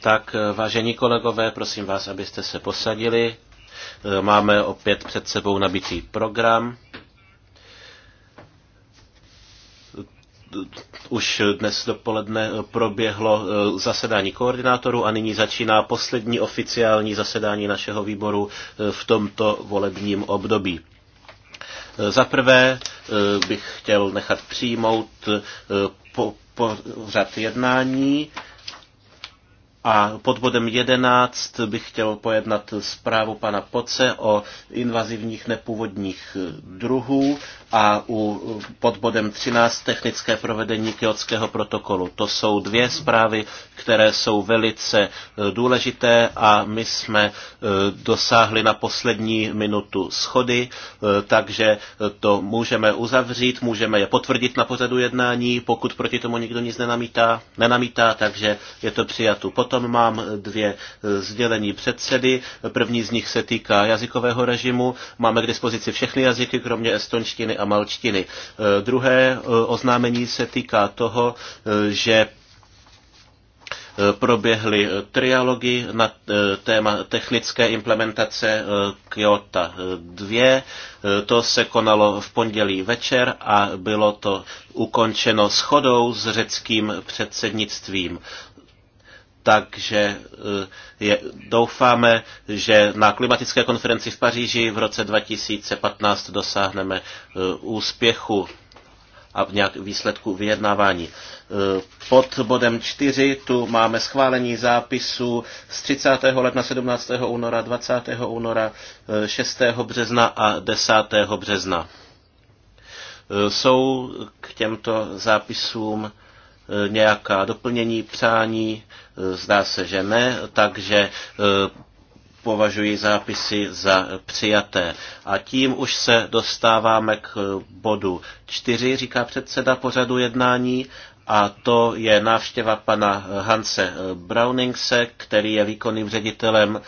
Tak, eh, vážení kolegové, prosím vás, abyste se posadili. Eh, máme opět před sebou nabitý program. Už dnes dopoledne eh, proběhlo zasedání koordinátorů a nyní začíná poslední oficiální zasedání našeho výboru v tomto volebním období. Za prvé bych chtěl nechat přijmout po pořad jednání a pod bodem 11 bych chtěl pojednat zprávu pana Poce o invazivních nepůvodních druhů a u, pod bodem 13 technické provedení Kyotského protokolu. To jsou dvě zprávy, které jsou velice e, důležité a my jsme e, dosáhli na poslední minutu schody, e, takže to můžeme uzavřít, můžeme je potvrdit na pořadu jednání, pokud proti tomu nikdo nic nenamítá, nenamítá takže je to přijatu potom potom mám dvě eh, sdělení předsedy. První z nich se týká jazykového režimu. Máme k dispozici všechny jazyky, kromě estonštiny a malčtiny. Eh, druhé eh, oznámení se týká toho, že proběhly trialogy na téma technické implementace Kyoto 2. To se konalo v pondělí večer a bylo to ukončeno shodou s řeckým předsednictvím takže eh, je, doufáme, že na klimatické konferenci v Paříži v roce 2015 dosáhneme eh, úspěchu a nějak výsledku vyjednávání. Eh, pod bodem 4 tu máme schválení zápisu z 30. ledna, 17. února, 20. února, 6. března a 10. března. Jsou k těmto zápisům E, nějaká doplnění, přání? E, zdá se, že ne, takže e, považuji zápisy za přijaté. A tím už se dostáváme k bodu čtyři. říká předseda pořadu jednání, a to je návštěva pana Hanse Browningse, který je výkonným ředitelem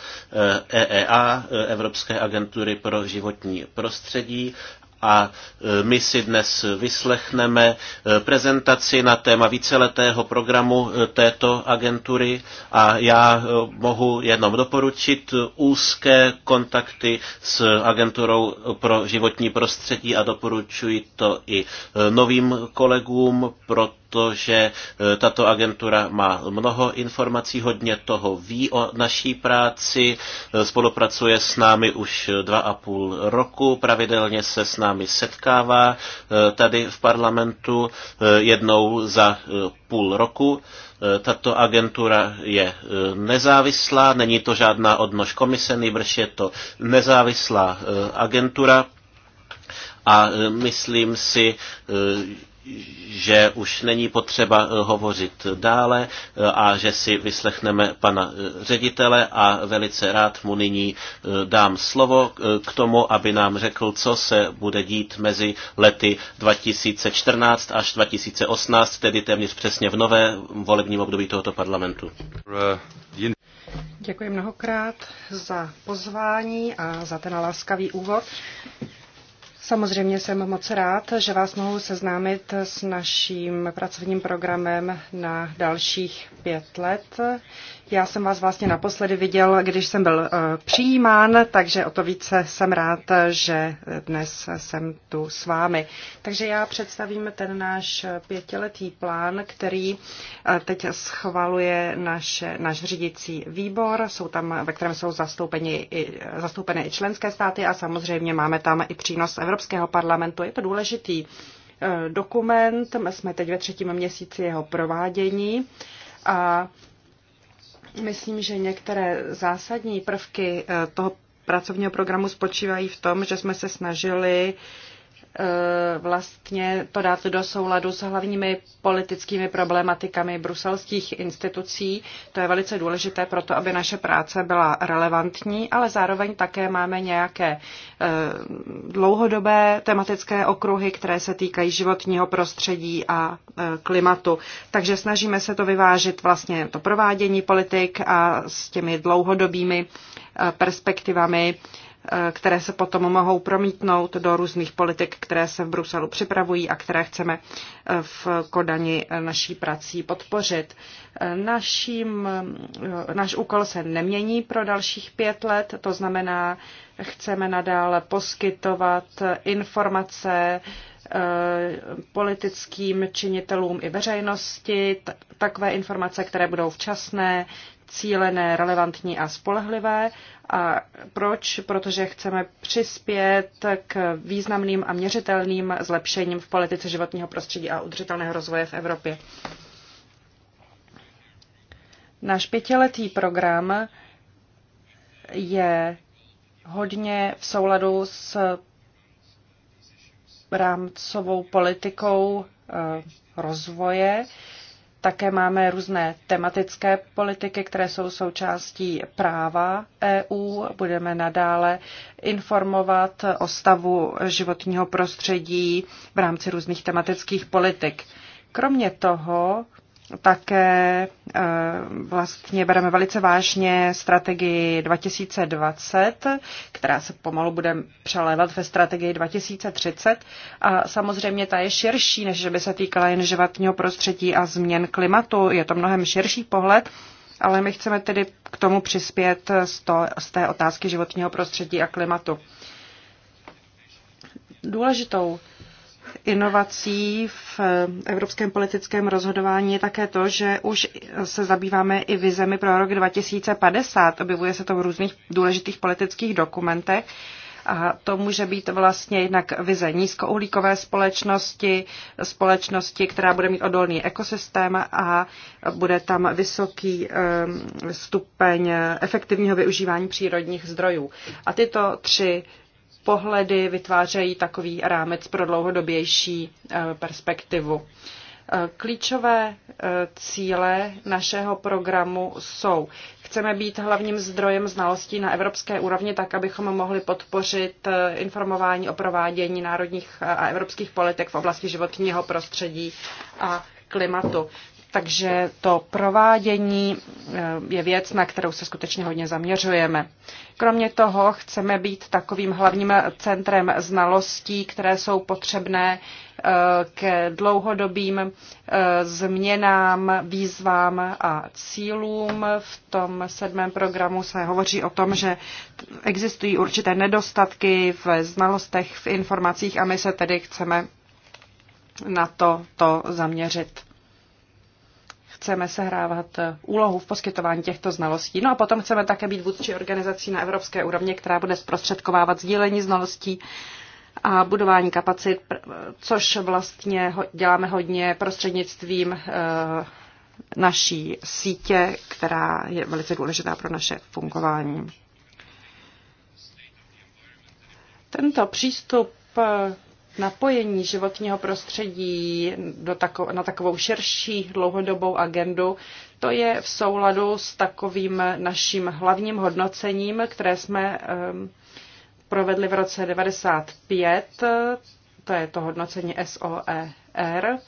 EEA, Evropské agentury pro životní prostředí, a e, my si dnes vyslechneme e, prezentaci na téma víceletého programu e, této agentury a já mohu jenom doporučit úzké kontakty s agenturou pro životní prostředí a doporučuji to i novým kolegům, proto protože e, tato agentura má mnoho informací, hodně toho ví o naší práci, e, spolupracuje s námi už dva a půl roku, pravidelně se s námi setkává e, tady v parlamentu jednou za půl roku. Tato agentura je nezávislá, není to žádná odnož komise, nejbrž je to nezávislá agentura a myslím si, že už není potřeba eh, hovořit dále eh, a že si vyslechneme pana eh, ředitele a velice rád mu nyní dám slovo k tomu, aby nám řekl, co se bude dít mezi lety 2014 až 2018, tedy téměř přesně v nové volebním období tohoto parlamentu. Děkuji mnohokrát za pozvání a za ten laskavý úvod. Samozřejmě jsem moc rád, že vás mohu seznámit s naším pracovním programem na dalších pět let. Já jsem vás vlastně naposledy viděl, když jsem byl eh, přijímán, takže o to více jsem rád, že dnes jsem tu s vámi. Takže já představím ten náš pětiletý plán, který eh, teď schvaluje náš náš řídící výbor, jsou tam, ve kterém jsou zastoupeni i, zastoupeny i členské státy a samozřejmě máme tam i přínos Evropského parlamentu. Je to důležitý eh, dokument, jsme teď ve třetím měsíci jeho provádění a Myslím, že některé zásadní prvky eh, toho pracovního programu spočívají v tom, že jsme se snažili Eh, vlastně to dát do souladu s hlavními politickými problematikami bruselských institucí. To je velice důležité pro to, aby naše práce byla relevantní, ale zároveň také máme nějaké eh, dlouhodobé tematické okruhy, které se týkají životního prostředí a eh, klimatu. Takže snažíme se to vyvážit vlastně to provádění politik a s těmi dlouhodobými perspektivami Eh, které se potom mohou promítnout do různých politik, které se v Bruselu připravují a které chceme eh, v Kodani eh, naší prací podpořit. Naším, náš úkol se nemění pro dalších pět let, to znamená, chceme nadále poskytovat informace, politickým činitelům i veřejnosti, takové informace, které budou včasné, cílené, relevantní a spolehlivé. A proč? Protože chceme přispět k významným a měřitelným zlepšením v politice životního prostředí a udržitelného rozvoje v Evropě. Náš pětiletý program je hodně v souladu s rámcovou politikou eh, rozvoje. Také máme různé tematické politiky, které jsou součástí práva EU. Budeme nadále informovat o stavu životního prostředí v rámci různých tematických politik. Kromě toho také eh, vlastně bereme velice vážně strategii 2020, která se pomalu bude přelévat ve strategii 2030. A samozřejmě ta je širší, než by se týkala jen životního prostředí a změn klimatu. Je to mnohem širší pohled, ale my chceme tedy k tomu přispět z, to, z té otázky životního prostředí a klimatu. Důležitou inovací v eh, evropském politickém rozhodování je také to, že už se zabýváme i vizemi pro rok 2050. Objevuje se to v různých důležitých politických dokumentech. A to může být vlastně jednak vize nízkouhlíkové společnosti, společnosti, která bude mít odolný ekosystém a bude tam vysoký eh, stupeň efektivního využívání přírodních zdrojů. A tyto tři pohledy vytvářejí takový rámec pro dlouhodobější e, perspektivu. E, klíčové e, cíle našeho programu jsou. Chceme být hlavním zdrojem znalostí na evropské úrovni, tak abychom mohli podpořit informování o provádění národních a evropských politik v oblasti životního prostředí a klimatu. Takže to provádění eh, je věc, na kterou se skutečně hodně zaměřujeme. Kromě toho chceme být takovým hlavním centrem znalostí, které jsou potřebné eh, k dlouhodobým eh, změnám, výzvám a cílům. V tom sedmém programu se hovoří o tom, že existují určité nedostatky v znalostech, v informacích a my se tedy chceme na to, to zaměřit chceme sehrávat eh, úlohu v poskytování těchto znalostí. No a potom chceme také být vůdčí organizací na evropské úrovni, která bude zprostředkovávat sdílení znalostí a budování kapacit, což vlastně děláme hodně prostřednictvím eh, naší sítě, která je velice důležitá pro naše fungování. Tento přístup eh, napojení životního prostředí do tako, na takovou širší dlouhodobou agendu, to je v souladu s takovým naším hlavním hodnocením, které jsme um, provedli v roce 95, to je to hodnocení SOER.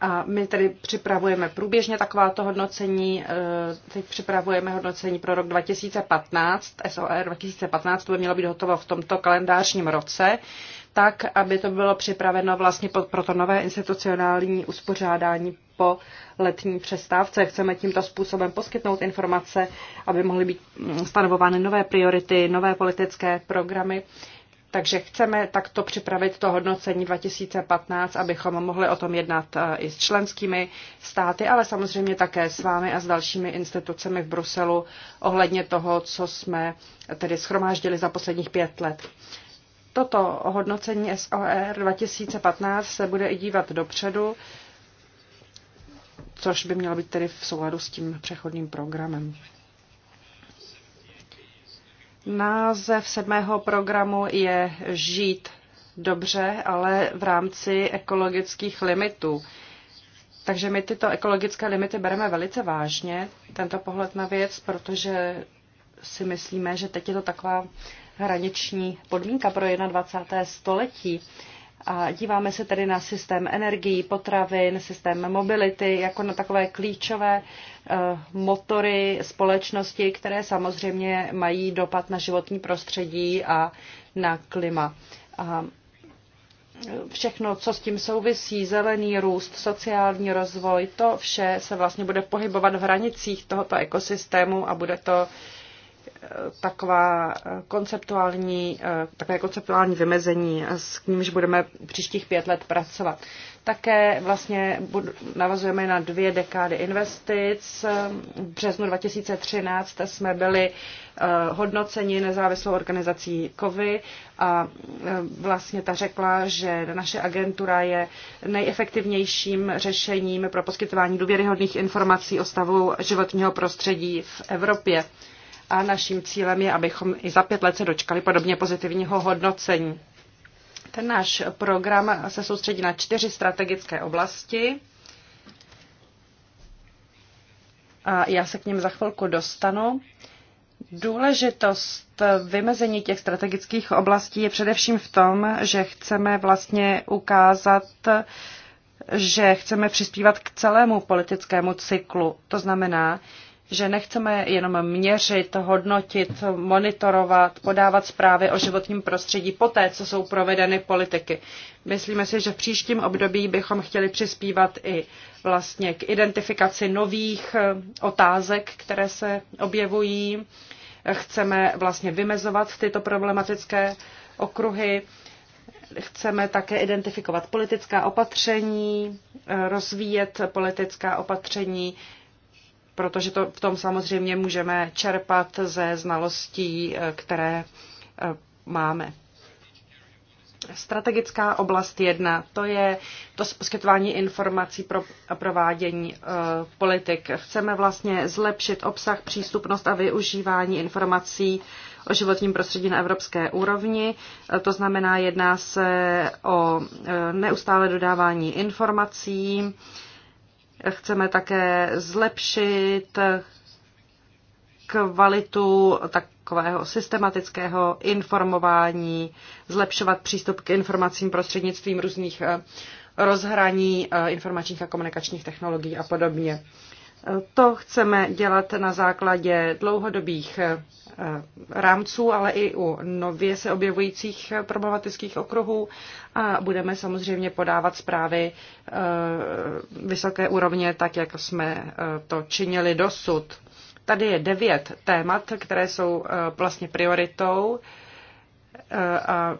A my tedy připravujeme průběžně takováto hodnocení. Eh, teď připravujeme hodnocení pro rok 2015. SOR 2015 to by mělo být hotovo v tomto kalendářním roce, tak, aby to bylo připraveno vlastně pro to nové institucionální uspořádání po letní přestávce. Chceme tímto způsobem poskytnout informace, aby mohly být mm, stanovovány nové priority, nové politické programy takže chceme takto připravit to hodnocení 2015, abychom mohli o tom jednat e, i s členskými státy, ale samozřejmě také s vámi a s dalšími institucemi v Bruselu ohledně toho, co jsme tedy schromáždili za posledních pět let. Toto hodnocení SOR 2015 se bude i dívat dopředu, což by mělo být tedy v souladu s tím přechodným programem. Název sedmého programu je Žít dobře, ale v rámci ekologických limitů. Takže my tyto ekologické limity bereme velice vážně, tento pohled na věc, protože si myslíme, že teď je to taková hraniční podmínka pro 21. století. A díváme se tedy na systém energií, potravin, systém mobility jako na takové klíčové eh, motory společnosti, které samozřejmě mají dopad na životní prostředí a na klima. A všechno, co s tím souvisí, zelený růst, sociální rozvoj, to vše se vlastně bude pohybovat v hranicích tohoto ekosystému a bude to uh, taková konceptuální, takové konceptuální vymezení, s nímž budeme příštích pět let pracovat. Také vlastně navazujeme na dvě dekády investic. V březnu 2013 jsme byli eh, hodnoceni nezávislou organizací COVI a eh, vlastně ta řekla, že naše agentura je nejefektivnějším řešením pro poskytování důvěryhodných informací o stavu životního prostředí v Evropě a naším cílem je, abychom i za pět let se dočkali podobně pozitivního hodnocení. Ten náš program se soustředí na čtyři strategické oblasti. A já se k ním za chvilku dostanu. Důležitost vymezení těch strategických oblastí je především v tom, že chceme vlastně ukázat, že chceme přispívat k celému politickému cyklu. To znamená, že nechceme jenom měřit, hodnotit, monitorovat, podávat zprávy o životním prostředí po té, co jsou provedeny politiky. Myslíme si, že v příštím období bychom chtěli přispívat i vlastně k identifikaci nových eh, otázek, které se objevují. Chceme vlastně vymezovat tyto problematické okruhy. Chceme také identifikovat politická opatření, eh, rozvíjet politická opatření, protože to, v tom samozřejmě můžeme čerpat ze znalostí, eh, které eh, máme. Strategická oblast jedna, to je to poskytování informací pro provádění e, politik. Chceme vlastně zlepšit obsah, přístupnost a využívání informací o životním prostředí na evropské úrovni. E, to znamená, jedná se o e, neustále dodávání informací, e, Chceme také zlepšit kvalitu takového systematického informování, zlepšovat přístup k informacím prostřednictvím různých eh, rozhraní eh, informačních a komunikačních technologií a podobně. To chceme dělat na základě dlouhodobých eh, rámců, ale i u nově se objevujících problematických okruhů a budeme samozřejmě podávat zprávy eh, vysoké úrovně, tak jak jsme eh, to činili dosud. Tady je devět témat, které jsou vlastně prioritou a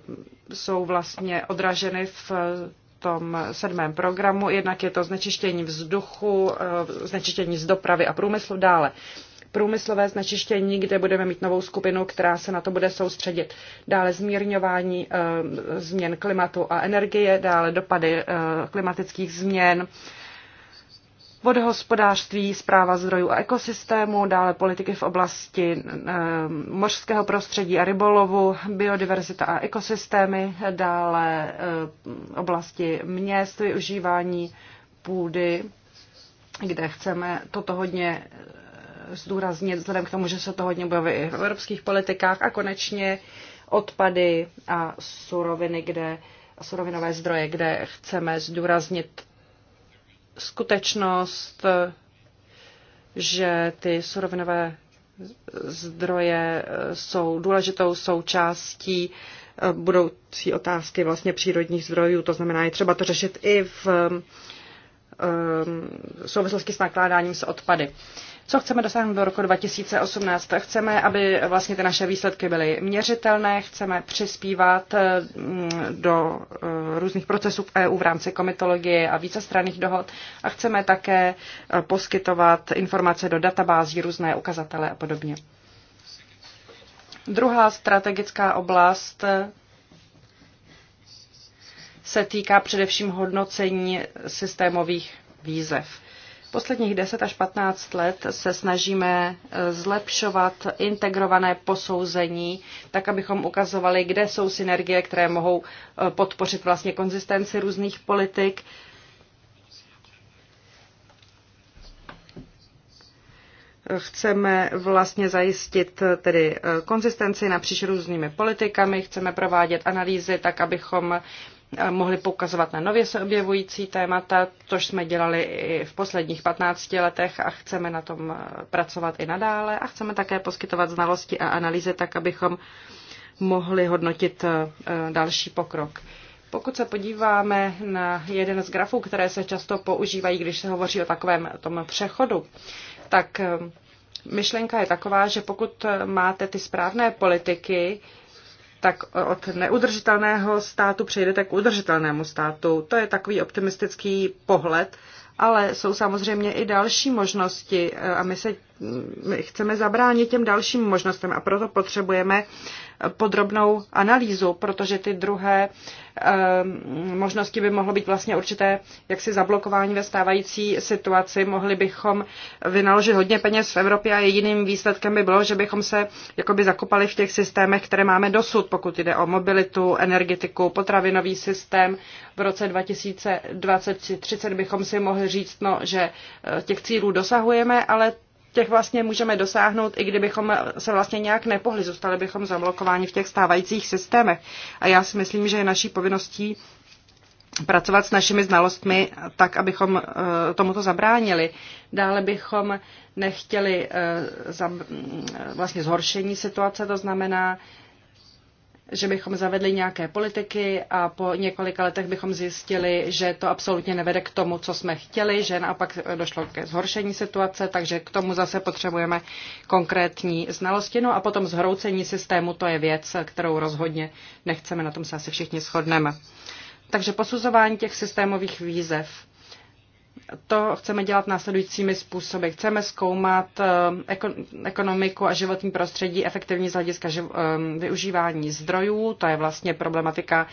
jsou vlastně odraženy v tom sedmém programu. Jednak je to znečištění vzduchu, eh, znečištění z dopravy a průmyslu dále průmyslové znečištění, kde budeme mít novou skupinu, která se na to bude soustředit. Dále zmírňování e, změn klimatu a energie, dále dopady e, klimatických změn, vodohospodářství, zpráva zdrojů a ekosystému, dále politiky v oblasti eh, mořského prostředí a rybolovu, biodiverzita a ekosystémy, dále eh, oblasti měst, využívání půdy, kde chceme toto hodně eh, zdůraznit, vzhledem k tomu, že se to hodně bude i v evropských politikách a konečně odpady a suroviny, kde a surovinové zdroje, kde chceme zdůraznit skutečnost, že ty surovinové zdroje eh, jsou důležitou součástí eh, budoucí otázky vlastně přírodních zdrojů. To znamená, je třeba to řešit i v eh, souvislosti s nakládáním s odpady. Co chceme dosáhnout do roku 2018? Chceme, aby vlastně ty naše výsledky byly měřitelné, chceme přispívat eh, do eh, různých procesů v EU v rámci komitologie a vícestranných dohod a chceme také eh, poskytovat informace do databází, různé ukazatele a podobně. Druhá strategická oblast se týká především hodnocení systémových výzev. Posledních 10 až 15 let se snažíme eh, zlepšovat integrované posouzení, tak abychom ukazovali, kde jsou synergie, které mohou eh, podpořit vlastně konzistenci různých politik. chceme vlastně zajistit eh, tedy konzistenci napříč různými politikami, chceme provádět analýzy tak, abychom mohli poukazovat na nově se objevující témata, což jsme dělali i v posledních 15 letech a chceme na tom eh, pracovat i nadále a chceme také poskytovat znalosti a analýzy tak, abychom mohli hodnotit eh, eh, další pokrok. Pokud se podíváme na jeden z grafů, které se často používají, když se hovoří o takovém tom přechodu, tak myšlenka je taková, že pokud máte ty správné politiky, tak od neudržitelného státu přejdete k udržitelnému státu. To je takový optimistický pohled, ale jsou samozřejmě i další možnosti a my se my chceme zabránit těm dalším možnostem a proto potřebujeme podrobnou analýzu, protože ty druhé eh, možnosti by mohlo být vlastně určité jaksi zablokování ve stávající situaci. Mohli bychom vynaložit hodně peněz v Evropě a jediným výsledkem by bylo, že bychom se jakoby zakopali v těch systémech, které máme dosud, pokud jde o mobilitu, energetiku, potravinový systém. V roce 2020 2030 bychom si mohli říct, no, že eh, těch cílů dosahujeme, ale těch vlastně můžeme dosáhnout, i kdybychom se vlastně nějak nepohli, zůstali bychom zablokováni v těch stávajících systémech. A já si myslím, že je naší povinností pracovat s našimi znalostmi tak, abychom eh, tomuto zabránili. Dále bychom nechtěli eh, eh, vlastně zhoršení situace, to znamená, že bychom zavedli nějaké politiky a po několika letech bychom zjistili, že to absolutně nevede k tomu, co jsme chtěli, že naopak došlo ke zhoršení situace, takže k tomu zase potřebujeme konkrétní znalosti. No a potom zhroucení systému, to je věc, kterou rozhodně nechceme, na tom se asi všichni shodneme. Takže posuzování těch systémových výzev to chceme dělat následujícími způsoby. Chceme zkoumat eh, ekonomiku a životní prostředí efektivní z hlediska eh, využívání zdrojů. To je vlastně problematika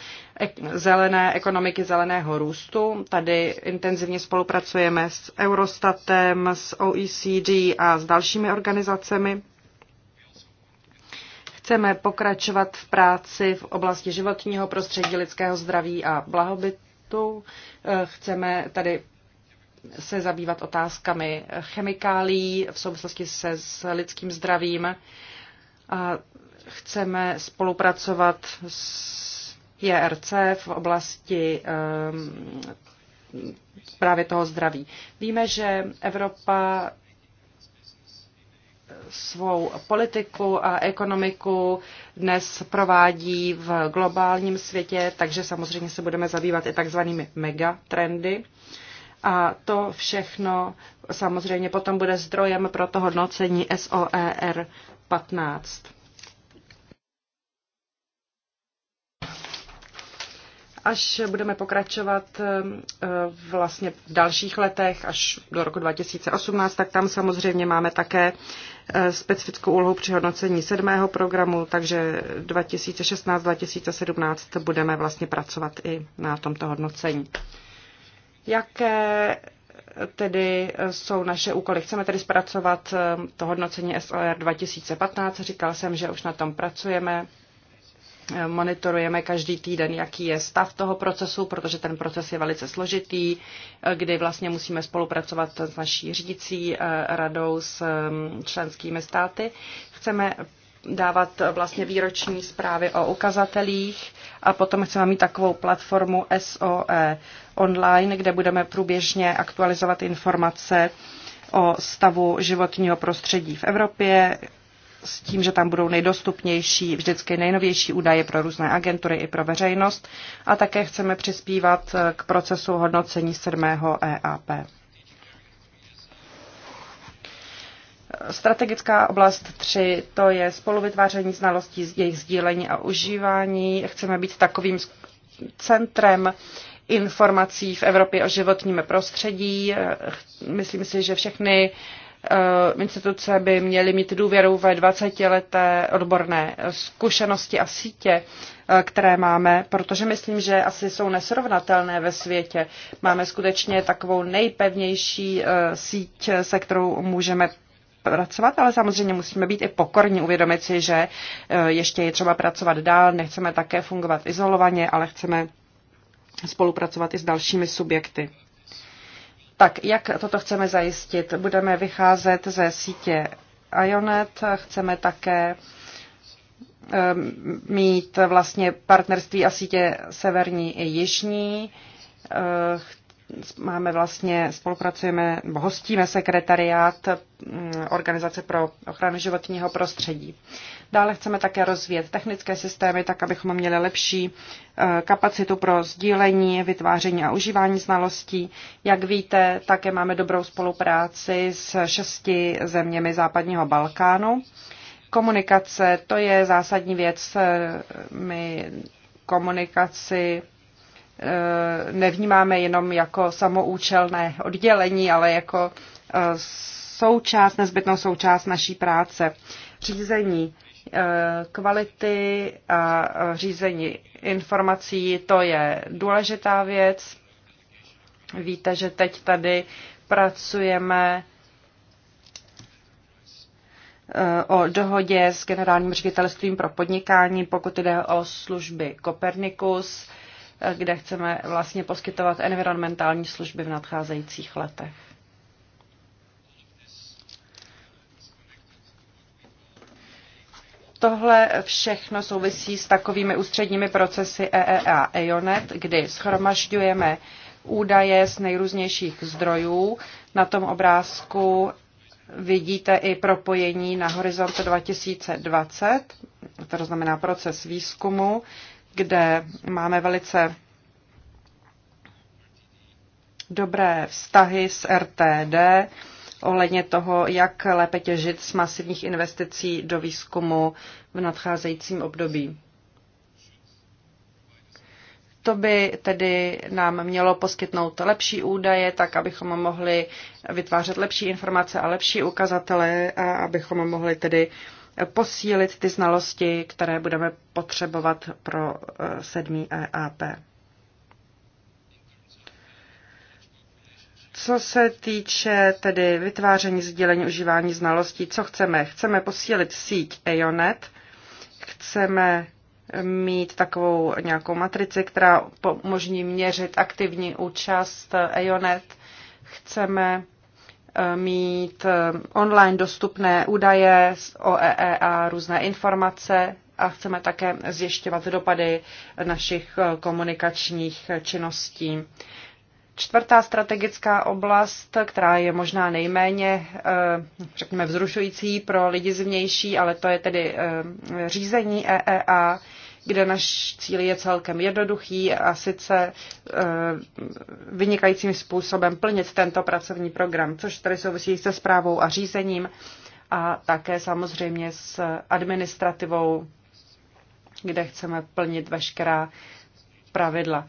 zelené ekonomiky, zeleného růstu. Tady intenzivně spolupracujeme s Eurostatem, s OECD a s dalšími organizacemi. Chceme pokračovat v práci v oblasti životního prostředí, lidského zdraví a blahobytu. Eh, chceme tady se zabývat otázkami chemikálií v souvislosti se s lidským zdravím. A chceme spolupracovat s JRC v oblasti ehm, právě toho zdraví. Víme, že Evropa svou politiku a ekonomiku dnes provádí v globálním světě, takže samozřejmě se budeme zabývat i takzvanými megatrendy. trendy a to všechno samozřejmě potom bude zdrojem pro to hodnocení SOER 15. Až budeme pokračovat ehm, eh, vlastně v dalších letech, až do roku 2018, tak tam samozřejmě máme také eh, specifickou úlohu při hodnocení sedmého programu, takže 2016-2017 budeme vlastně pracovat i na tomto hodnocení. Jaké tedy jsou naše úkoly. Chceme tedy zpracovat eh, to hodnocení SLR 2015. Říkal jsem, že už na tom pracujeme. Eh, monitorujeme každý týden, jaký je stav toho procesu, protože ten proces je velice složitý, eh, kdy vlastně musíme spolupracovat s naší řídící radou, s členskými státy. Chceme dávat vlastně výroční zprávy o ukazatelích a potom chceme mít takovou platformu SOE online, kde budeme průběžně aktualizovat informace o stavu životního prostředí v Evropě, s tím, že tam budou nejdostupnější, vždycky nejnovější údaje pro různé agentury i pro veřejnost. A také chceme přispívat k procesu hodnocení 7. EAP. Strategická oblast 3, to je spoluvytváření znalostí, jejich sdílení a užívání. Chceme být takovým centrem informací v Evropě o životním prostředí. Myslím si, že všechny eh, instituce by měly mít důvěru ve 20-leté odborné zkušenosti a sítě, eh, které máme, protože myslím, že asi jsou nesrovnatelné ve světě. Máme skutečně takovou nejpevnější eh, síť, se kterou můžeme pracovat, ale samozřejmě musíme být i pokorní, uvědomit si, že e, ještě je třeba pracovat dál, nechceme také fungovat izolovaně, ale chceme spolupracovat i s dalšími subjekty. Tak, jak toto chceme zajistit? Budeme vycházet ze sítě Ionet, chceme také e, mít vlastně partnerství a sítě severní i jižní. E, máme vlastně, spolupracujeme, hostíme sekretariát mm, Organizace pro ochranu životního prostředí. Dále chceme také rozvíjet technické systémy, tak abychom měli lepší eh, kapacitu pro sdílení, vytváření a užívání znalostí. Jak víte, také máme dobrou spolupráci s šesti zeměmi západního Balkánu. Komunikace, to je zásadní věc. Eh, my komunikaci Eh, nevnímáme jenom jako samoučelné oddělení, ale jako eh, součást, nezbytnou součást naší práce. Řízení eh, kvality a řízení informací, to je důležitá věc. Víte, že teď tady pracujeme o dohodě s generálním ředitelstvím pro podnikání, pokud jde o služby Kopernikus kde chceme vlastně poskytovat environmentální služby v nadcházejících letech. Tohle všechno souvisí s takovými ústředními procesy EEA EONET, kdy schromažďujeme údaje z nejrůznějších zdrojů. Na tom obrázku vidíte i propojení na horizont 2020, to znamená proces výzkumu, kde máme velice dobré vztahy s RTD ohledně toho, jak lépe těžit z masivních investicí do výzkumu v nadcházejícím období. To by tedy nám mělo poskytnout lepší údaje, tak abychom mohli vytvářet lepší informace a lepší ukazatele a abychom mohli tedy uh, posílit ty znalosti, které budeme potřebovat pro eh, sedmý EAP. Co se týče tedy vytváření, sdílení, užívání znalostí, co chceme? Chceme posílit síť EONET, chceme mít takovou nějakou matrici, která umožní měřit aktivní účast EONET, chceme mít eh, online dostupné údaje o EE e a různé informace a chceme také zjišťovat dopady našich eh, komunikačních činností. Čtvrtá strategická oblast, která je možná nejméně, eh, řekněme, vzrušující pro lidi zvnější, ale to je tedy řízení EEA kde náš cíl je celkem jednoduchý a sice eh, vynikajícím způsobem plnit tento pracovní program, což tady souvisí se zprávou a řízením a také samozřejmě s administrativou, kde chceme plnit veškerá pravidla.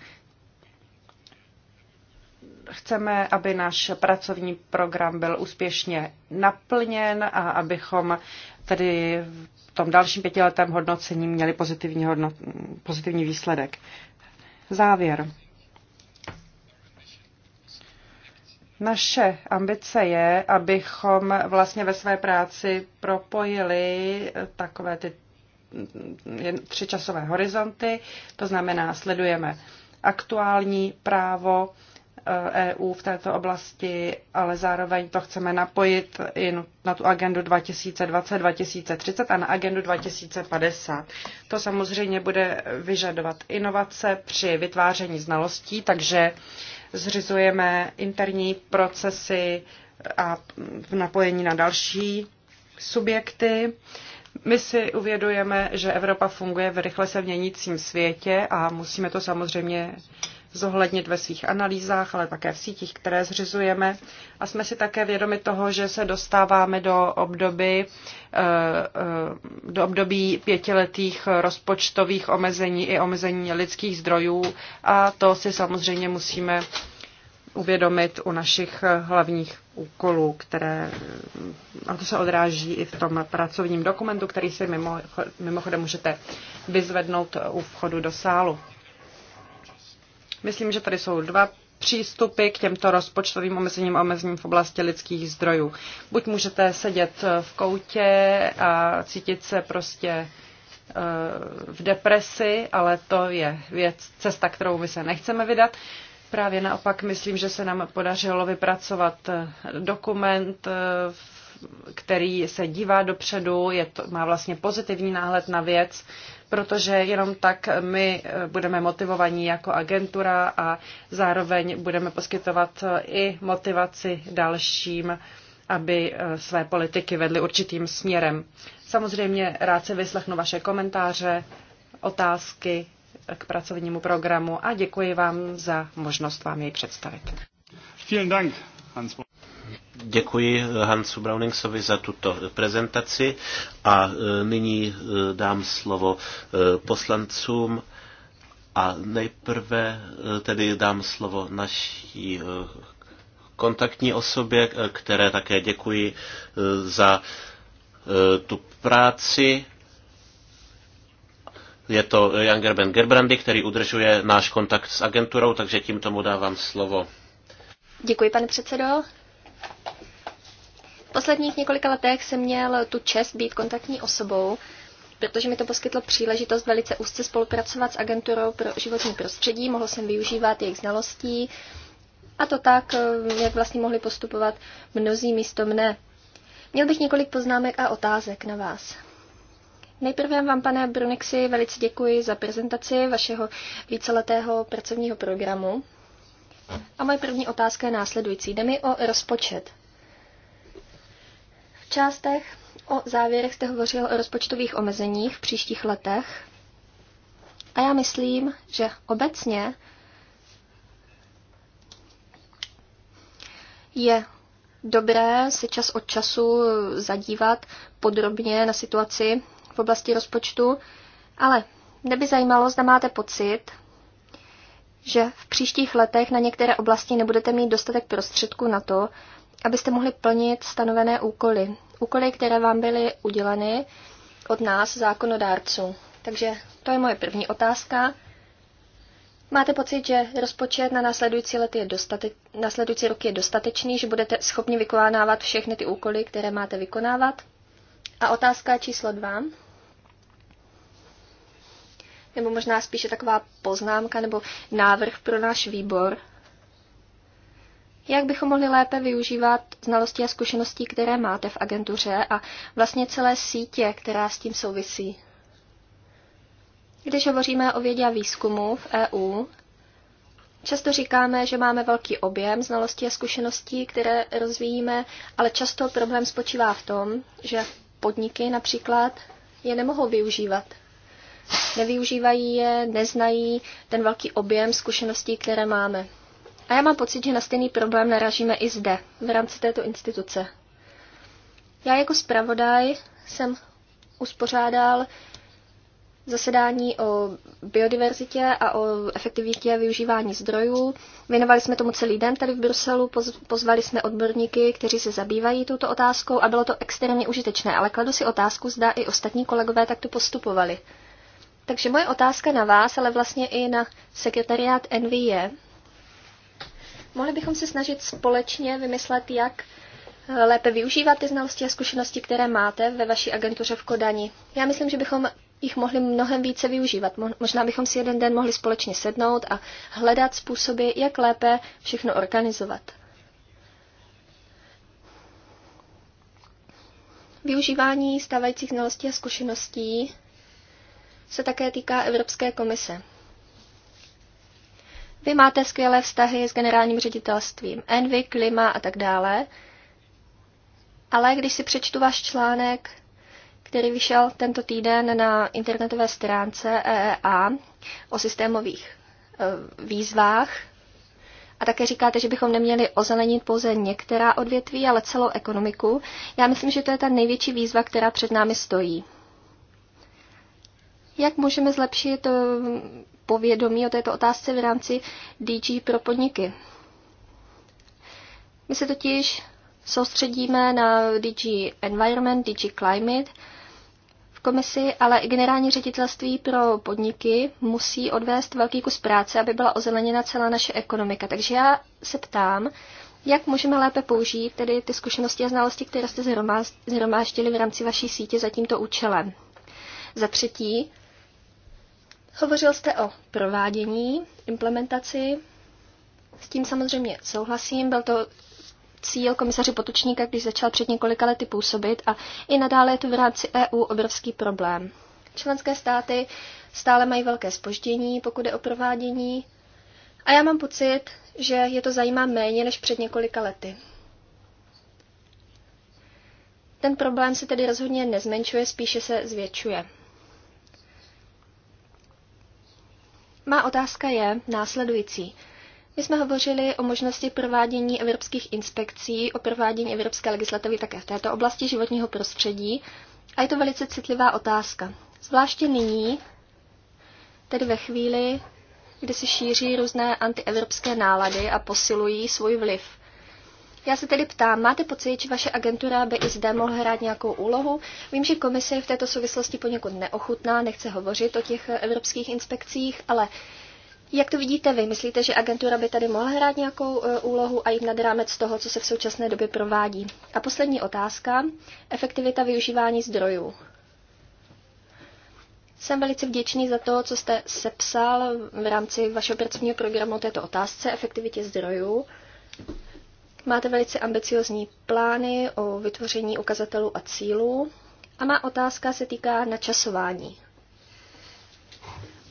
Chceme, aby náš pracovní program byl úspěšně naplněn a abychom tedy tom dalším pětiletém hodnocení měli pozitivní, hodno, pozitivní výsledek. Závěr. Naše ambice je, abychom vlastně ve své práci propojili takové ty tři časové horizonty, to znamená, sledujeme aktuální právo, EU eh, e v této oblasti, ale zároveň to chceme napojit i na tu agendu 2020-2030 a na agendu 2050. To samozřejmě bude vyžadovat inovace při vytváření znalostí, takže zřizujeme interní procesy a v napojení na další subjekty. My si uvědujeme, že Evropa funguje v rychle se měnícím světě a musíme to samozřejmě zohlednit ve svých analýzách, ale také v sítích, které zřizujeme. A jsme si také vědomi toho, že se dostáváme do období, eh, eh, do období pětiletých rozpočtových omezení i omezení lidských zdrojů a to si samozřejmě musíme uvědomit u našich hlavních úkolů, které, a to se odráží i v tom pracovním dokumentu, který si mimo, mimochodem můžete vyzvednout u vchodu do sálu. Myslím, že tady jsou dva přístupy k těmto rozpočtovým omezením a omezením v oblasti lidských zdrojů. Buď můžete sedět v koutě a cítit se prostě eh, v depresi, ale to je věc, cesta, kterou my se nechceme vydat. Právě naopak myslím, že se nám podařilo vypracovat eh, dokument, eh, který se dívá dopředu, je to, má vlastně pozitivní náhled na věc protože jenom tak my eh, budeme motivovaní jako agentura a zároveň budeme poskytovat eh, i motivaci dalším, aby eh, své politiky vedly určitým směrem. Samozřejmě rád si vyslechnu vaše komentáře, otázky k pracovnímu programu a děkuji vám za možnost vám jej představit. Vielen Dank, Hans Děkuji eh, Hansu Browningsovi za tuto eh, prezentaci a eh, nyní dám slovo poslancům a nejprve tedy dám slovo naší kontaktní osobě, které také děkuji za tu práci. Je to Jan Gerben Gerbrandy, který udržuje náš kontakt s agenturou, takže tím tomu dávám slovo. Děkuji, pane předsedo. V posledních několika letech jsem měl tu čest být kontaktní osobou, protože mi to poskytlo příležitost velice úzce spolupracovat s agenturou pro životní prostředí, mohl jsem využívat jejich znalostí a to tak, jak eh, vlastně mohli postupovat mnozí místo mne. Měl bych několik poznámek a otázek na vás. Nejprve vám, pane Brunexi, velice děkuji za prezentaci vašeho víceletého pracovního programu. A moje první otázka je následující. Jde mi o rozpočet. V částech o závěrech jste hovořil o rozpočtových omezeních v příštích letech. A já myslím, že obecně je dobré se čas od času zadívat podrobně na situaci v oblasti rozpočtu, ale mě by zajímalo, zda máte pocit, že v příštích letech na některé oblasti nebudete mít dostatek prostředků na to, abyste mohli plnit stanovené úkoly. Úkoly, které vám byly uděleny od nás, zákonodárců. Takže to je moje první otázka. Máte pocit, že rozpočet na následující, let je dostate- následující rok je dostatečný, že budete schopni vykonávat všechny ty úkoly, které máte vykonávat? A otázka číslo dva nebo možná spíše taková poznámka nebo návrh pro náš výbor. Jak bychom mohli lépe využívat znalosti a zkušenosti, které máte v agentuře a vlastně celé sítě, která s tím souvisí? Když hovoříme o vědě a výzkumu v EU, Často říkáme, že máme velký objem znalostí a zkušeností, které rozvíjíme, ale často problém spočívá v tom, že podniky například je nemohou využívat nevyužívají je, neznají ten velký objem zkušeností, které máme. A já mám pocit, že na stejný problém naražíme i zde, v rámci této instituce. Já jako zpravodaj jsem uspořádal zasedání o biodiverzitě a o efektivitě využívání zdrojů. Věnovali jsme tomu celý den tady v Bruselu, pozvali jsme odborníky, kteří se zabývají touto otázkou a bylo to extrémně užitečné, ale kladu si otázku, zda i ostatní kolegové takto postupovali. Takže moje otázka na vás, ale vlastně i na sekretariát NV je, mohli bychom se snažit společně vymyslet, jak eh, lépe využívat ty znalosti a zkušenosti, které máte ve vaší agentuře v Kodani. Já myslím, že bychom jich mohli mnohem více využívat. Možná bychom si jeden den mohli společně sednout a hledat způsoby, jak lépe všechno organizovat. Využívání stávajících znalostí a zkušeností se také týká Evropské komise. Vy máte skvělé vztahy s generálním ředitelstvím Envy, klima a tak dále, ale když si přečtu váš článek, který vyšel tento týden na internetové stránce EEA o systémových e, výzvách, a také říkáte, že bychom neměli ozelenit pouze některá odvětví, ale celou ekonomiku. Já myslím, že to je ta největší výzva, která před námi stojí. Jak můžeme zlepšit eh, povědomí o této otázce v rámci DG pro podniky? My se totiž soustředíme na DG Environment, DG Climate v komisi, ale i generální ředitelství pro podniky musí odvést velký kus práce, aby byla ozeleněna celá naše ekonomika. Takže já se ptám, jak můžeme lépe použít tedy ty zkušenosti a znalosti, které jste zhromáždili v rámci vaší sítě za tímto účelem. Za třetí, Hovořil jste o provádění, implementaci. S tím samozřejmě souhlasím. Byl to cíl komisaře Potučníka, když začal před několika lety působit a i nadále je to v rámci EU obrovský problém. Členské státy stále mají velké spoždění, pokud je o provádění. A já mám pocit, že je to zajímá méně než před několika lety. Ten problém se tedy rozhodně nezmenšuje, spíše se zvětšuje. Má otázka je následující. My jsme hovořili o možnosti provádění evropských inspekcí, o provádění evropské legislativy také v této oblasti životního prostředí a je to velice citlivá otázka. Zvláště nyní, tedy ve chvíli, kdy se šíří různé antievropské nálady a posilují svůj vliv. Já se tedy ptám, máte pocit, že vaše agentura by i zde mohla hrát nějakou úlohu? Vím, že komise je v této souvislosti poněkud neochutná, nechce hovořit o těch evropských inspekcích, ale jak to vidíte vy? Myslíte, že agentura by tady mohla hrát nějakou e, úlohu a jít nad rámec toho, co se v současné době provádí? A poslední otázka. Efektivita využívání zdrojů. Jsem velice vděčný za to, co jste sepsal v rámci vašeho pracovního programu této otázce, efektivitě zdrojů. Máte velice ambiciozní plány o vytvoření ukazatelů a cílů. A má otázka se týká načasování.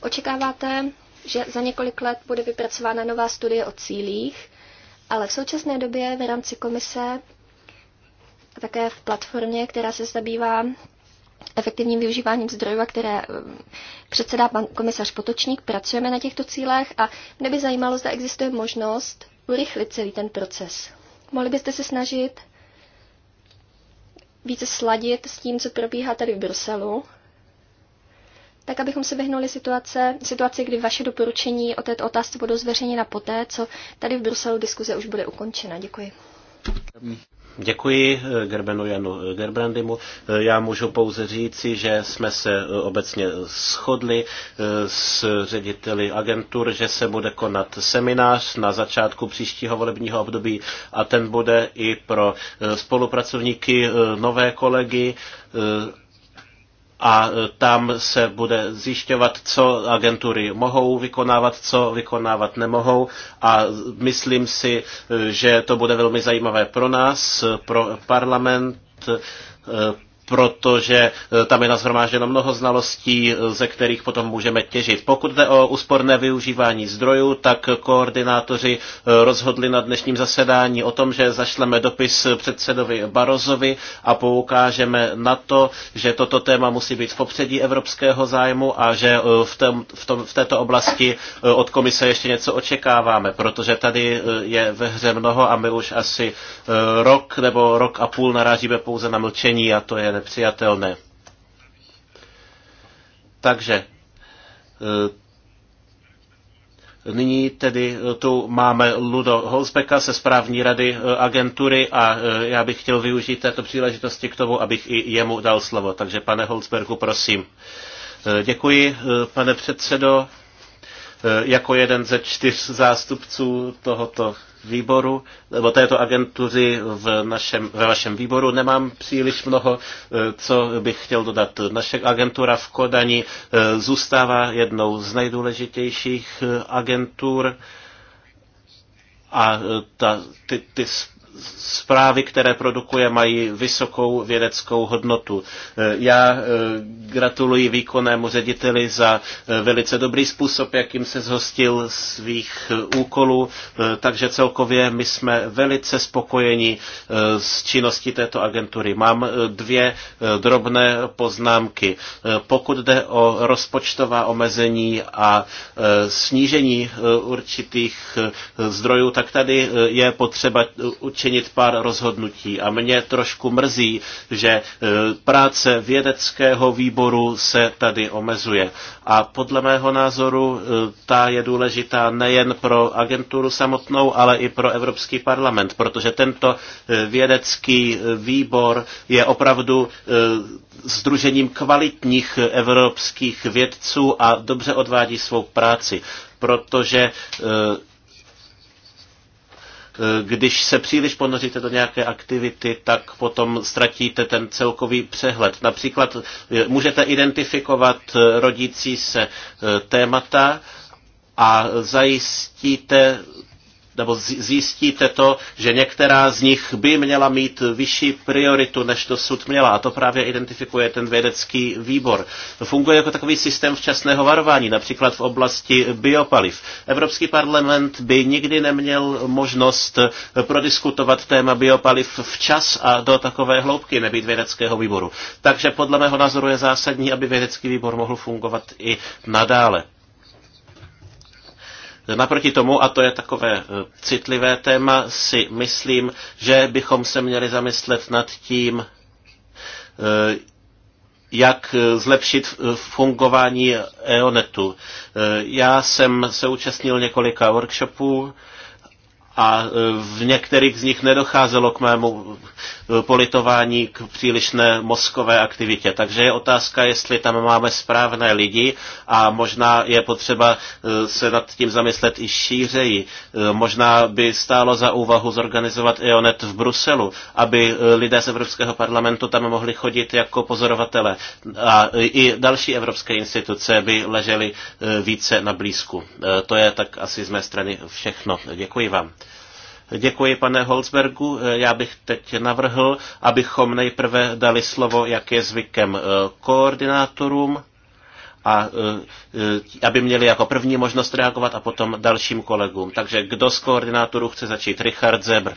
Očekáváte, že za několik let bude vypracována nová studie o cílích, ale v současné době v rámci komise a také v platformě, která se zabývá efektivním využíváním zdrojů, a které eh, předsedá pan komisař Potočník, pracujeme na těchto cílech a mě by zajímalo, zda existuje možnost urychlit celý ten proces. Mohli byste se snažit více sladit s tím, co probíhá tady v Bruselu, tak abychom se vyhnuli situace, situaci, kdy vaše doporučení o této otázce budou zveřejněna poté, co tady v Bruselu diskuze už bude ukončena. Děkuji. Děkuji eh, Gerbenu Janu eh, Gerbrandimu. Eh, já můžu pouze říci, že jsme se obecně shodli s řediteli agentur, že se bude konat seminář na začátku příštího volebního období a ten bude i pro spolupracovníky, nové kolegy a e, tam se bude zjišťovat, co agentury mohou vykonávat, co vykonávat nemohou a myslím si, e, že to bude velmi zajímavé pro nás, e, pro parlament, protože e, tam je nashromážděno mnoho znalostí, e, ze kterých potom můžeme těžit. Pokud jde o úsporné využívání zdrojů, tak koordinátoři e, rozhodli na dnešním zasedání o tom, že zašleme dopis předsedovi Barozovi a poukážeme na to, že toto téma musí být v popředí evropského zájmu a že v, tém, v, tom, v této oblasti od komise ještě něco očekáváme, protože tady je ve hře mnoho a my už asi rok nebo rok a půl narážíme pouze na mlčení a to je nepřijatelné. Takže eh, Nyní tedy eh, tu máme Ludo Holzbecka se správní rady eh, agentury a já bych chtěl využít této příležitosti k tomu, abych i jemu dal slovo. Takže pane Holzbergu, prosím. Děkuji, pane předsedo. Jako jeden ze čtyř zástupců tohoto výboru, nebo této agentury v našem, ve vašem výboru. Nemám příliš mnoho, eh, co bych chtěl dodat. Naše agentura v Kodani eh, zůstává jednou z nejdůležitějších eh, agentur a ta, ty, ty zprávy, které produkuje, mají vysokou vědeckou hodnotu. E, já e, gratuluji výkonnému řediteli za e, velice dobrý způsob, jakým se zhostil svých úkolů, takže celkově my jsme velice spokojeni s činností této agentury. Mám dvě drobné poznámky. Pokud jde o rozpočtová omezení a snížení určitých zdrojů, tak tady je potřeba určitě učinit pár rozhodnutí a mě trošku mrzí, že e, práce vědeckého výboru se tady omezuje. A podle mého názoru e, ta je důležitá nejen pro agenturu samotnou, ale i pro Evropský parlament, protože tento e, vědecký výbor je opravdu združením kvalitních evropských vědců a dobře odvádí svou práci protože když se příliš ponoříte do nějaké aktivity, tak potom ztratíte ten celkový přehled. Například eh, můžete identifikovat eh, rodící se eh, témata a zajistíte nebo zjistíte to, že některá z nich by měla mít vyšší prioritu, než to sud měla. A to právě identifikuje ten vědecký výbor. Funguje jako takový systém včasného varování, například v oblasti biopaliv. Evropský parlament by nikdy neměl možnost prodiskutovat téma biopaliv včas a do takové hloubky nebýt vědeckého výboru. Takže podle mého názoru je zásadní, aby vědecký výbor mohl fungovat i nadále. Naproti tomu, a to je takové eh, citlivé téma, si myslím, že bychom se měli zamyslet nad tím, eh, jak eh, zlepšit fungování EONETu. Já jsem se účastnil několika workshopů a e, v některých z nich nedocházelo k mému e, politování k přílišné mozkové aktivitě. Takže je otázka, jestli tam máme správné lidi a možná je potřeba e, se nad tím zamyslet i šířeji. Možná by stálo za úvahu zorganizovat EONET v Bruselu, aby lidé z Evropského parlamentu tam mohli chodit jako pozorovatele a i další evropské instituce by ležely více na blízku. To je tak asi z mé strany všechno. Děkuji vám. Děkuji, pane Holzbergu. Eh, já bych teď navrhl, abychom nejprve dali slovo, jak je zvykem, eh, koordinátorům a eh, aby měli jako první možnost reagovat a potom dalším kolegům. Takže kdo z koordinátorů chce začít? Richard Zebr.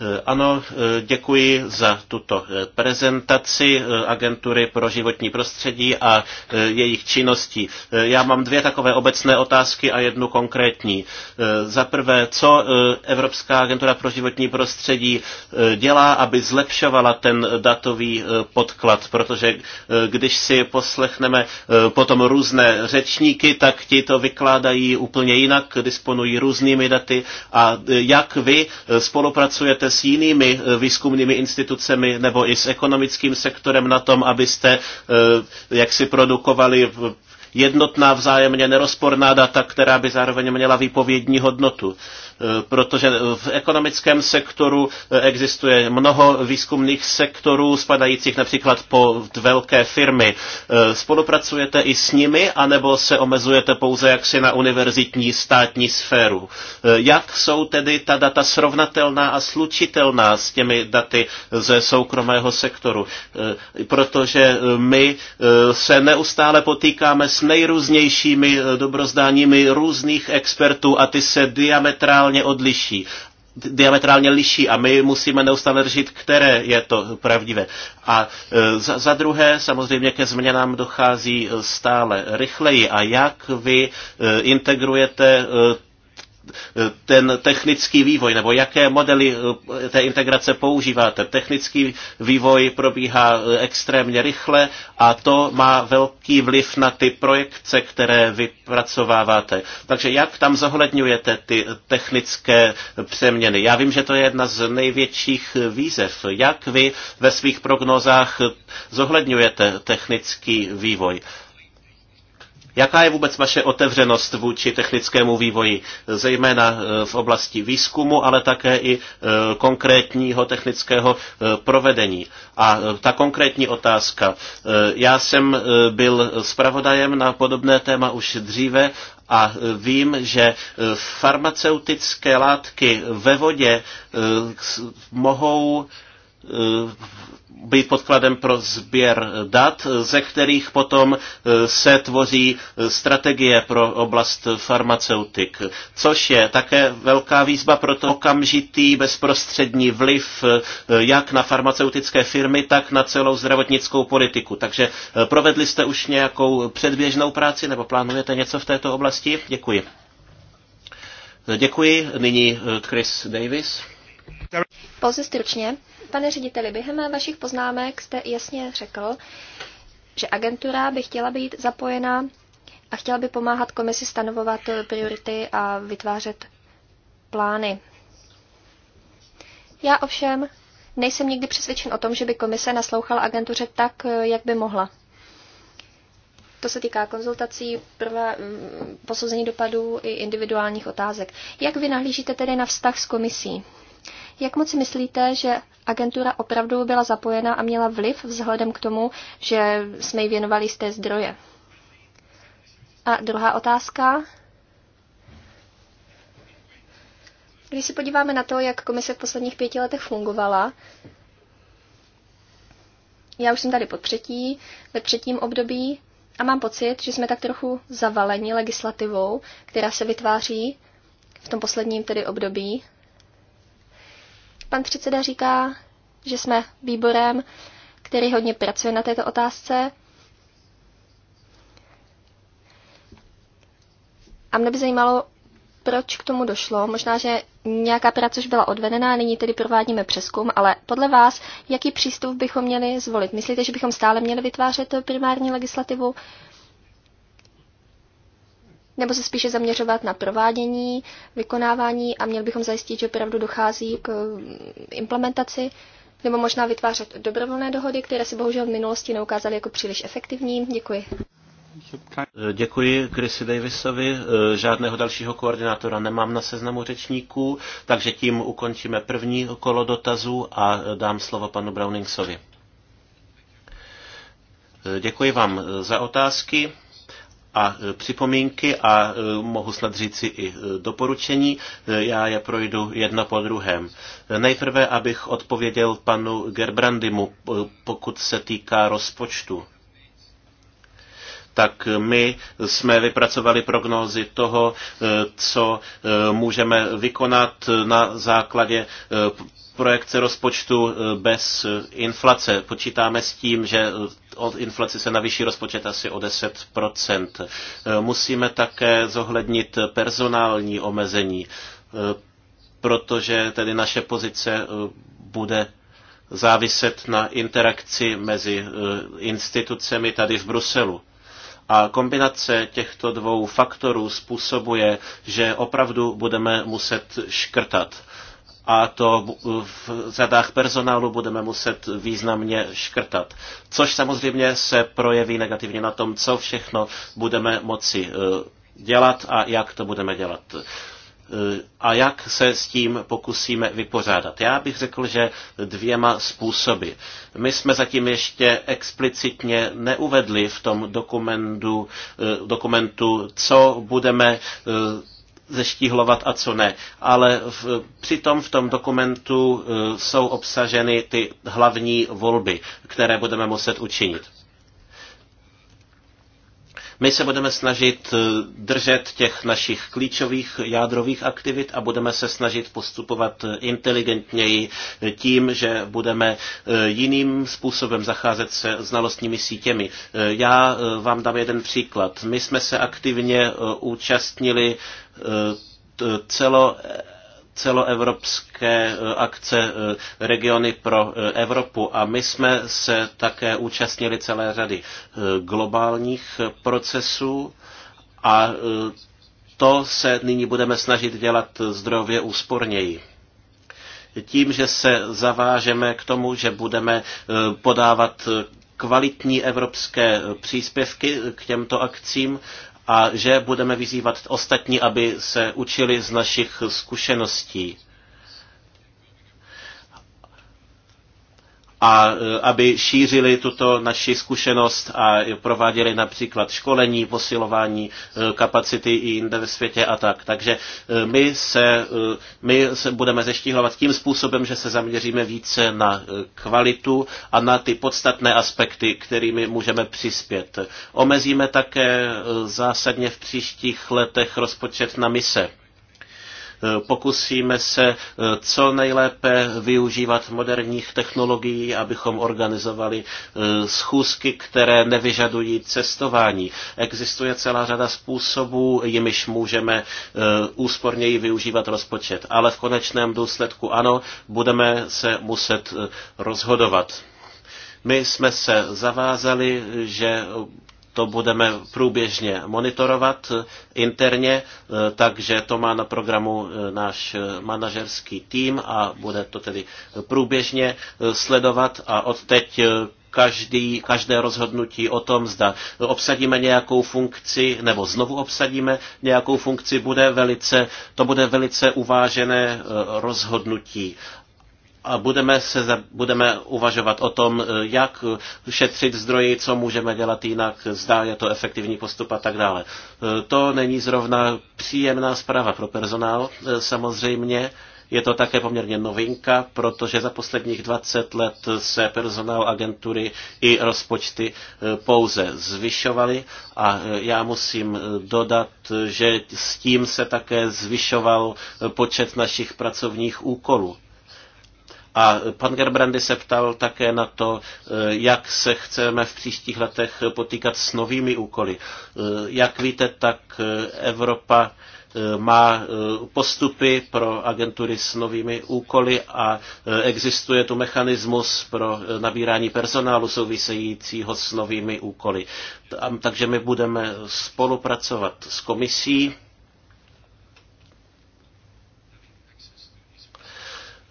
Eh, ano, eh, děkuji za tuto eh, prezentaci Agentury pro životní prostředí a jejich činností. Já mám dvě takové obecné otázky a jednu konkrétní. Za prvé, co Evropská agentura pro životní prostředí dělá, aby zlepšovala ten datový podklad, protože když si poslechneme potom různé řečníky, tak ti to vykládají úplně jinak, disponují různými daty a jak vy spolupracujete spolupráce s jinými eh, výzkumnými institucemi nebo i s ekonomickým sektorem na tom, abyste eh, jak si produkovali jednotná vzájemně nerozporná data, která by zároveň měla výpovědní hodnotu. E, protože v ekonomickém sektoru e, existuje mnoho výzkumných sektorů, spadajících například po velké firmy. E, spolupracujete i s nimi, anebo se omezujete pouze jaksi na univerzitní státní sféru? Jak jsou tedy ta data srovnatelná a slučitelná s těmi daty ze soukromého sektoru? Protože my se neustále potýkáme s s nejrůznějšími eh, dobrozdáními různých expertů a ty se diametrálně odliší diametrálně liší a my musíme neustále řešit, které je to pravdivé. A eh, za, za druhé, samozřejmě ke změnám dochází eh, stále rychleji. A jak vy integrujete Eh, ten technický vývoj, nebo jaké modely eh, té integrace používáte. Technický vývoj probíhá eh, extrémně rychle a to má velký vliv na ty projekce, které vypracováváte. Takže jak tam zohledňujete ty technické přeměny? Já vím, že to je jedna z největších výzev. Jak vy ve svých prognozách zohledňujete technický vývoj? Jaká je vůbec vaše otevřenost vůči technickému vývoji, zejména eh, v oblasti výzkumu, ale také i eh, konkrétního technického eh, provedení? A ta konkrétní otázka. Já jsem byl zpravodajem na podobné téma už dříve a vím, že farmaceutické látky ve vodě mohou Eh, být podkladem pro sběr dat, ze kterých potom eh, se tvoří eh, strategie pro oblast farmaceutik, což je také velká výzva pro to okamžitý bezprostřední vliv jak na farmaceutické firmy, tak na celou zdravotnickou politiku. Takže provedli jste už nějakou předběžnou práci nebo plánujete něco v této oblasti? Děkuji. Děkuji. Nyní Chris Davis. Pouze stručně. Pane řediteli, během vašich poznámek jste jasně řekl, že agentura by chtěla být zapojena a chtěla by pomáhat komisi stanovovat priority a vytvářet plány. Já ovšem nejsem nikdy přesvědčen o tom, že by komise naslouchala agentuře tak, jak by mohla. To se týká konzultací, prvé mm, posouzení dopadů i individuálních otázek. Jak vy nahlížíte tedy na vztah s komisí? Jak moc myslíte, že agentura opravdu byla zapojena a měla vliv vzhledem k tomu, že jsme ji věnovali z té zdroje? A druhá otázka. Když se podíváme na to, jak komise v posledních pěti letech fungovala, já už jsem tady po třetí, ve třetím období a mám pocit, že jsme tak trochu zavaleni legislativou, která se vytváří v tom posledním tedy období Pan předseda říká, že jsme výborem, který hodně pracuje na této otázce. A mne by zajímalo, proč k tomu došlo. Možná, že nějaká práce už byla odvedená, nyní tedy provádíme přeskum, ale podle vás, jaký přístup bychom měli zvolit? Myslíte, že bychom stále měli vytvářet primární legislativu? nebo se spíše zaměřovat na provádění, vykonávání a měli bychom zajistit, že opravdu dochází k eh, implementaci, nebo možná vytvářet dobrovolné dohody, které se bohužel v minulosti neukázaly jako příliš efektivní. Děkuji. Eh, děkuji Chrisi Davisovi. Eh, žádného dalšího koordinátora nemám na seznamu řečníků, takže tím ukončíme první kolo dotazů a dám slovo panu Browningsovi. Děkuji vám za otázky a e, připomínky a e, mohu snad si i e, doporučení. Já je projdu jedno po druhém. Nejprve, abych odpověděl panu Gerbrandimu, pokud se týká rozpočtu tak my jsme vypracovali prognózy toho, co můžeme vykonat na základě projekce rozpočtu eh, bez eh, inflace. Počítáme s tím, že eh, od inflace se navýší rozpočet asi o 10%. Musíme také zohlednit personální omezení, protože tedy naše pozice bude záviset na interakci mezi institucemi tady v Bruselu. A kombinace těchto dvou faktorů způsobuje, že opravdu budeme muset škrtat a to v řadách personálu budeme muset významně škrtat. Což samozřejmě se projeví negativně na tom, co všechno budeme moci eh, dělat a jak to budeme dělat eh, a jak se s tím pokusíme vypořádat. Já bych řekl, že dvěma způsoby. My jsme zatím ještě explicitně neuvedli v tom dokumentu, eh, dokumentu co budeme zeštíhlovat a co ne. Ale v, přitom v tom dokumentu eh, jsou obsaženy ty hlavní volby, které budeme muset učinit. My se budeme snažit eh, držet těch našich klíčových jádrových aktivit a budeme se snažit postupovat eh, inteligentněji tím, že budeme eh, jiným způsobem zacházet se znalostními sítěmi. Já vám dám jeden příklad. My jsme se aktivně účastnili celo celoevropské eh, akce eh, Regiony pro eh, Evropu a my jsme se také účastnili celé řady globálních procesů a to se nyní budeme snažit dělat zdrově úsporněji tím, že se zavážeme k tomu, že budeme podávat kvalitní evropské příspěvky k těmto akcím a že budeme vyzývat ostatní, aby se učili z našich zkušeností. a eh, aby šířili tuto naši zkušenost a prováděli například školení, posilování eh, kapacity i jinde ve světě a tak. Takže eh, my se, my se budeme zeštíhlovat tím způsobem, že se zaměříme více na kvalitu a na ty podstatné aspekty, kterými můžeme přispět. Omezíme také zásadně v příštích letech rozpočet na mise Pokusíme se eh, co nejlépe využívat moderních technologií, abychom organizovali eh, schůzky, které nevyžadují cestování. Existuje celá řada způsobů, jimiž můžeme eh, úsporněji využívat rozpočet. Ale v konečném důsledku ano, budeme se muset rozhodovat. My jsme se zavázali, že to budeme průběžně monitorovat interně, e, takže to má na programu e, náš e, manažerský tým a bude to tedy průběžně sledovat a od teď každý, každé rozhodnutí o tom, zda obsadíme nějakou funkci nebo znovu obsadíme nějakou funkci, bude velice, to bude velice uvážené rozhodnutí a budeme, se, budeme uvažovat o tom, jak šetřit zdroji, co můžeme dělat jinak, zda je to efektivní postup a tak dále. To není zrovna příjemná zpráva pro personál, samozřejmě. Je to také poměrně novinka, protože za posledních 20 let se personál agentury i rozpočty eh, pouze zvyšovaly a eh, já musím eh, dodat, že s tím se také zvyšoval počet našich pracovních úkolů. A pan Gerbrandy se ptal také na to, eh, jak se chceme v příštích letech potýkat s novými úkoly. Eh, jak víte, tak eh, Evropa má postupy pro agentury s novými úkoly a existuje tu mechanismus pro nabírání personálu souvisejícího s novými úkoly. Takže my budeme spolupracovat s komisí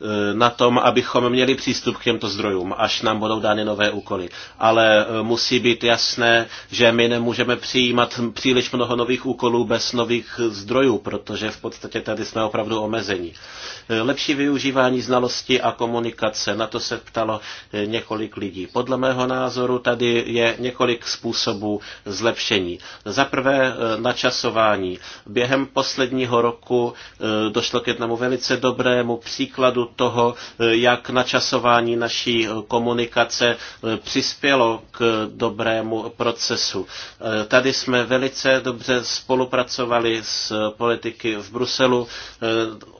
Eh, na tom, abychom měli přístup k těmto zdrojům, až nám budou dány nové úkoly. Ale eh, musí být jasné, že my nemůžeme přijímat příliš mnoho nových úkolů bez nových zdrojů, protože v podstatě tady jsme opravdu omezení. Eh, lepší využívání znalosti a komunikace, na to se ptalo několik lidí. Podle mého názoru tady je několik způsobů zlepšení. Za prvé načasování. Během posledního roku došlo k jednomu velice dobrému příkladu toho, jak načasování naší komunikace eh, přispělo k dobrému procesu. Eh, tady jsme velice dobře spolupracovali s politiky v Bruselu eh,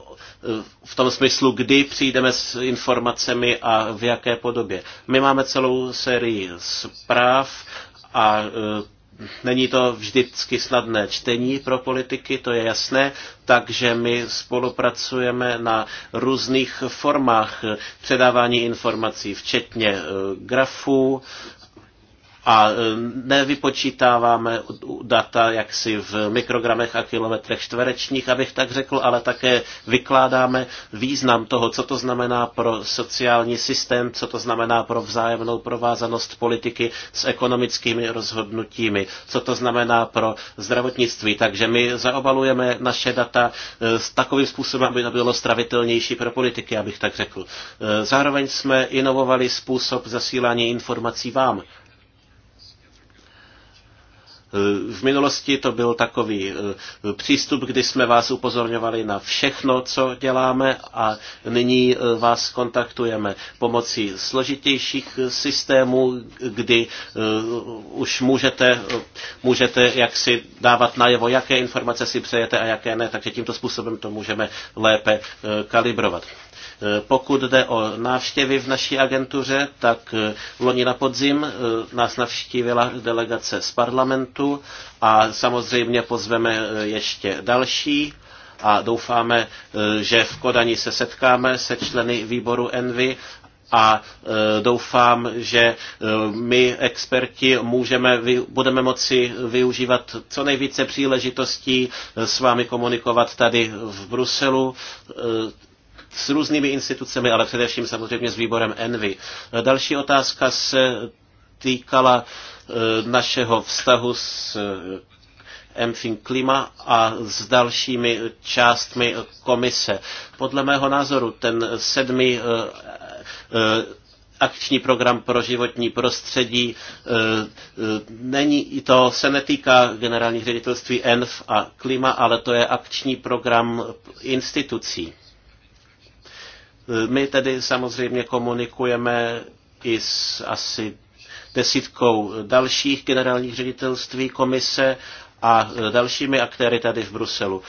v tom smyslu, kdy přijdeme s informacemi a v jaké podobě. My máme celou sérii zpráv a Není to vždycky snadné čtení pro politiky, to je jasné, takže my spolupracujeme na různých formách předávání informací, včetně eh, grafů, a e, nevypočítáváme data jaksi v mikrogramech a kilometrech čtverečních, abych tak řekl, ale také vykládáme význam toho, co to znamená pro sociální systém, co to znamená pro vzájemnou provázanost politiky s ekonomickými rozhodnutími, co to znamená pro zdravotnictví. Takže my zaobalujeme naše data e, s takovým způsobem, aby to bylo stravitelnější pro politiky, abych tak řekl. E, zároveň jsme inovovali způsob zasílání informací vám, Eh, v minulosti to byl takový eh, přístup, kdy jsme vás upozorňovali na všechno, co děláme a nyní eh, vás kontaktujeme pomocí složitějších systémů, kdy už můžete, můžete jaksi dávat najevo, jaké informace si přejete a jaké ne, takže tímto způsobem to můžeme lépe kalibrovat. Eh, pokud jde o návštěvy v naší agentuře, tak eh, loni na podzim eh, nás navštívila delegace z parlamentu a samozřejmě pozveme ještě další a doufáme, že v Kodani se setkáme se členy výboru Envy a doufám, že my experti můžeme, budeme moci využívat co nejvíce příležitostí s vámi komunikovat tady v Bruselu s různými institucemi, ale především samozřejmě s výborem Envy. Další otázka se týkala e, našeho vztahu s MFIN e, Klima a s dalšími částmi komise. Podle mého názoru ten sedmý e, akční program pro životní prostředí. Není, to se netýká generálních ředitelství ENF a klima, ale to je akční program institucí. My tedy samozřejmě komunikujeme i s asi desítkou dalších generálních ředitelství komise a dalšími aktéry tady v Bruselu.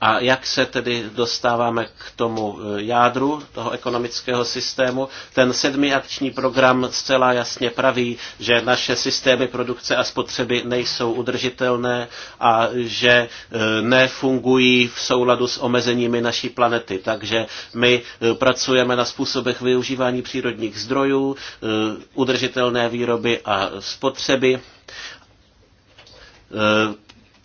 A jak se tedy dostáváme k tomu eh, jádru toho ekonomického systému? Ten sedmi akční program zcela jasně praví, že naše systémy produkce a spotřeby nejsou udržitelné a že eh, nefungují v souladu s omezeními naší planety. Takže my eh, pracujeme na způsobech využívání přírodních zdrojů, udržitelné výroby a spotřeby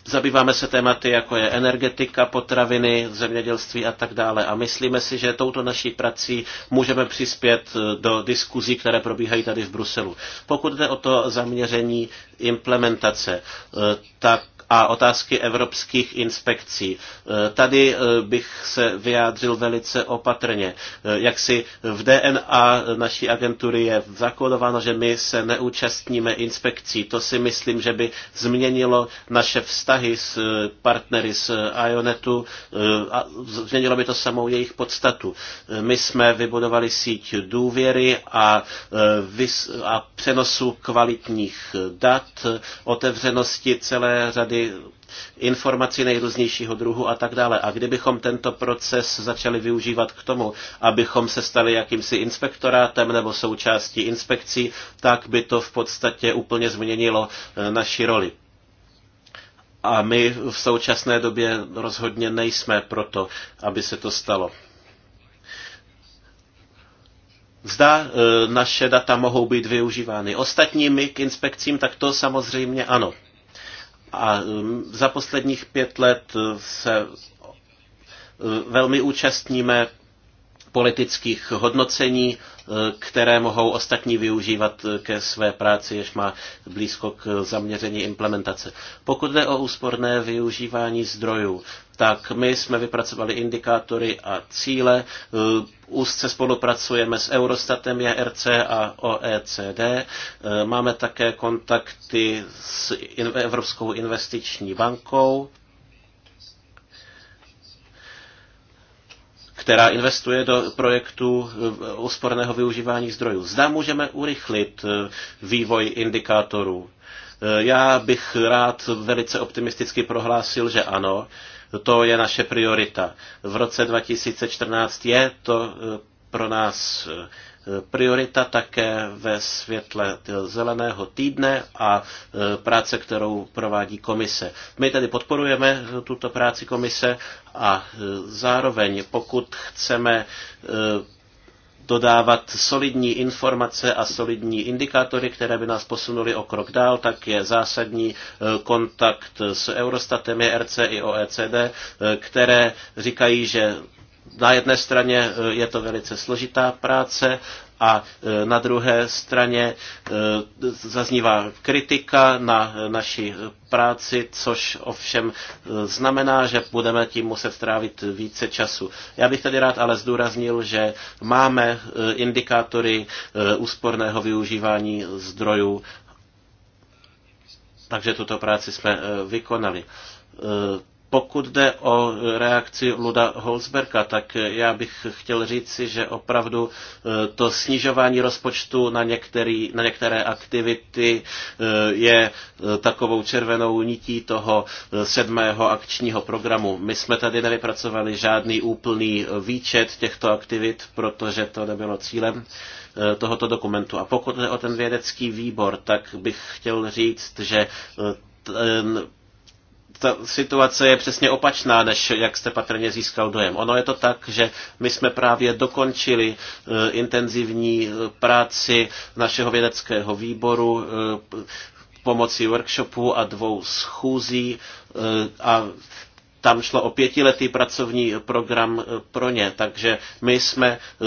Zabýváme se tématy, jako je energetika, potraviny, zemědělství a tak dále. A myslíme si, že touto naší prací můžeme přispět eh, do diskuzí, které probíhají tady v Bruselu. Pokud jde o to zaměření implementace, eh, tak a otázky evropských inspekcí. E, tady e, bych se vyjádřil velice opatrně. E, Jak si v DNA naší agentury je zakódováno, že my se neúčastníme inspekcí. To si myslím, že by změnilo naše vztahy s partnery z Ionetu a změnilo by to samou jejich podstatu. My jsme vybudovali síť důvěry a, a přenosu kvalitních dat, otevřenosti celé řady dohromady informací nejrůznějšího druhu a tak dále. A kdybychom tento proces začali využívat k tomu, abychom se stali jakýmsi inspektorátem nebo součástí inspekcí, tak by to v podstatě úplně změnilo eh, naši roli. A my v současné době rozhodně nejsme proto, aby se to stalo. Zda eh, naše data mohou být využívány ostatními k inspekcím, tak to samozřejmě ano. A um, za posledních pět let se uh, velmi účastníme politických hodnocení, eh, které mohou ostatní využívat eh, ke své práci, jež má blízko k zaměření implementace. Pokud jde o úsporné využívání zdrojů, tak my jsme vypracovali indikátory a cíle. Eh, úzce spolupracujeme s Eurostatem, JRC a OECD. Máme také kontakty s Evropskou investiční bankou která investuje do projektu eh, úsporného využívání zdrojů. Zda můžeme urychlit eh, vývoj indikátorů. Eh, já bych rád velice optimisticky prohlásil, že ano, to je naše priorita. V roce 2014 je to pro nás priorita také ve světle zeleného týdne a e, práce, kterou provádí komise. My tedy podporujeme e, tuto práci komise a e, zároveň, pokud chceme dodávat solidní informace a solidní indikátory, které by nás posunuli o krok dál, tak je zásadní kontakt s Eurostatem, ERC i OECD, které říkají, že na jedné straně e, je to velice složitá práce a e, na druhé straně e, zaznívá kritika na naši práci, což ovšem znamená, že budeme tím muset trávit více času. Já bych tady rád ale zdůraznil, že máme indikátory úsporného využívání zdrojů, takže tuto práci jsme vykonali pokud jde o reakci Luda Holzberka, tak já bych chtěl říci, že opravdu e, to snižování rozpočtu na, některý, na některé aktivity e, je e, takovou červenou nití toho sedmého akčního programu. My jsme tady nevypracovali žádný úplný výčet těchto aktivit, protože to nebylo cílem tohoto dokumentu. A pokud jde o ten vědecký výbor, tak bych chtěl říct, že ten ta situace je přesně opačná, než jak jste patrně získal dojem. Ono je to tak, že my jsme právě dokončili e, intenzivní e, práci našeho vědeckého výboru e, pomocí workshopu a dvou schůzí a tam šlo o pětiletý pracovní program eh, pro ně, takže my jsme eh,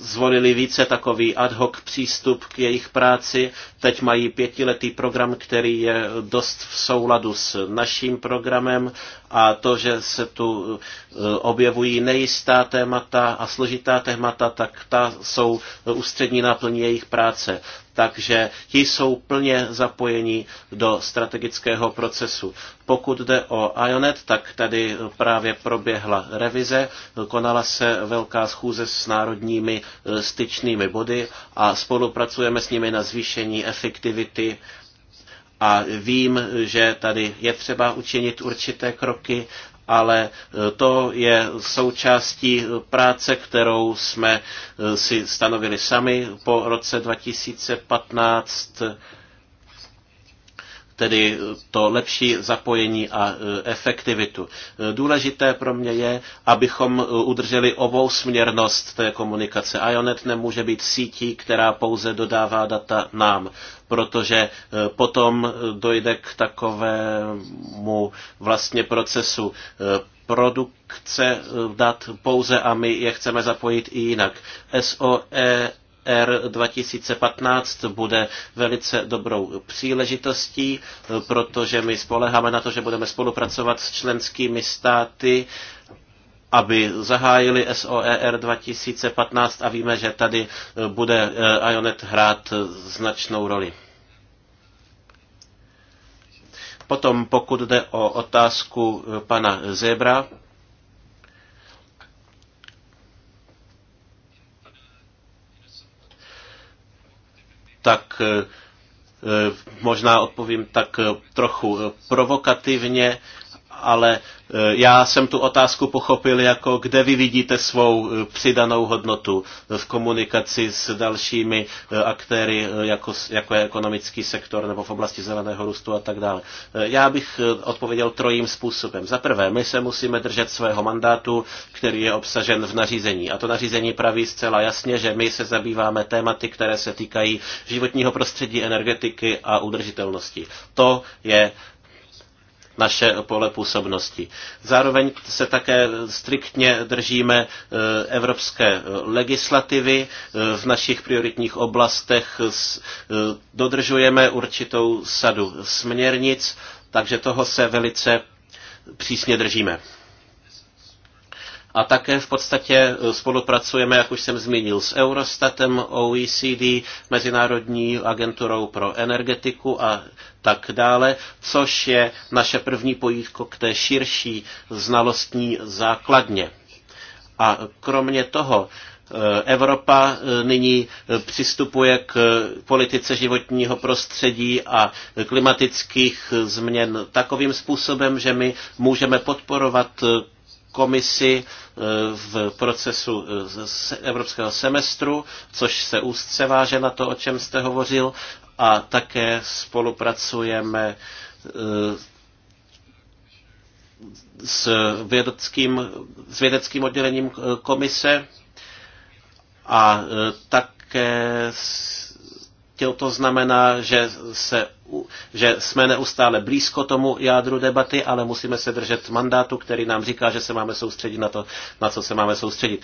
zvolili více takový ad hoc přístup k jejich práci. Teď mají pětiletý program, který je dost v souladu s naším programem a to, že se tu e, objevují nejistá témata a složitá témata, tak ta jsou ústřední náplní jejich práce. Takže ti jsou plně zapojeni do strategického procesu. Pokud jde o IONET, tak tady právě proběhla revize, konala se velká schůze s národními e, styčnými body a spolupracujeme s nimi na zvýšení efektivity a vím, že tady je třeba učinit určité kroky, ale e, to je součástí práce, kterou jsme e, si stanovili sami po roce 2015 tedy to lepší zapojení a e, efektivitu. E, důležité pro mě je, abychom e, udrželi ovou směrnost té komunikace. IONET nemůže být sítí, která pouze dodává data nám protože potom dojde k takovému vlastně procesu produkce dat pouze a my je chceme zapojit i jinak. SOE R 2015 bude velice dobrou příležitostí, protože my spoleháme na to, že budeme spolupracovat s členskými státy aby zahájili SOER 2015 a víme, že tady bude eh, Ionet hrát značnou roli. Potom pokud jde o otázku eh, pana Zebra, tak eh, eh, možná odpovím tak eh, trochu provokativně, ale e, já jsem tu otázku pochopil jako, kde vy vidíte svou e, přidanou hodnotu v komunikaci s dalšími e, aktéry, jako, jako je ekonomický sektor nebo v oblasti zeleného růstu a tak dále. Já bych odpověděl trojím způsobem. Za prvé, my se musíme držet svého mandátu, který je obsažen v nařízení. A to nařízení praví zcela jasně, že my se zabýváme tématy, které se týkají životního prostředí, energetiky a udržitelnosti. To je naše pole působnosti. Zároveň se také striktně držíme eh, evropské eh, legislativy eh, v našich prioritních oblastech, dodržujeme určitou sadu směrnic, takže toho se velice přísně držíme. A také v podstatě spolupracujeme, jak už jsem zmínil, s Eurostatem, OECD, Mezinárodní agenturou pro energetiku a tak dále, což je naše první pojítko k té širší znalostní základně. A kromě toho, eh, Evropa eh, nyní eh, přistupuje k politice životního prostředí a klimatických změn takovým způsobem, že my můžeme podporovat komisi eh, v procesu eh, evropského semestru, což se úzce váže na to, o čem jste hovořil, a také spolupracujeme eh, s vědeckým, s vědeckým oddělením komise a také to znamená, že, se, že jsme neustále blízko tomu jádru debaty, ale musíme se držet mandátu, který nám říká, že se máme soustředit na to, na co se máme soustředit.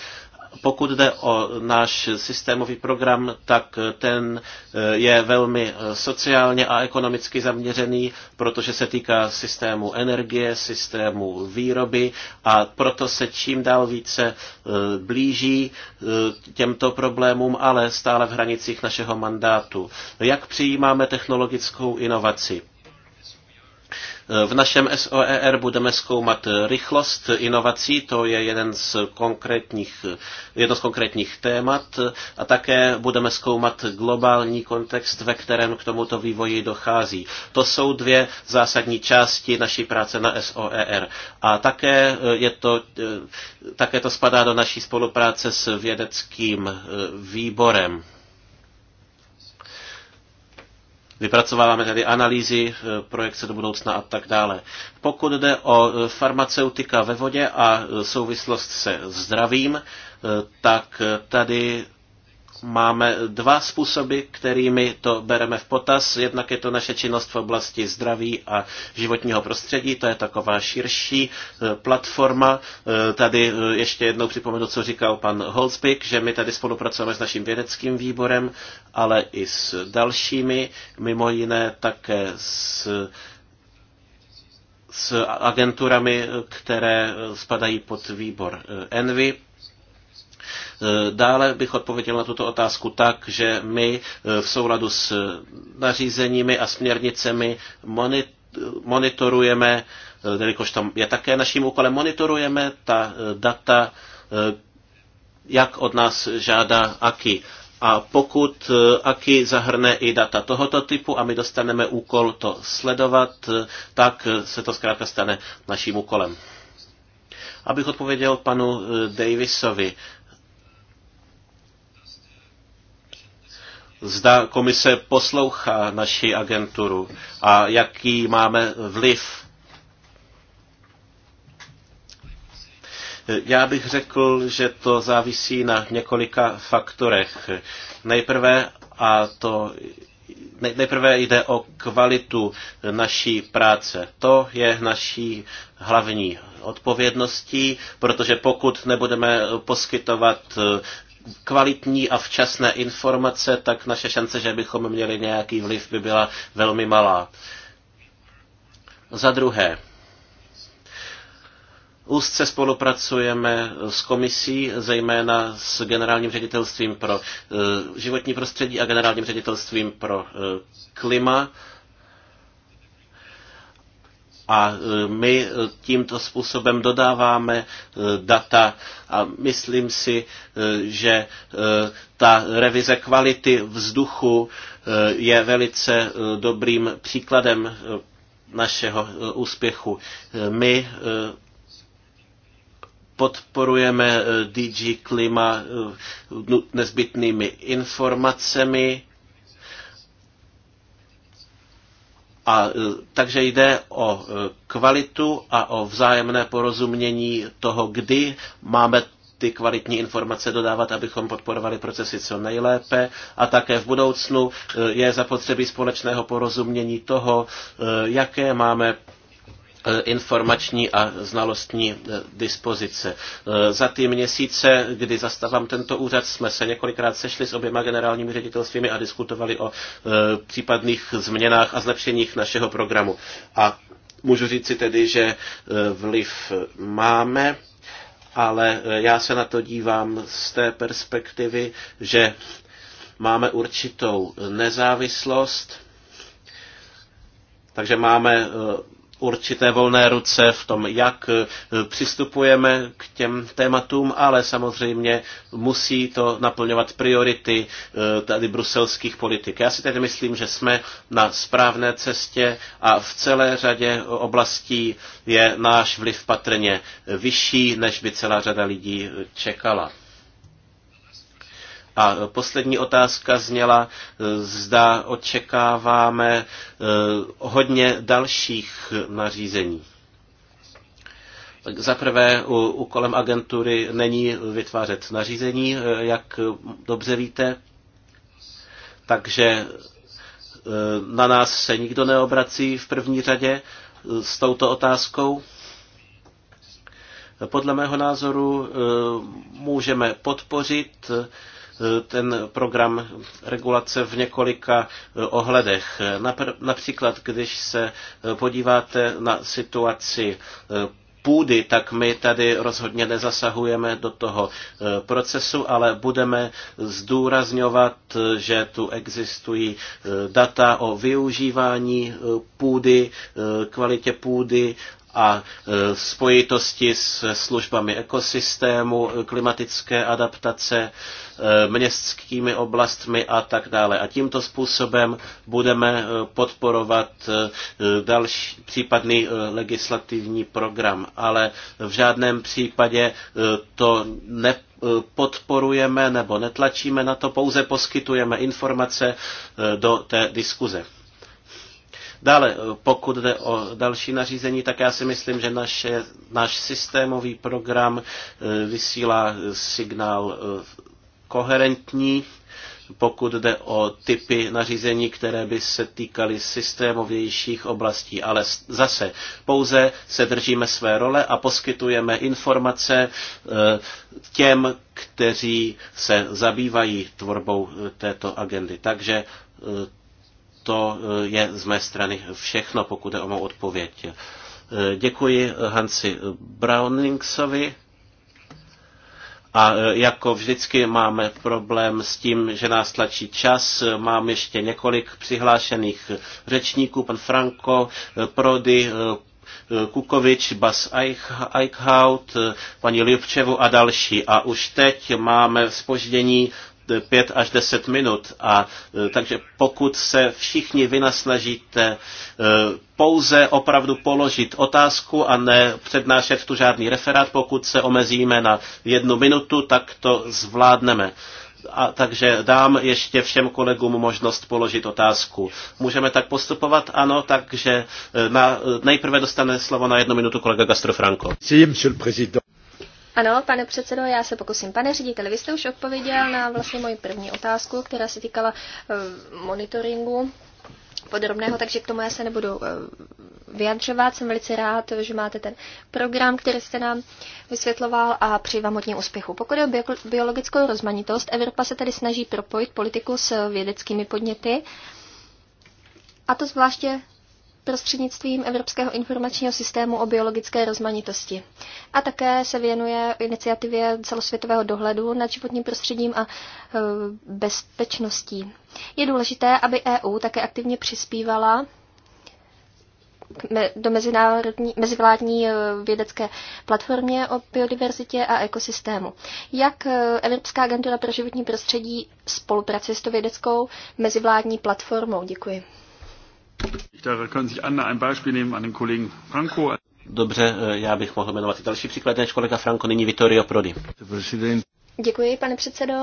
Pokud jde o náš systémový program, tak ten eh, je velmi eh, sociálně a ekonomicky zaměřený, protože se týká systému energie, systému výroby a proto se čím dál více eh, blíží těmto problémům, ale stále v hranicích našeho mandátu. Jak přijímáme technologickou inovaci? V našem SOER budeme zkoumat rychlost inovací, to je jeden z konkrétních, jedno z konkrétních témat a také budeme zkoumat globální kontext, ve kterém k tomuto vývoji dochází. To jsou dvě zásadní části naší práce na SOER. A také, je to, také to spadá do naší spolupráce s vědeckým výborem. Vypracováváme tady analýzy, eh, projekce do budoucna a tak dále. Pokud jde o eh, farmaceutika ve vodě a eh, souvislost se zdravím, tak tady máme dva způsoby, kterými to bereme v potaz. Jednak je to naše činnost v oblasti zdraví a životního prostředí, to je taková širší e, platforma. E, tady e, ještě jednou připomenu, co říkal pan Holzbik, že my tady spolupracujeme s naším vědeckým výborem, ale i s dalšími, mimo jiné také s s agenturami, které spadají pod výbor Envy. Eh, dále bych odpověděl na tuto otázku tak, že my eh, v souladu s eh, nařízeními a směrnicemi monitorujeme, jelikož tam je také naším úkolem, monitorujeme ta data, jak od nás žádá AKI. A pokud AKI zahrne i data tohoto typu a my dostaneme úkol to sledovat, tak se to zkrátka stane naším úkolem. Abych odpověděl panu Davisovi, zda komise poslouchá naši agenturu a jaký máme vliv. Já bych řekl, že to závisí na několika faktorech. Nejprve, a to nejprve jde o kvalitu naší práce. To je naší hlavní odpovědností, protože pokud nebudeme poskytovat kvalitní a včasné informace, tak naše šance, že bychom měli nějaký vliv, by byla velmi malá. Za druhé, Úzce spolupracujeme s komisí, zejména s generálním ředitelstvím pro eh, životní prostředí a generálním ředitelstvím pro eh, klima a e, my e, tímto způsobem dodáváme e, data a myslím si, že ta revize kvality vzduchu je velice dobrým příkladem našeho úspěchu. My podporujeme DG Klima nezbytnými informacemi, A, e, takže jde o e, kvalitu a o vzájemné porozumění toho, kdy máme ty kvalitní informace dodávat, abychom podporovali procesy co nejlépe a také v budoucnu e, je zapotřebí společného porozumění toho, jaké máme Eh, informační a znalostní eh, dispozice. Eh, za ty měsíce, kdy zastávám tento úřad, jsme se několikrát sešli s oběma generálními ředitelstvími a diskutovali o případných změnách a zlepšeních našeho programu. A můžu říci tedy, že vliv máme, ale já se na to dívám z té perspektivy, že máme určitou nezávislost, takže máme určité volné ruce v tom, jak e, přistupujeme k těm tématům, ale samozřejmě musí to naplňovat priority e, tady bruselských politik. Já si tedy myslím, že jsme na správné cestě a v celé řadě oblastí je náš vliv patrně vyšší, než by celá řada lidí čekala. A poslední otázka zněla, e, zda očekáváme e, hodně dalších nařízení. Za prvé, úkolem agentury není vytvářet nařízení, e, jak dobře víte, takže na nás se nikdo neobrací v první řadě s touto otázkou. Podle mého názoru můžeme podpořit Eh, ten program regulace v několika eh, ohledech. Například, když se eh, podíváte na situaci půdy, tak my tady rozhodně nezasahujeme do toho procesu, ale budeme zdůrazňovat, že tu existují data o využívání půdy, kvalitě půdy a e, spojitosti s službami ekosystému, e, klimatické adaptace, e, městskými oblastmi a tak dále. A tímto způsobem budeme podporovat další případný legislativní program, ale v žádném případě to ne podporujeme nebo netlačíme na to, pouze poskytujeme informace do té diskuze. Dále, eh, pokud jde o další nařízení, tak já si myslím, že naše, náš systémový program eh, vysílá eh, signál koherentní, pokud jde o typy nařízení, které by se týkaly systémovějších oblastí. Ale zase pouze se držíme své role a poskytujeme informace těm, kteří se zabývají tvorbou této agendy. Takže to eh, je z mé strany všechno, pokud je o mou odpověď. Eh, děkuji Hansi Browningsovi. A eh, jako vždycky máme problém s tím, že nás tlačí čas. Mám ještě několik přihlášených řečníků. Pan Franko, Prody, Kukovič, Bas Eichhout, paní Ljubčevu a další. A už teď máme spoždění pět až deset minut. A e, takže pokud se všichni vynasnažíte e, pouze opravdu položit otázku a ne přednášet tu žádný referát, pokud se omezíme na jednu minutu, tak to zvládneme. A, takže dám ještě všem kolegům možnost položit otázku. Můžeme tak postupovat? Ano, takže e, na, nejprve dostane slovo na jednu minutu kolega Gastrofranco. Ano, pane předsedo, já se pokusím. Pane řediteli, vy jste už odpověděl na vlastně moji první otázku, která se týkala eh, monitoringu podrobného, takže k tomu já se nebudu eh, vyjadřovat. Jsem velice rád, že máte ten program, který jste nám vysvětloval a přeji vám hodně úspěchu. Pokud je o biologickou rozmanitost, Evropa se tady snaží propojit politiku s vědeckými podněty. A to zvláště prostřednictvím Evropského informačního systému o biologické rozmanitosti. A také se věnuje iniciativě celosvětového dohledu nad životním prostředím a e, bezpečností. Je důležité, aby EU také aktivně přispívala do mezinárodní, mezivládní e, vědecké platformě o biodiverzitě a ekosystému. Jak e, Evropská agentura pro životní prostředí spolupracuje s tou vědeckou mezivládní platformou? Děkuji. Dobře, eh, já bych mohl jmenovat další příklad, než kolega Franco, nyní Vittorio Prodi. Děkuji, pane předsedo.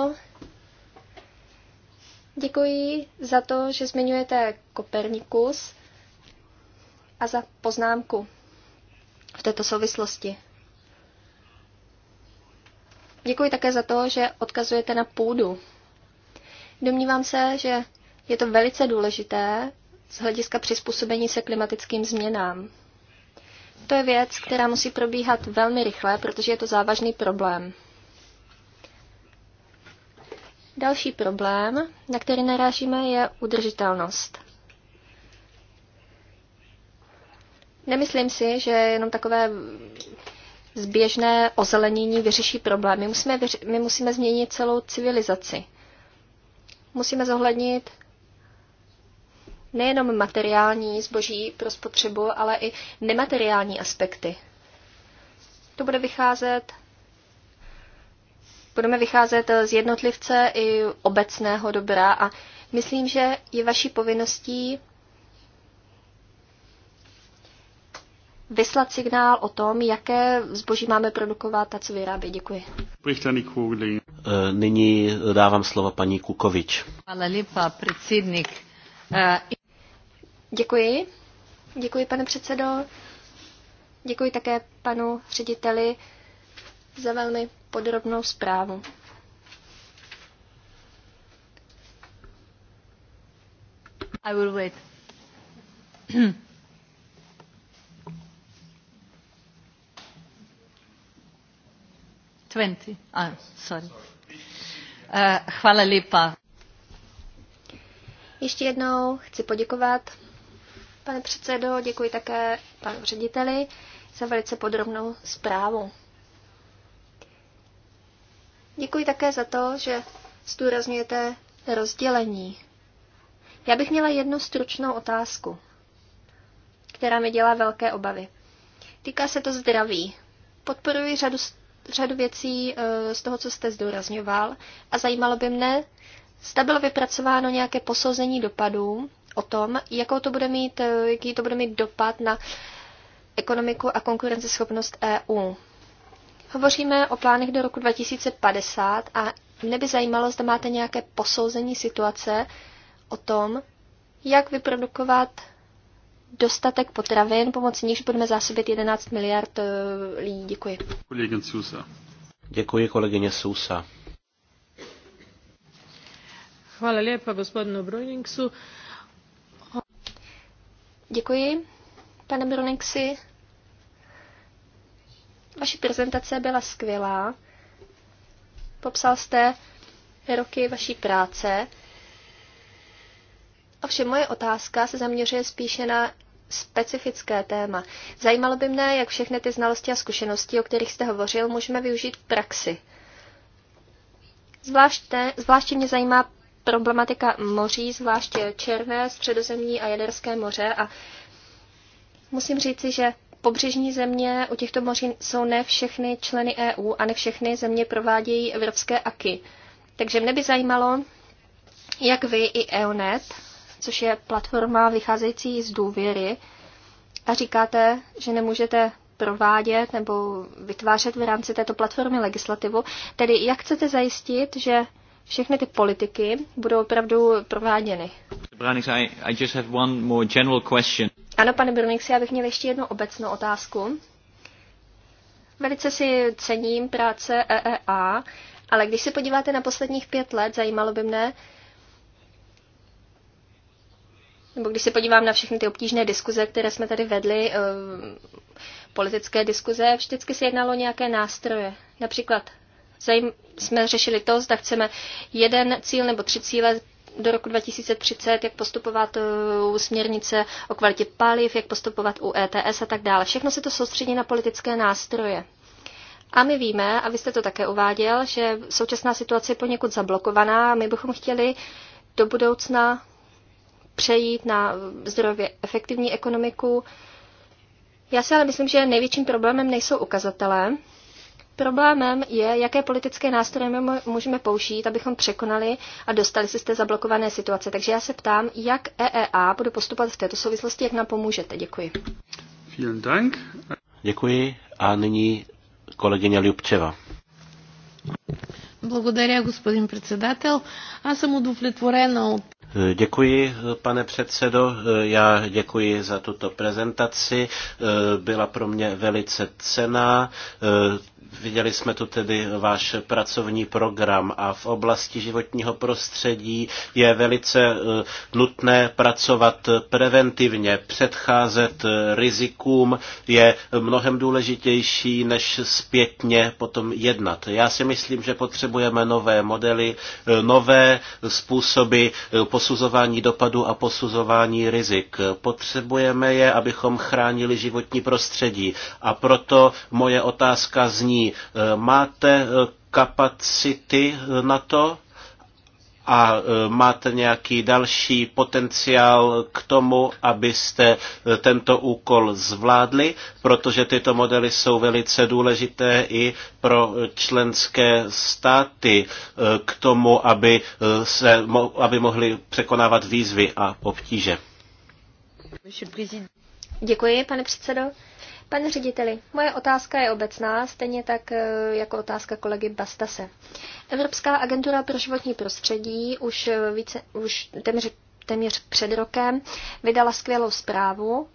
Děkuji za to, že zmiňujete Kopernikus a za poznámku v této souvislosti. Děkuji také za to, že odkazujete na půdu. Domnívám se, že je to velice důležité z hlediska přizpůsobení se klimatickým změnám. To je věc, která musí probíhat velmi rychle, protože je to závažný problém. Další problém, na který narážíme, je udržitelnost. Nemyslím si, že jenom takové zběžné ozelenění vyřeší problémy. My musíme, my musíme změnit celou civilizaci. Musíme zohlednit nejenom materiální zboží pro spotřebu, ale i nemateriální aspekty. To bude vycházet, budeme vycházet z jednotlivce i obecného dobra a myslím, že je vaší povinností vyslat signál o tom, jaké zboží máme produkovat a co vyrábět. Děkuji. Nyní dávám slovo paní Kukovič. Ale lipa, Děkuji. Děkuji, pane předsedo. Děkuji také panu řediteli za velmi podrobnou zprávu. I will wait. Twenty. Ah, sorry. Uh, eh, chvala Ještě jednou chci poděkovat pane předsedo, děkuji také panu řediteli za velice podrobnou zprávu. Děkuji také za to, že zdůrazňujete rozdělení. Já bych měla jednu stručnou otázku, která mi dělá velké obavy. Týká se to zdraví. Podporuji řadu, řadu věcí eh, z toho, co jste zdůrazňoval a zajímalo by mne, zda bylo vypracováno nějaké posouzení dopadů o tom, jakou to bude mít, eh, jaký to bude mít dopad na ekonomiku a konkurenceschopnost EU. Hovoříme o plánech do roku 2050 a mě by zajímalo, zda máte nějaké posouzení situace o tom, jak vyprodukovat dostatek potravin, pomocí nichž budeme zásobit 11 miliard eh, lidí. Děkuji. Děkuji kolegyně Sousa. Hvala lijepa gospodinu Brojningsu. Děkuji, pane Bronexi. Vaše prezentace byla skvělá. Popsal jste roky vaší práce. Ovšem moje otázka se zaměřuje spíše na specifické téma. Zajímalo by mne, jak všechny ty znalosti a zkušenosti, o kterých jste hovořil, můžeme využít v praxi. Zvláště, zvláště mě zajímá problematika moří, zvláště Černé, Středozemní a Jaderské moře a musím říci, že pobřežní země u těchto moří jsou ne všechny členy EU a ne všechny země provádějí evropské aky. Takže mne by zajímalo, jak vy i EONET, což je platforma vycházející z důvěry, a říkáte, že nemůžete provádět nebo vytvářet v rámci této platformy legislativu. Tedy jak chcete zajistit, že všechny ty politiky budou opravdu prováděny. Brunix, I, I just have one more general question. Ano, pane Brunix, já bych měl ještě jednu obecnou otázku. Velice si cením práce EEA, ale když se podíváte na posledních pět let, zajímalo by mne, nebo když se podívám na všechny ty obtížné diskuze, které jsme tady vedli, eh, politické diskuze, vždycky se jednalo o nějaké nástroje. Například zajím, jsme řešili to, zda chceme jeden cíl nebo tři cíle do roku 2030, jak postupovat u směrnice o kvalitě paliv, jak postupovat u ETS a tak dále. Všechno se to soustředí na politické nástroje. A my víme, a vy jste to také uváděl, že současná situace je poněkud zablokovaná a my bychom chtěli do budoucna přejít na zdrově efektivní ekonomiku. Já si ale myslím, že největším problémem nejsou ukazatele, Problémem je, jaké politické nástroje můžeme použít, abychom překonali a dostali se z té zablokované situace. Takže já se ptám, jak EEA bude postupovat v této souvislosti, jak nám pomůžete. Děkuji. Vielen Dank. Děkuji a nyní kolegyně Ljubčeva. Благодаря, господин председател. Аз съм удовлетворена от... Děkuji, pane předsedo. Já děkuji za tuto prezentaci. Byla pro mě velice cená. Viděli jsme tu tedy váš pracovní program a v oblasti životního prostředí je velice eh, nutné pracovat preventivně, předcházet rizikům je mnohem důležitější, než zpětně potom jednat. Já si myslím, že potřebujeme potřebujeme nové modely, eh, nové způsoby eh, posuzování dopadu a posuzování rizik. Potřebujeme je, abychom chránili životní prostředí. A proto moje otázka zní, eh, máte kapacity na to? a e, máte nějaký další potenciál k tomu, abyste e, tento úkol zvládli, protože tyto modely jsou velice důležité i pro členské státy e, k tomu, aby, se, aby mohli překonávat výzvy a obtíže. Děkuji, pane předsedo. Pane řediteli, moje otázka je obecná, stejně tak e, jako otázka kolegy Bastase. Evropská agentura pro životní prostředí už, e, více, už téměř, téměř před rokem vydala skvělou zprávu,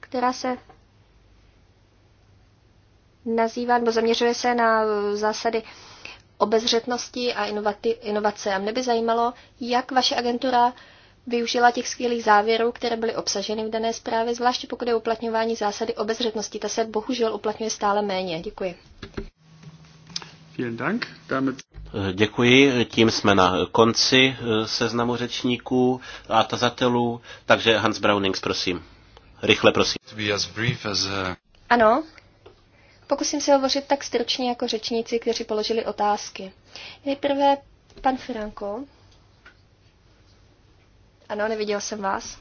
která se nazývá nebo zaměřuje se na e, zásady obezřetnosti a inovace. A mne by zajímalo, jak vaše agentura využila těch skvělých závěrů, které byly obsaženy v dané zprávě, zvláště pokud je uplatňování zásady obezřetnosti. Ta se bohužel uplatňuje stále méně. Děkuji. Děkuji, tím jsme na konci eh, seznamu řečníků a tazatelů, takže Hans Brownings, prosím. Rychle, prosím. Eh, ano, pokusím se hovořit tak stručně jako řečníci, kteří položili otázky. Nejprve pan Franko. Ano, neviděl jsem vás.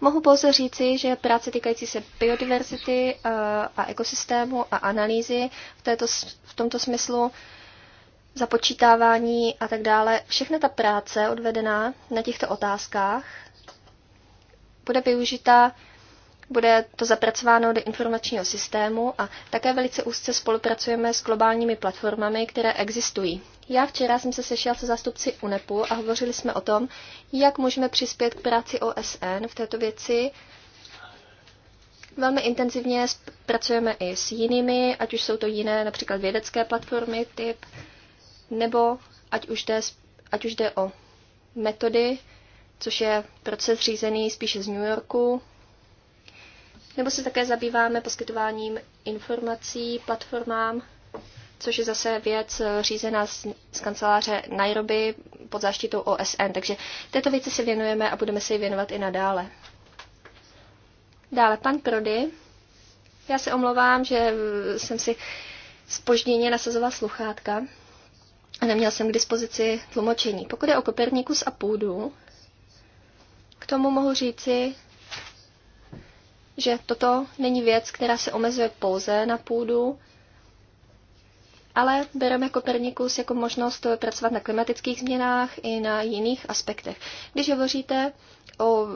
Mohu pouze říci, že práce týkající se biodiverzity eh, a ekosystému a analýzy v, této, v tomto smyslu započítávání a tak dále, všechna ta práce odvedená na těchto otázkách bude využita bude to zapracováno do informačního systému a také velice úzce spolupracujeme s globálními platformami, které existují. Já včera jsem se sešel se zástupci UNEPu a hovořili jsme o tom, jak můžeme přispět k práci OSN v této věci. Velmi intenzivně pracujeme i s jinými, ať už jsou to jiné, například vědecké platformy typ, nebo ať už jde, ať už jde o metody, což je proces řízený spíše z New Yorku, nebo se také zabýváme poskytováním informací platformám, což je zase věc eh, řízená z, z kanceláře Nairobi pod záštitou OSN. Takže této věci se věnujeme a budeme se ji věnovat i nadále. Dále pan Prody. Já se omlouvám, že eh, jsem si spožděně nasazovala sluchátka a neměl jsem k dispozici tlumočení. Pokud je o Kopernikus a půdu, k tomu mohu říci, že toto není věc, která se omezuje pouze na půdu, ale bereme pernikus jako možnost pracovat na klimatických změnách i na jiných aspektech. Když hovoříte o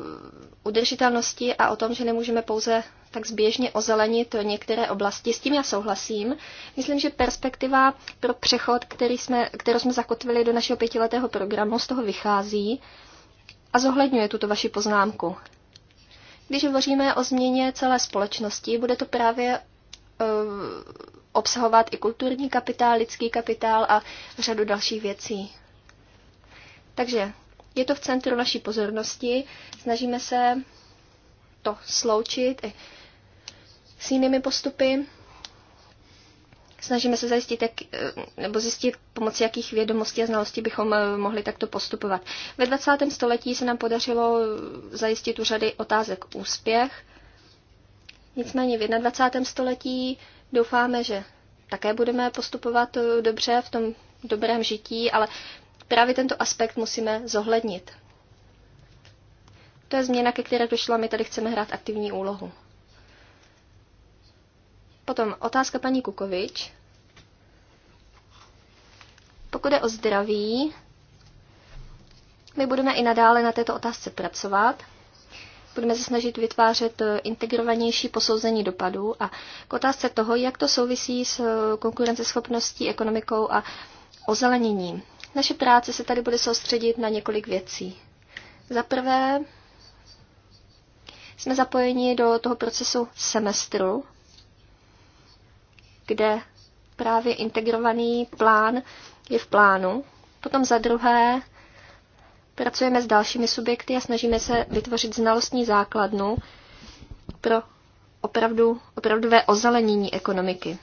udržitelnosti a o tom, že nemůžeme pouze tak zběžně ozelenit některé oblasti, s tím já souhlasím. Myslím, že perspektiva pro přechod, který jsme, kterou jsme zakotvili do našeho pětiletého programu, z toho vychází a zohledňuje tuto vaši poznámku. Když hovoříme o změně celé společnosti, bude to právě eh, obsahovat i kulturní kapitál, lidský kapitál a řadu dalších věcí. Takže je to v centru naší pozornosti, snažíme se to sloučit i s jinými postupy. Snažíme se zajistit, jak, eh, nebo zjistit pomocí jakých vědomostí a znalostí bychom eh, mohli takto postupovat. Ve 20. století se nám podařilo eh, zajistit u řady otázek úspěch. Nicméně v 21. století doufáme, že také budeme postupovat dobře v tom dobrém žití, ale právě tento aspekt musíme zohlednit. To je změna, ke které došlo a my tady chceme hrát aktivní úlohu. Potom otázka paní Kukovič. Pokud je o zdraví, my budeme i nadále na této otázce pracovat. Budeme se snažit vytvářet eh, integrovanější posouzení dopadů a k otázce toho, jak to souvisí s eh, konkurenceschopností, ekonomikou a ozeleněním. Naše práce se tady bude soustředit na několik věcí. Za prvé jsme zapojeni do toho procesu semestru, kde právě integrovaný plán je v plánu. Potom za druhé pracujeme s dalšími subjekty a snažíme se vytvořit znalostní základnu pro opravdu, opravdové ozelenění ekonomiky.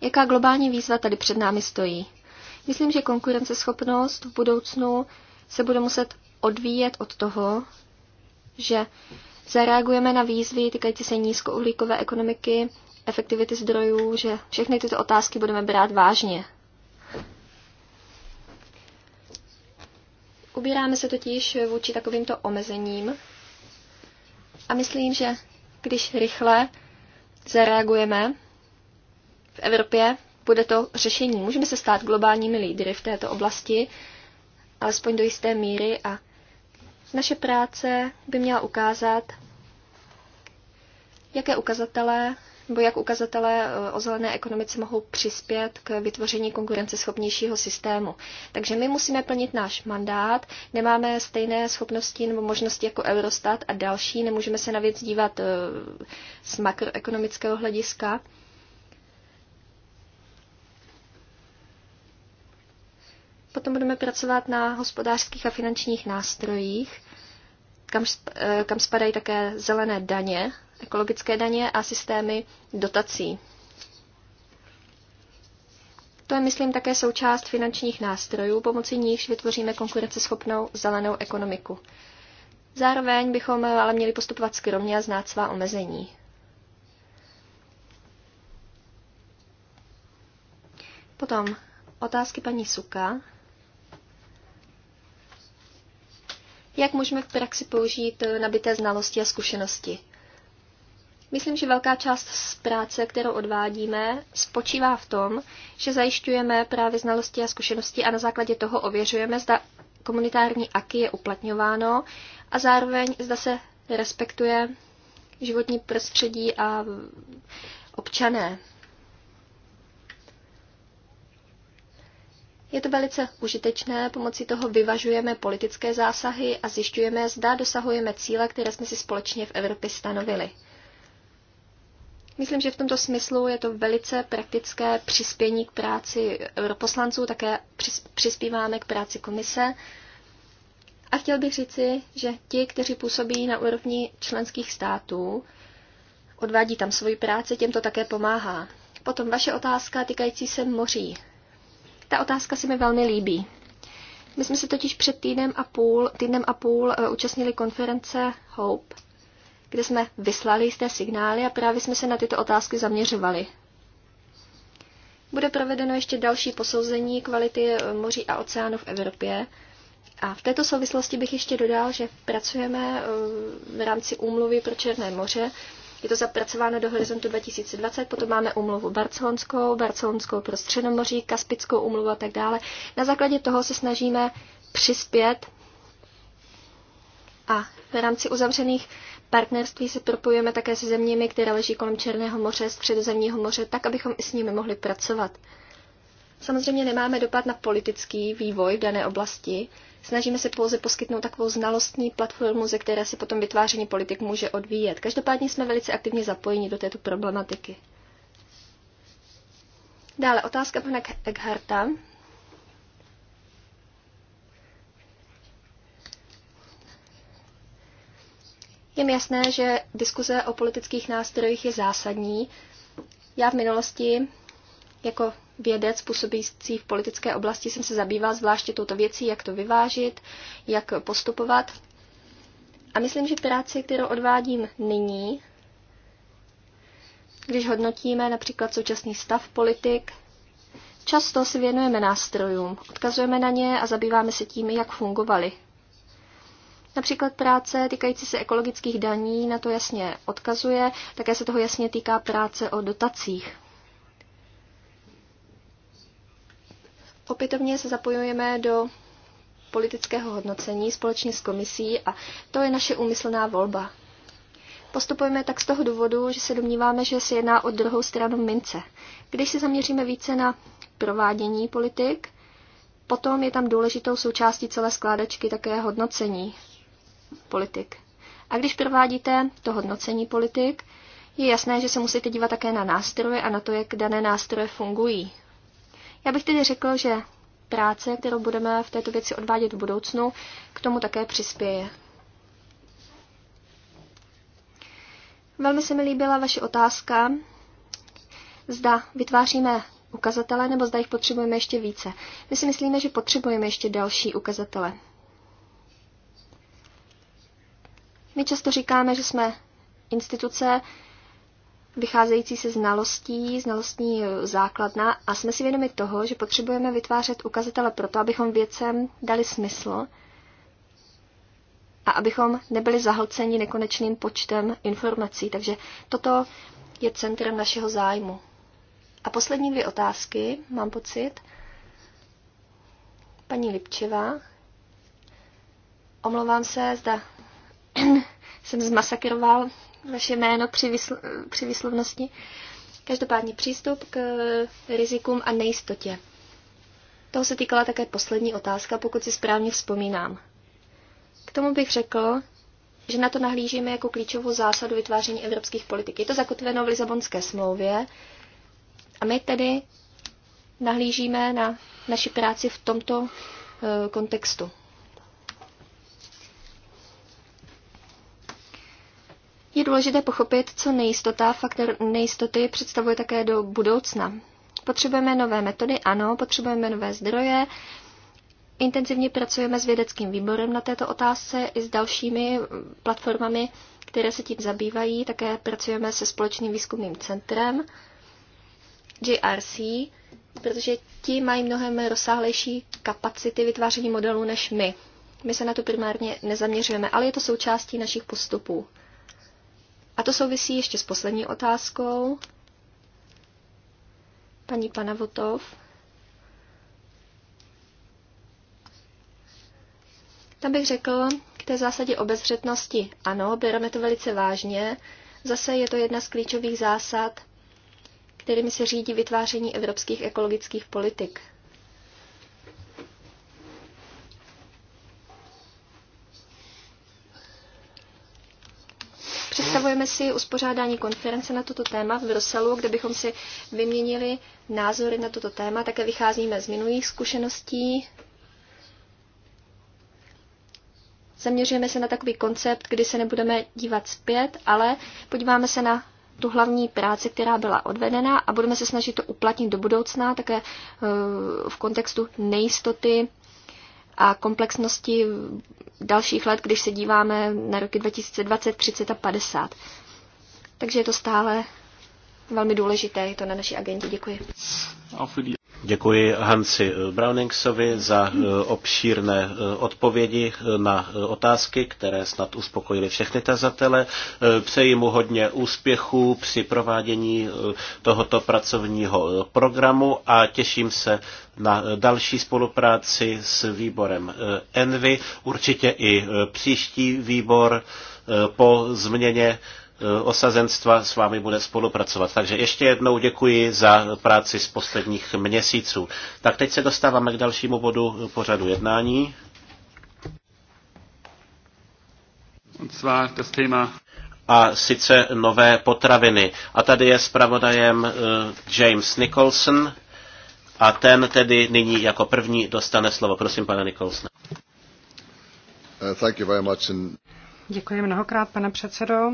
Jaká globální výzva tady před námi stojí? Myslím, že konkurenceschopnost v budoucnu se bude muset odvíjet od toho, že zareagujeme na výzvy týkající se nízkouhlíkové ekonomiky, efektivity zdrojů, že všechny tyto otázky budeme brát vážně. Ubíráme se totiž vůči takovýmto omezením a myslím, že když rychle zareagujeme v Evropě, bude to řešení. Můžeme se stát globálními lídry v této oblasti, alespoň do jisté míry a naše práce by měla ukázat, jaké ukazatele nebo jak ukazatele e, o zelené ekonomice mohou přispět k vytvoření konkurenceschopnějšího systému. Takže my musíme plnit náš mandát, nemáme stejné schopnosti nebo možnosti jako Eurostat a další, nemůžeme se na věc dívat e, z makroekonomického hlediska. Potom budeme pracovat na hospodářských a finančních nástrojích, kam, eh, kam spadají také zelené daně, ekologické daně a systémy dotací. To je, myslím, také součást finančních nástrojů, pomocí nichž vytvoříme konkurenceschopnou zelenou ekonomiku. Zároveň bychom ale měli postupovat skromně a znát svá omezení. Potom otázky paní Suka. jak můžeme v praxi použít eh, nabité znalosti a zkušenosti. Myslím, že velká část z práce, kterou odvádíme, spočívá v tom, že zajišťujeme právě znalosti a zkušenosti a na základě toho ověřujeme, zda komunitární aky je uplatňováno a zároveň zda se respektuje životní prostředí a občané. Je to velice užitečné, pomocí toho vyvažujeme politické zásahy a zjišťujeme, zda dosahujeme cíle, které jsme si společně v Evropě stanovili. Myslím, že v tomto smyslu je to velice praktické přispění k práci europoslanců, také přispíváme k práci komise. A chtěl bych říci, že ti, kteří působí na úrovni členských států, odvádí tam svoji práci, těm to také pomáhá. Potom vaše otázka týkající se moří. Ta otázka se mi velmi líbí. My jsme se totiž před týdnem a půl, týdnem a půl eh, účastnili konference HOPE, kde jsme vyslali jisté signály a právě jsme se na tyto otázky zaměřovali. Bude provedeno ještě další posouzení kvality eh, moří a oceánů v Evropě. A v této souvislosti bych ještě dodal, že pracujeme eh, v rámci úmluvy pro Černé moře je to zapracováno do horizontu 2020, potom máme umluvu barcelonskou, barcelonskou pro středomoří, kaspickou umluvu a tak dále. Na základě toho se snažíme přispět a v rámci uzavřených partnerství se propojujeme také se zeměmi, které leží kolem Černého moře, Středozemního moře, tak, abychom i s nimi mohli pracovat. Samozřejmě nemáme dopad na politický vývoj v dané oblasti, Snažíme se pouze poskytnout takovou znalostní platformu, ze které se potom vytváření politik může odvíjet. Každopádně jsme velice aktivně zapojeni do této problematiky. Dále otázka pana Egharta. Je mi jasné, že diskuze o politických nástrojích je zásadní. Já v minulosti jako vědec působící v politické oblasti jsem se zabýval zvláště touto věcí, jak to vyvážit, jak postupovat. A myslím, že práci, kterou odvádím nyní, když hodnotíme například současný stav politik, často si věnujeme nástrojům, odkazujeme na ně a zabýváme se tím, jak fungovaly. Například práce týkající se ekologických daní na to jasně odkazuje, také se toho jasně týká práce o dotacích. opětovně se zapojujeme do politického hodnocení společně s komisí a to je naše úmyslná volba. Postupujeme tak z toho důvodu, že se domníváme, že se jedná o druhou stranu mince. Když se zaměříme více na provádění politik, potom je tam důležitou součástí celé skládačky také hodnocení politik. A když provádíte to hodnocení politik, je jasné, že se musíte dívat také na nástroje a na to, jak dané nástroje fungují. Já bych tedy řekl, že práce, kterou budeme v této věci odvádět v budoucnu, k tomu také přispěje. Velmi se mi líbila vaše otázka, zda vytváříme ukazatele nebo zda jich potřebujeme ještě více. My si myslíme, že potřebujeme ještě další ukazatele. My často říkáme, že jsme instituce, vycházející se znalostí, znalostní e, základna a jsme si vědomi toho, že potřebujeme vytvářet ukazatele proto, abychom věcem dali smysl a abychom nebyli zahlceni nekonečným počtem informací. Takže toto je centrem našeho zájmu. A poslední dvě otázky, mám pocit. Paní Lipčeva. Omlouvám se, zda jsem zmasakroval vaše jméno při, vysl, při vyslovnosti. Každopádně přístup k rizikům a nejistotě. Toho se týkala také poslední otázka, pokud si správně vzpomínám. K tomu bych řekl, že na to nahlížíme jako klíčovou zásadu vytváření evropských politik. Je to zakotveno v Lisabonské smlouvě a my tedy nahlížíme na naši práci v tomto eh, kontextu. Je důležité pochopit, co nejistota, faktor nejistoty představuje také do budoucna. Potřebujeme nové metody, ano, potřebujeme nové zdroje. Intenzivně pracujeme s vědeckým výborem na této otázce i s dalšími platformami, které se tím zabývají. Také pracujeme se společným výzkumným centrem JRC, protože ti mají mnohem rozsáhlejší kapacity vytváření modelů než my. My se na to primárně nezaměřujeme, ale je to součástí našich postupů. A to souvisí ještě s poslední otázkou. Paní Panavotov. Tam bych řekl, k té zásadě obezřetnosti. Ano, bereme to velice vážně. Zase je to jedna z klíčových zásad, kterými se řídí vytváření evropských ekologických politik. Představujeme si uspořádání konference na toto téma v Bruselu, kde bychom si vyměnili názory na toto téma. Také vycházíme z minulých zkušeností. Zaměřujeme se na takový koncept, kdy se nebudeme dívat zpět, ale podíváme se na tu hlavní práci, která byla odvedena a budeme se snažit to uplatnit do budoucna, také eh, v kontextu nejistoty a komplexnosti dalších let, když se díváme na roky 2020, 30 a 50. Takže je to stále velmi důležité, je to na naší agendě. Děkuji. Děkuji Hansi Browningsovi za e, obšírné e, odpovědi e, na otázky, které snad uspokojily všechny tazatele. Přeji mu hodně úspěchů při provádění tohoto pracovního programu a těším se na další spolupráci s výborem Envy, určitě i příští výbor po změně Eh, osazenstva s vámi bude spolupracovat. Takže ještě jednou děkuji za práci z posledních měsíců. Tak teď se dostáváme k dalšímu bodu pořadu jednání. A sice nové potraviny. A tady je zpravodajem eh, James Nicholson a ten tedy nyní jako první dostane slovo. Prosím, pane Nicholson. Uh, děkuji mnohokrát, pane předsedo.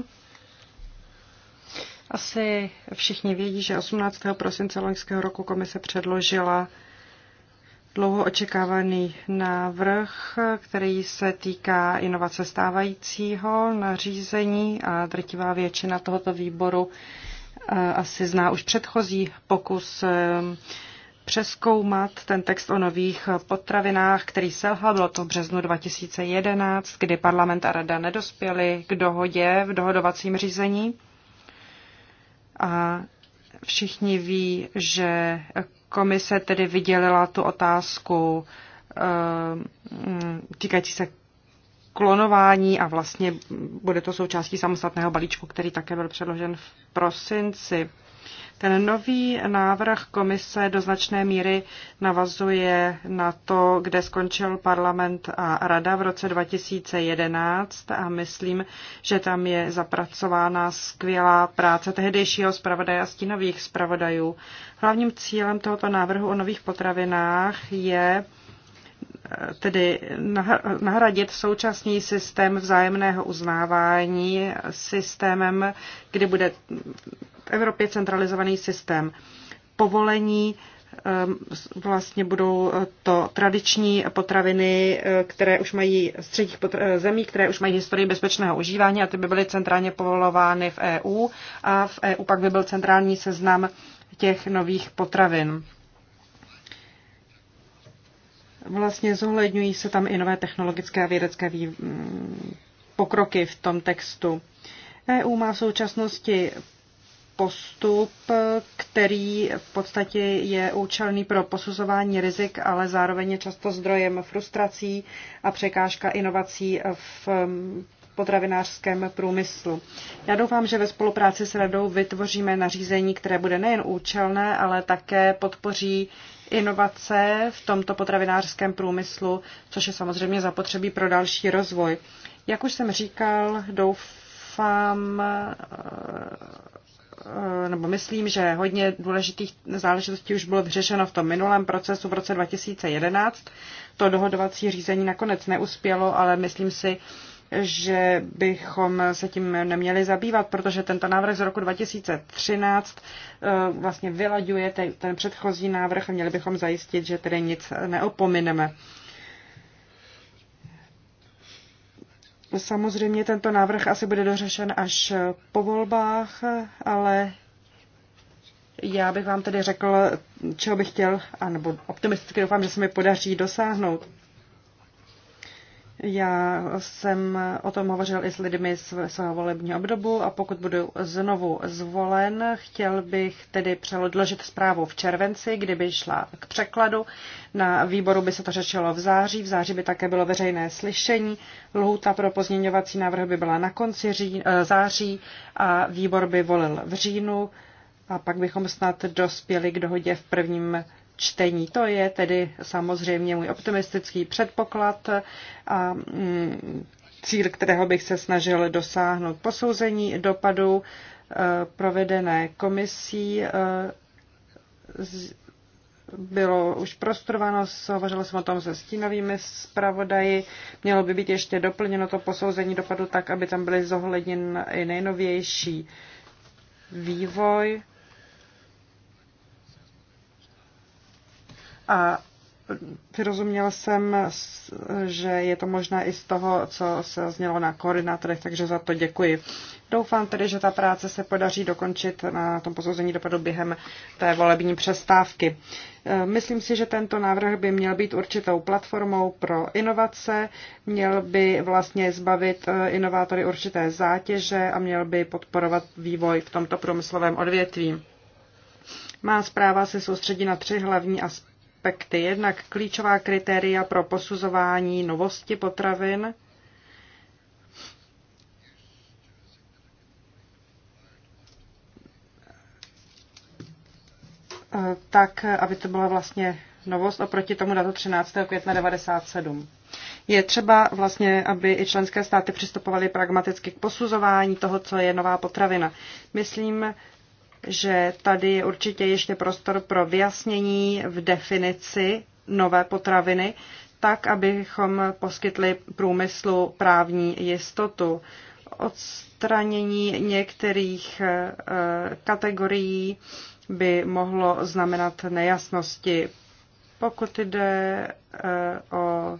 Asi všichni vědí, že 18. prosince loňského roku komise předložila dlouho očekávaný návrh, který se týká inovace stávajícího nařízení a drtivá většina tohoto výboru eh, asi zná už předchozí pokus eh, přeskoumat ten text o nových potravinách, který selhal, bylo to v březnu 2011, kdy parlament a rada nedospěli k dohodě v dohodovacím řízení. A všichni ví, že komise tedy vydělila tu otázku eh, týkající se klonování a vlastně bude to součástí samostatného balíčku, který také byl předložen v prosinci. Ten nový návrh komise do značné míry navazuje na to, kde skončil parlament a rada v roce 2011 a myslím, že tam je zapracována skvělá práce tehdejšího zpravodaje a stínových zpravodajů. Hlavním cílem tohoto návrhu o nových potravinách je tedy nahradit současný systém vzájemného uznávání systémem, kdy bude v Evropě centralizovaný systém povolení, ehm, vlastně budou to tradiční potraviny, eh, které už mají středních eh, zemí, které už mají historii bezpečného užívání a ty by byly centrálně povolovány v EU a v EU pak by byl centrální seznam těch nových potravin vlastně zohledňují se tam i nové technologické a vědecké vý... pokroky v tom textu. EU má v současnosti postup, který v podstatě je účelný pro posuzování rizik, ale zároveň je často zdrojem frustrací a překážka inovací v potravinářském průmyslu. Já doufám, že ve spolupráci s radou vytvoříme nařízení, které bude nejen účelné, ale také podpoří inovace v tomto potravinářském průmyslu, což je samozřejmě zapotřebí pro další rozvoj. Jak už jsem říkal, doufám, eh, nebo myslím, že hodně důležitých záležitostí už bylo vyřešeno v tom minulém procesu v roce 2011. To dohodovací řízení nakonec neuspělo, ale myslím si, že bychom se tím neměli zabývat, protože tento návrh z roku 2013 eh, vlastně vylaďuje ten předchozí návrh a měli bychom zajistit, že tedy nic neopomineme. Samozřejmě tento návrh asi bude dořešen až po volbách, ale já bych vám tedy řekl, čeho bych chtěl, anebo optimisticky doufám, že se mi podaří dosáhnout. Já jsem o tom hovořil i s lidmi svého volebního obdobu a pokud budu znovu zvolen, chtěl bych tedy předložit zprávu v červenci, kdyby šla k překladu. Na výboru by se to řešilo v září, v září by také bylo veřejné slyšení, lhůta pro pozměňovací návrh by byla na konci eh, září a výbor by volil v říjnu a pak bychom snad dospěli k dohodě v prvním čtení. To je tedy samozřejmě můj optimistický předpoklad a mm, cíl, kterého bych se snažil dosáhnout. Posouzení dopadů e, provedené komisí e, bylo už prostudováno, hovořilo jsem o tom se stínovými zpravodaji. Mělo by být ještě doplněno to posouzení dopadu tak, aby tam byly zohledněn i nejnovější vývoj. A vyrozuměla jsem, že je to možná i z toho, co se znělo na koordinátorech, takže za to děkuji. Doufám tedy, že ta práce se podaří dokončit na tom posouzení dopadu během té volební přestávky. E, myslím si, že tento návrh by měl být určitou platformou pro inovace, měl by vlastně zbavit e, inovátory určité zátěže a měl by podporovat vývoj v tomto průmyslovém odvětví. Má zpráva se soustředí na tři hlavní aspekty aspekty. Jednak klíčová kritéria pro posuzování novosti potravin, e, tak, aby to byla vlastně novost oproti tomu datu 13. května 97. Je třeba vlastně, aby i členské státy přistupovaly pragmaticky k posuzování toho, co je nová potravina. Myslím, že tady je určitě ještě prostor pro vyjasnění v definici nové potraviny, tak, abychom poskytli průmyslu právní jistotu. Odstranění některých eh, kategorií by mohlo znamenat nejasnosti. Pokud jde eh, o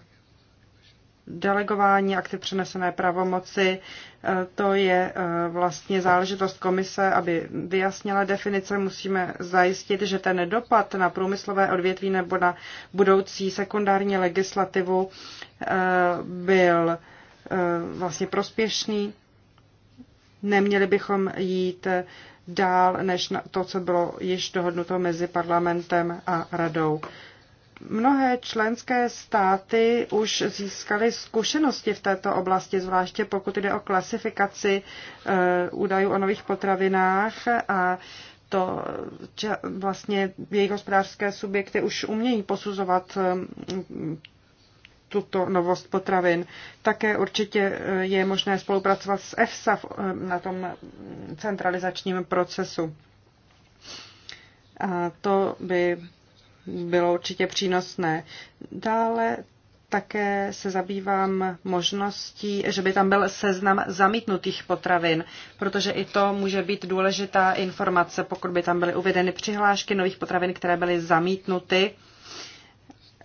delegování aktiv přenesené pravomoci, e, to je e, vlastně záležitost komise, aby vyjasnila definice. Musíme zajistit, že ten dopad na průmyslové odvětví nebo na budoucí sekundární legislativu e, byl vlastně prospěšný. Neměli bychom jít dál než to, co bylo již dohodnuto mezi parlamentem a radou. Mnohé členské státy už získaly zkušenosti v této oblasti, zvláště pokud jde o klasifikaci eh, údajů o nových potravinách a to vlastně jejich hospodářské subjekty už umějí posuzovat eh, tuto novost potravin. Také určitě eh, je možné spolupracovat s EFSA na tom mm, centralizačním procesu. A to by bylo určitě přínosné. Dále také se zabývám možností, že by tam byl seznam zamítnutých potravin, protože i to může být důležitá informace, pokud by tam byly uvedeny přihlášky nových potravin, které byly zamítnuty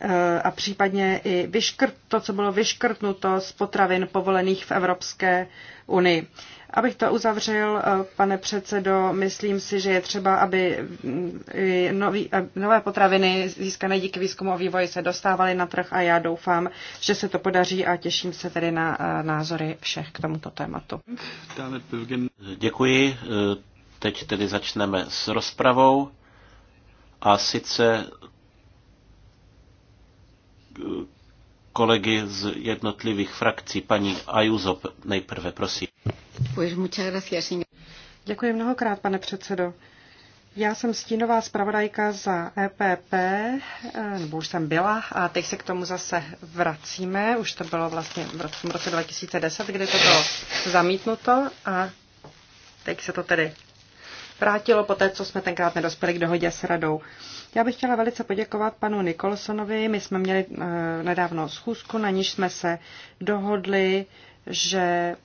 eh, a případně i vyškrt, to, co bylo vyškrtnuto z potravin povolených v Evropské unii. Abych to uzavřel, eh, pane předsedo, myslím si, že je třeba, aby mm, nový, eh, nové potraviny získané díky výzkumu a vývoji se dostávaly na trh a já doufám, že se to podaří a těším se tedy na eh, názory všech k tomuto tématu. Děkuji. Teď tedy začneme s rozpravou a sice kolegy z jednotlivých frakcí. Paní Ajuzop nejprve, prosím. Děkuji mnohokrát, pane předsedo. Já jsem stínová zpravodajka za EPP, eh, nebo už jsem byla, a teď se k tomu zase vracíme. Už to bylo vlastně v roce 2010, kdy to bylo zamítnuto a teď se to tedy vrátilo po té, co jsme tenkrát nedospěli k dohodě s radou. Já bych chtěla velice poděkovat panu Nikolsonovi. My jsme měli eh, nedávno schůzku, na níž jsme se dohodli, že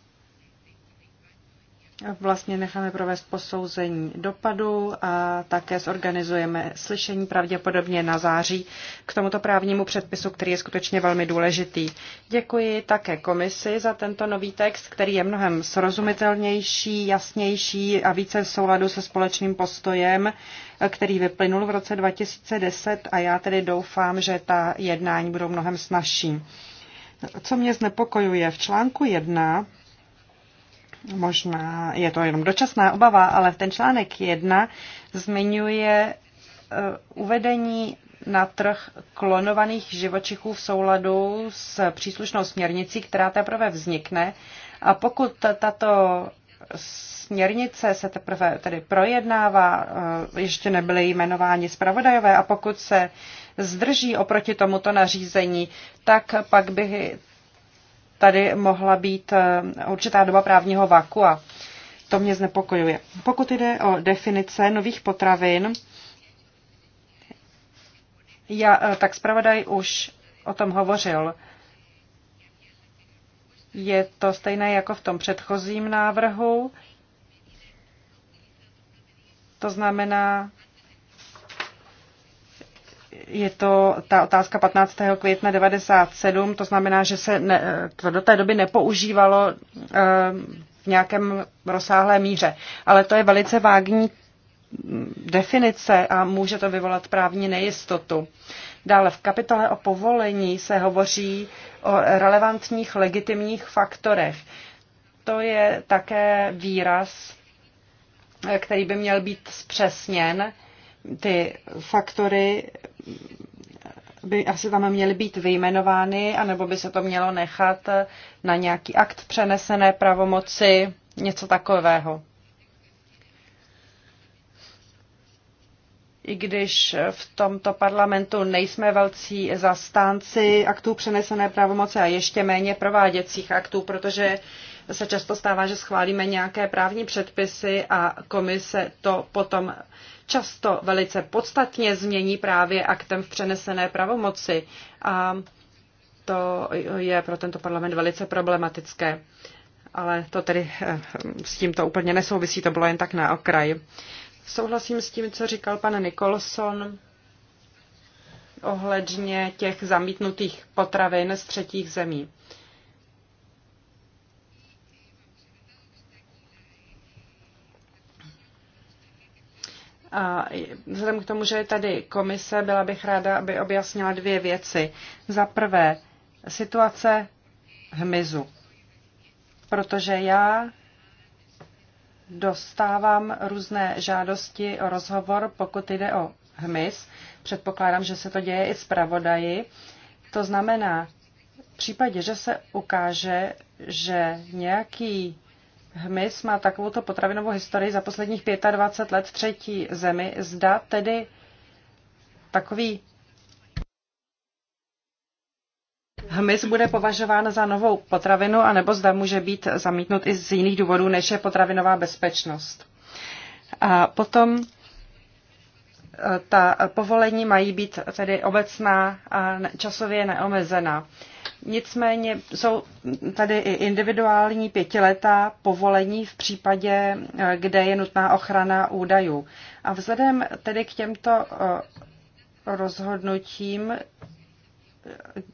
vlastně necháme provést posouzení dopadu a také zorganizujeme slyšení pravděpodobně na září k tomuto právnímu předpisu, který je skutečně velmi důležitý. Děkuji také komisi za tento nový text, který je mnohem srozumitelnější, jasnější a více v souladu se společným postojem, který vyplynul v roce 2010 a já tedy doufám, že ta jednání budou mnohem snažší. Co mě znepokojuje, v článku 1 možná je to jenom dočasná obava, ale ten článek 1 zmiňuje e, uvedení na trh klonovaných živočichů v souladu s příslušnou směrnicí, která teprve vznikne. A pokud tato směrnice se teprve tedy projednává, e, ještě nebyly jmenováni zpravodajové a pokud se zdrží oproti tomuto nařízení, tak pak by tady mohla být eh, určitá doba právního a To mě znepokojuje. Pokud jde o definice nových potravin, já, eh, tak zpravodaj už o tom hovořil. Je to stejné jako v tom předchozím návrhu. To znamená, je to ta otázka 15. května 97, to znamená, že se ne, to do té doby nepoužívalo eh, v nějakém rozsáhlé míře. Ale to je velice vágní definice a může to vyvolat právní nejistotu. Dále v kapitole o povolení se hovoří o relevantních legitimních faktorech. To je také výraz, eh, který by měl být zpřesněn. Ty faktory by asi tam měly být vyjmenovány, anebo by se to mělo nechat na nějaký akt přenesené pravomoci, něco takového. i když v tomto parlamentu nejsme velcí zastánci aktů přenesené pravomoci a ještě méně prováděcích aktů, protože se často stává, že schválíme nějaké právní předpisy a komise to potom často velice podstatně změní právě aktem v přenesené pravomoci. A to je pro tento parlament velice problematické. Ale to tedy eh, s tím to úplně nesouvisí, to bylo jen tak na okraj. Souhlasím s tím, co říkal pan Nikolson ohledně těch zamítnutých potravin z třetích zemí. A vzhledem k tomu, že je tady komise, byla bych ráda, aby objasnila dvě věci. Za prvé, situace hmyzu. Protože já dostávám různé žádosti o rozhovor, pokud jde o hmyz. Předpokládám, že se to děje i zpravodaji. To znamená, v případě, že se ukáže, že nějaký hmyz má takovouto potravinovou historii za posledních 25 let třetí zemi, zda tedy takový hmyz bude považován za novou potravinu, anebo zda může být zamítnut i z jiných důvodů, než je potravinová bezpečnost. A potom eh, ta povolení mají být tedy obecná a časově neomezená. Nicméně jsou tady i individuální pětiletá povolení v případě, eh, kde je nutná ochrana údajů. A vzhledem tedy k těmto eh, rozhodnutím, eh,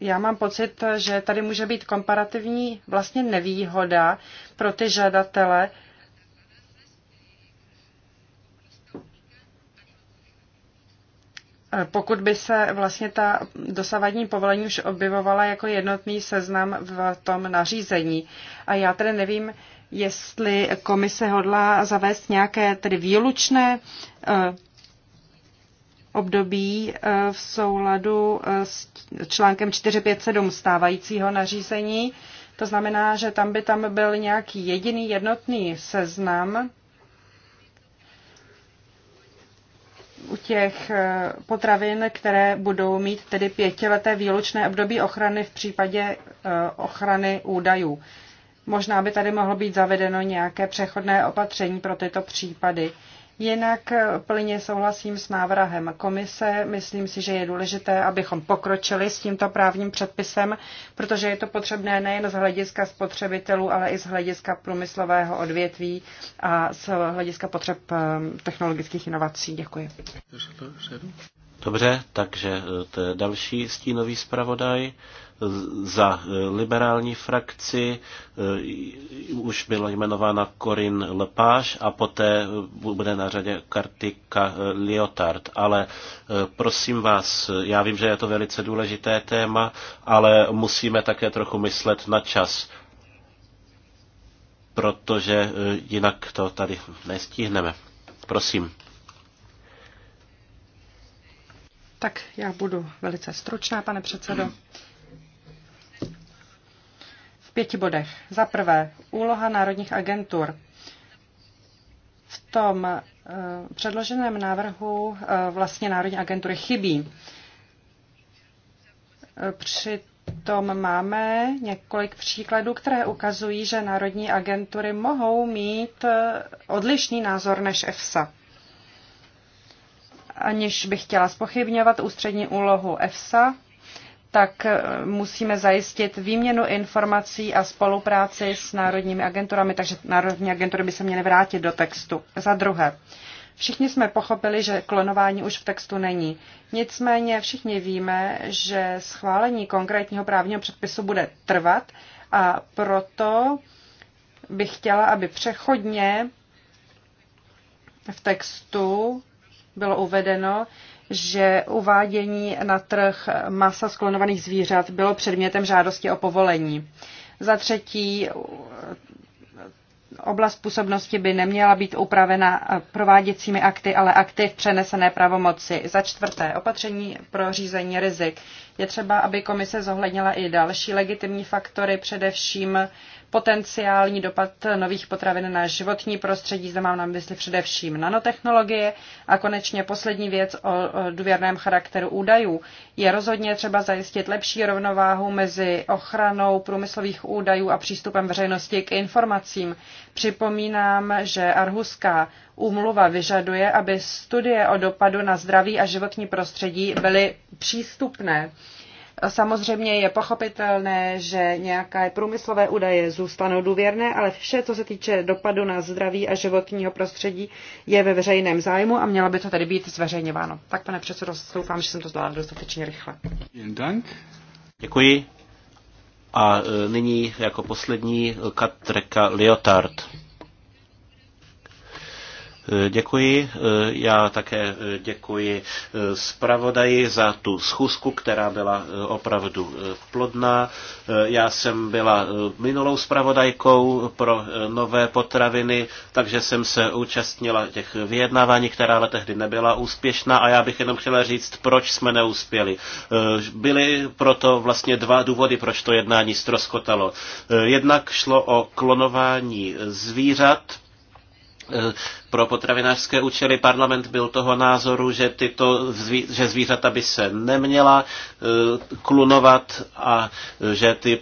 já mám pocit, že tady může být komparativní vlastně nevýhoda pro ty žadatele, pokud by se vlastně ta dosavadní povolení už objevovala jako jednotný seznam v tom nařízení. A já tedy nevím, jestli komise hodlá zavést nějaké tedy výlučné eh, období eh, v souladu eh, s článkem 457 stávajícího nařízení. To znamená, že tam by tam byl nějaký jediný jednotný seznam těch eh, potravin, které budou mít tedy pětileté výlučné období ochrany v případě eh, ochrany údajů. Možná by tady mohlo být zavedeno nějaké přechodné opatření pro tyto případy. Jinak eh, plně souhlasím s návrhem komise. Myslím si, že je důležité, abychom pokročili s tímto právním předpisem, protože je to potřebné nejen z hlediska spotřebitelů, ale i z hlediska průmyslového odvětví a z hlediska potřeb eh, technologických inovací. Děkuji. Dobře, takže eh, to je další stínový zpravodaj za eh, liberální frakci eh, už byla jmenována Corin Lepage a poté eh, bude na řadě Kartika Liotard. Ale prosím vás, já vím, že je to velice důležité téma, ale musíme také trochu myslet na čas protože jinak to tady nestihneme. Prosím. Tak já budu velice stručná, pane předsedo. pěti bodech. Za prvé, úloha národních agentur. V tom eh, předloženém návrhu eh, vlastně národní agentury chybí. Eh, Při tom máme několik příkladů, které ukazují, že národní agentury mohou mít odlišný názor než EFSA. Aniž bych chtěla spochybňovat ústřední úlohu EFSA, tak eh, musíme zajistit výměnu informací a spolupráci s národními agenturami, takže národní agentury by se měly vrátit do textu. Za druhé, všichni jsme pochopili, že klonování už v textu není. Nicméně všichni víme, že schválení konkrétního právního předpisu bude trvat a proto bych chtěla, aby přechodně v textu bylo uvedeno, že uvádění na trh masa sklonovaných zvířat bylo předmětem žádosti o povolení. Za třetí, oblast působnosti by neměla být upravena prováděcími akty, ale akty v přenesené pravomoci. Za čtvrté, opatření pro řízení rizik. Je třeba, aby komise zohlednila i další legitimní faktory, především potenciální dopad nových potravin na životní prostředí, zde mám na mysli především nanotechnologie. A konečně poslední věc o důvěrném charakteru údajů. Je rozhodně třeba zajistit lepší rovnováhu mezi ochranou průmyslových údajů a přístupem veřejnosti k informacím. Připomínám, že Arhuská úmluva vyžaduje, aby studie o dopadu na zdraví a životní prostředí byly přístupné. Samozřejmě je pochopitelné, že nějaké průmyslové údaje zůstanou důvěrné, ale vše, co se týče dopadu na zdraví a životního prostředí, je ve veřejném zájmu a mělo by to tedy být zveřejňováno. Tak, pane předsedo, doufám, že jsem to zvládla dostatečně rychle. Děkuji. A e, nyní jako poslední Katreka Liotard. Děkuji. Já také děkuji zpravodaji za tu schůzku, která byla opravdu plodná. Já jsem byla minulou zpravodajkou pro nové potraviny, takže jsem se účastnila těch vyjednávání, která ale tehdy nebyla úspěšná a já bych jenom chtěla říct, proč jsme neuspěli. Byly proto vlastně dva důvody, proč to jednání ztroskotalo. Jednak šlo o klonování zvířat, Eh, pro potravinářské účely. Parlament byl toho názoru, že, tyto, že zvířata by se neměla eh, klunovat a eh, že ty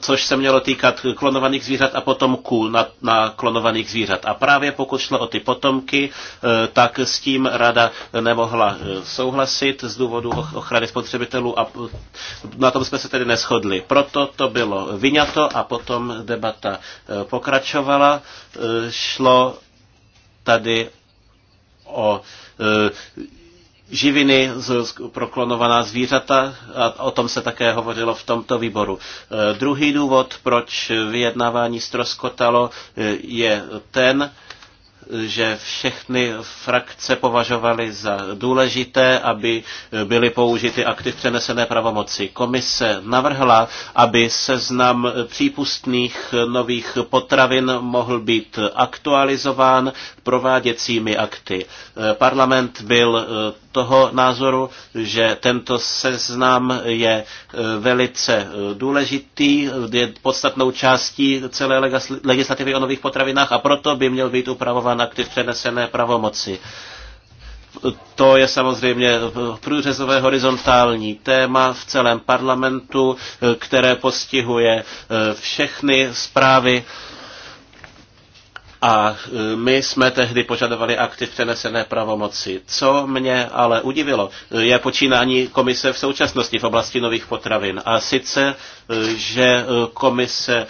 což se mělo týkat klonovaných zvířat a potomků na, na klonovaných zvířat. A právě pokud šlo o ty potomky, eh, tak s tím rada nemohla eh, souhlasit z důvodu ochrany spotřebitelů a eh, na tom jsme se tedy neschodli. Proto to bylo vyňato a potom debata pokračovala. Šlo tady o živiny pro klonovaná zvířata, a o tom se také hovořilo v tomto výboru. E, druhý důvod, proč vyjednávání stroskotalo, e, je ten, že všechny frakce považovaly za důležité, aby byly použity akty v přenesené pravomoci. Komise navrhla, aby seznam přípustných nových potravin mohl být aktualizován prováděcími akty. E, parlament byl toho názoru, že tento seznam je e, velice e, důležitý, je podstatnou částí celé legislativy o nových potravinách a proto by měl být upravován aktiv přenesené pravomoci. To je samozřejmě průřezové horizontální téma v celém parlamentu, e, které postihuje všechny zprávy a e, my jsme tehdy požadovali aktiv přenesené pravomoci. Co mě ale udivilo, e, je počínání komise v současnosti v oblasti nových potravin. A sice, e, že komise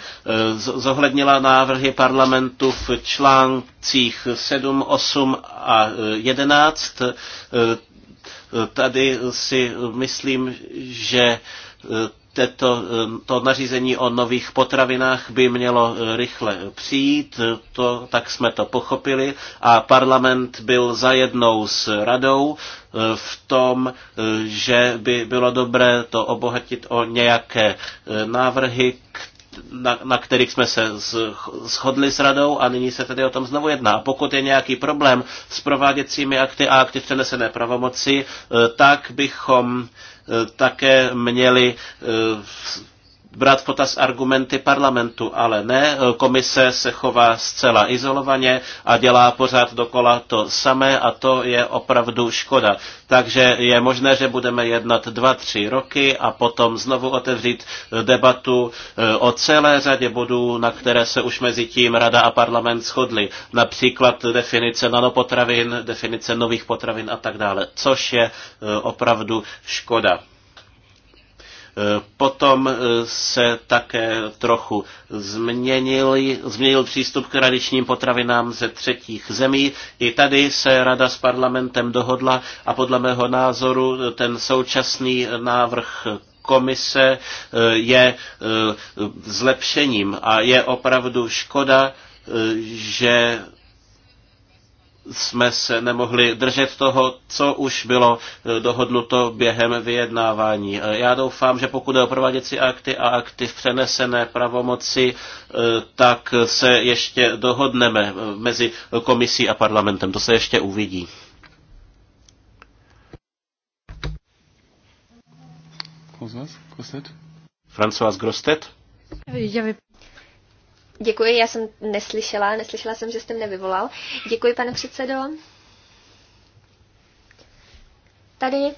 zohlednila návrhy parlamentu v článcích 7, 8 a 11. Tady si myslím, že tato, eh, to nařízení o nových potravinách by mělo eh, rychle přijít, eh, to, tak jsme to pochopili a parlament byl zajednou s radou v tom, že by bylo dobré to obohatit o nějaké návrhy, na, na kterých jsme se shodli s radou a nyní se tedy o tom znovu jedná. Pokud je nějaký problém s prováděcími akty a akty v přenesené pravomoci, tak bychom Eh, také měli eh, brát v potaz argumenty parlamentu, ale ne, e, komise se chová zcela izolovaně a dělá pořád dokola to samé a to je opravdu škoda. Takže je možné, že budeme jednat dva, tři roky a potom znovu otevřít debatu e, o celé řadě bodů, na které se už mezi tím Rada a parlament shodli. Například definice nanopotravin, definice nových potravin a tak dále, což je e, opravdu škoda. Potom eh, se také trochu změnili, změnil přístup k tradičním potravinám ze třetích zemí. I tady se Rada s parlamentem dohodla a podle mého názoru ten současný návrh komise eh, je eh, zlepšením a je opravdu škoda, že jsme se nemohli držet toho, co už bylo eh, dohodnuto během vyjednávání. Eh, já doufám, že pokud je o prováděcí akty a akty v přenesené pravomoci, eh, tak se ještě dohodneme mezi komisí a parlamentem. To se ještě uvidí. François Grostet? Děkuji, já jsem neslyšela, neslyšela jsem, že jste mě vyvolal. Děkuji, pane předsedo. Tady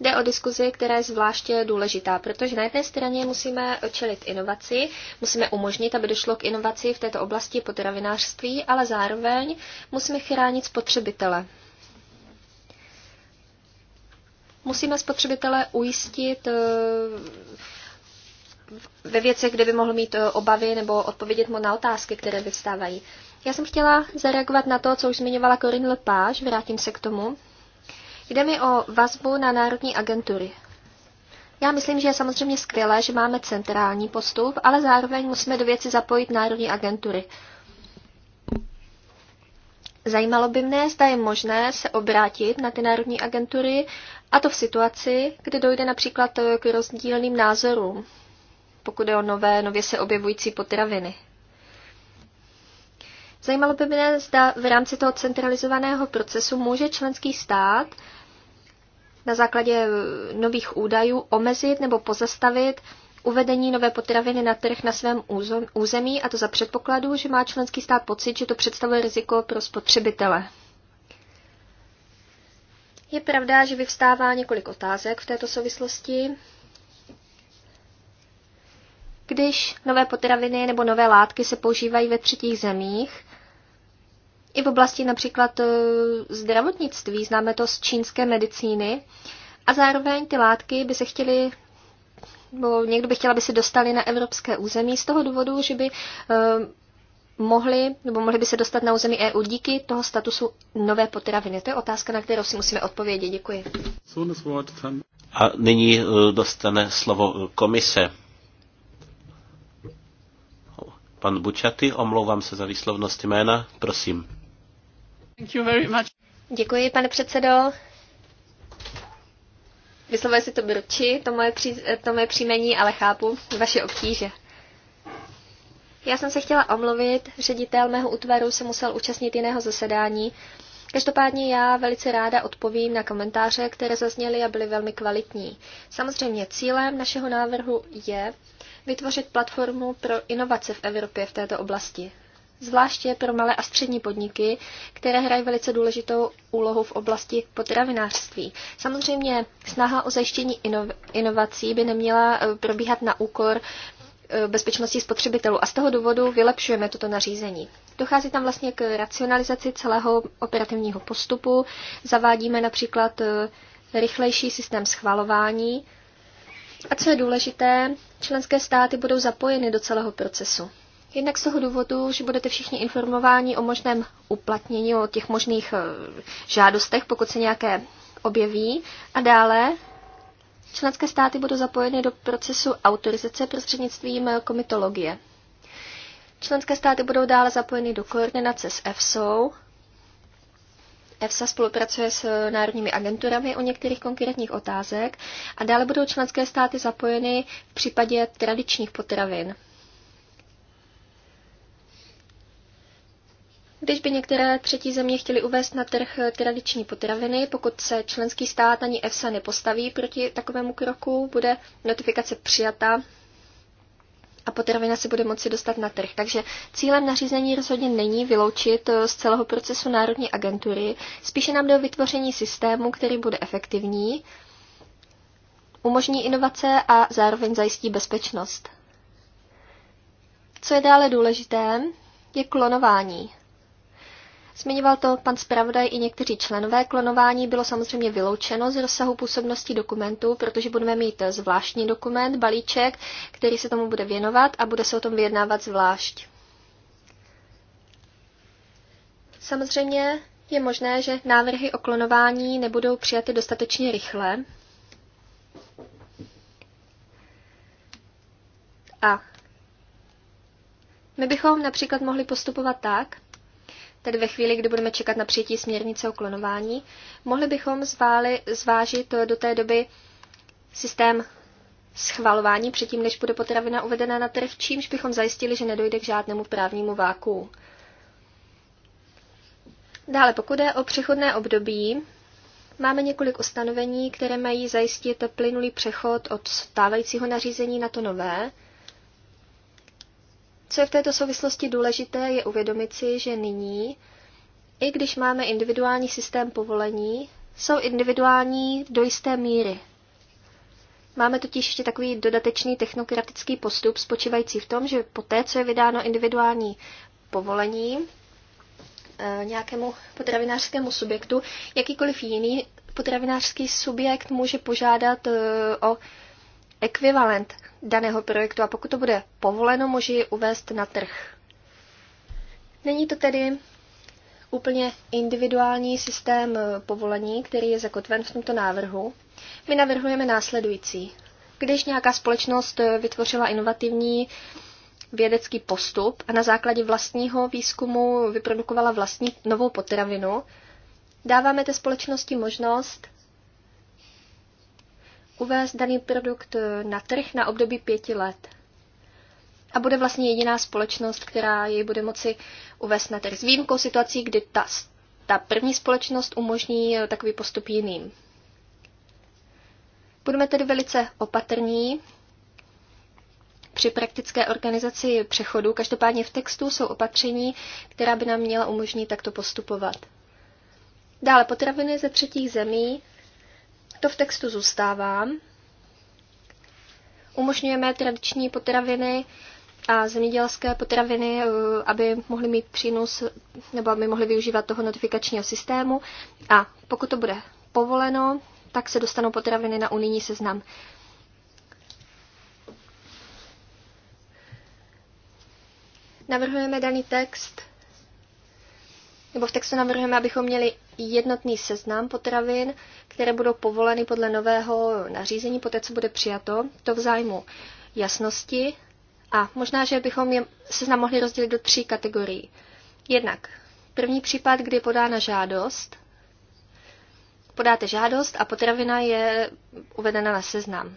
jde o diskuzi, která je zvláště důležitá, protože na jedné straně musíme čelit inovaci, musíme umožnit, aby došlo k inovaci v této oblasti potravinářství, ale zároveň musíme chránit spotřebitele. Musíme spotřebitele ujistit eh, ve věcech, kde by mohl mít eh, obavy nebo odpovědět mu na otázky, které vyvstávají. Já jsem chtěla zareagovat na to, co už zmiňovala Corinne Lepage, vrátím se k tomu. Jde mi o vazbu na národní agentury. Já myslím, že je samozřejmě skvělé, že máme centrální postup, ale zároveň musíme do věci zapojit národní agentury. Zajímalo by mne, zda je možné se obrátit na ty národní agentury, a to v situaci, kdy dojde například eh, k rozdílným názorům pokud je o nové, nově se objevující potraviny. Zajímalo by mě, zda v rámci toho centralizovaného procesu může členský stát na základě nových údajů omezit nebo pozastavit uvedení nové potraviny na trh na svém území, a to za předpokladu, že má členský stát pocit, že to představuje riziko pro spotřebitele. Je pravda, že vyvstává několik otázek v této souvislosti když nové potraviny nebo nové látky se používají ve třetích zemích, i v oblasti například eh, zdravotnictví, známe to z čínské medicíny, a zároveň ty látky by se chtěly, nebo někdo by chtěl, aby se dostali na evropské území z toho důvodu, že by eh, mohli, nebo mohli by se dostat na území EU díky toho statusu nové potraviny. To je otázka, na kterou si musíme odpovědět. Děkuji. A nyní eh, dostane slovo komise. Pan Bučaty, omlouvám se za výslovnost jména, prosím. Thank you very much. Děkuji, pane předsedo. Vyslovuje si to Brči, to moje, pří, to moje příjmení, ale chápu vaše obtíže. Já jsem se chtěla omluvit, ředitel mého útvaru se musel účastnit jiného zasedání. Každopádně já velice ráda odpovím na komentáře, které zazněly a byly velmi kvalitní. Samozřejmě cílem našeho návrhu je vytvořit platformu pro inovace v Evropě v této oblasti, zvláště pro malé a střední podniky, které hrají velice důležitou úlohu v oblasti potravinářství. Samozřejmě snaha o zajištění inovací by neměla eh, probíhat na úkor eh, bezpečnosti spotřebitelů a z toho důvodu vylepšujeme toto nařízení. Dochází tam vlastně k racionalizaci celého operativního postupu, zavádíme například eh, rychlejší systém schvalování, a co je důležité, členské státy budou zapojeny do celého procesu. Jednak z toho důvodu, že budete všichni informováni o možném uplatnění, o těch možných eh, žádostech, pokud se nějaké objeví. A dále členské státy budou zapojeny do procesu autorizace prostřednictvím eh, komitologie. Členské státy budou dále zapojeny do koordinace s EFSO EFSA spolupracuje s eh, národními agenturami o některých konkrétních otázek a dále budou členské státy zapojeny v případě tradičních potravin. Když by některé třetí země chtěly uvést na trh eh, tradiční potraviny, pokud se členský stát ani EFSA nepostaví proti takovému kroku, bude notifikace přijata a potravina se bude moci dostat na trh. Takže cílem nařízení rozhodně není vyloučit eh, z celého procesu Národní agentury, spíše nám jde o vytvoření systému, který bude efektivní, umožní inovace a zároveň zajistí bezpečnost. Co je dále důležité, je klonování. Zmiňoval to pan zpravodaj i někteří členové. Klonování bylo samozřejmě vyloučeno z rozsahu působnosti dokumentu, protože budeme mít zvláštní dokument, balíček, který se tomu bude věnovat a bude se o tom vyjednávat zvlášť. Samozřejmě je možné, že návrhy o klonování nebudou přijaty dostatečně rychle. A my bychom například mohli postupovat tak, tedy ve chvíli, kdy budeme čekat na přijetí směrnice o klonování, mohli bychom zváli, zvážit eh, do té doby systém schvalování předtím, než bude potravina uvedena na trh, čímž bychom zajistili, že nedojde k žádnému právnímu váku. Dále, pokud je o přechodné období, máme několik ustanovení, které mají zajistit plynulý přechod od stávajícího nařízení na to nové, co je v této souvislosti důležité, je uvědomit si, že nyní, i když máme individuální systém povolení, jsou individuální do jisté míry. Máme totiž ještě takový dodatečný technokratický postup, spočívající v tom, že poté, co je vydáno individuální povolení eh, nějakému potravinářskému subjektu, jakýkoliv jiný potravinářský subjekt může požádat eh, o ekvivalent daného projektu a pokud to bude povoleno, může ji uvést na trh. Není to tedy úplně individuální systém povolení, který je zakotven v tomto návrhu. My navrhujeme následující. Když nějaká společnost vytvořila inovativní vědecký postup a na základě vlastního výzkumu vyprodukovala vlastní novou potravinu, dáváme té společnosti možnost uvést daný produkt na trh na období pěti let. A bude vlastně jediná společnost, která jej bude moci uvést na trh. S výjimkou situací, kdy ta, ta první společnost umožní takový postup jiným. Budeme tedy velice opatrní při praktické organizaci přechodu. Každopádně v textu jsou opatření, která by nám měla umožnit takto postupovat. Dále potraviny ze třetích zemí to v textu zůstává. Umožňujeme tradiční potraviny a zemědělské potraviny, eh, aby mohly mít přínos nebo aby mohly využívat toho notifikačního systému. A pokud to bude povoleno, tak se dostanou potraviny na unijní seznam. Navrhujeme daný text nebo v textu navrhujeme, abychom měli jednotný seznam potravin, které budou povoleny podle nového nařízení, poté co bude přijato, to v zájmu jasnosti. A možná, že bychom je seznam mohli rozdělit do tří kategorií. Jednak první případ, kdy je podána žádost, podáte žádost a potravina je uvedena na seznam.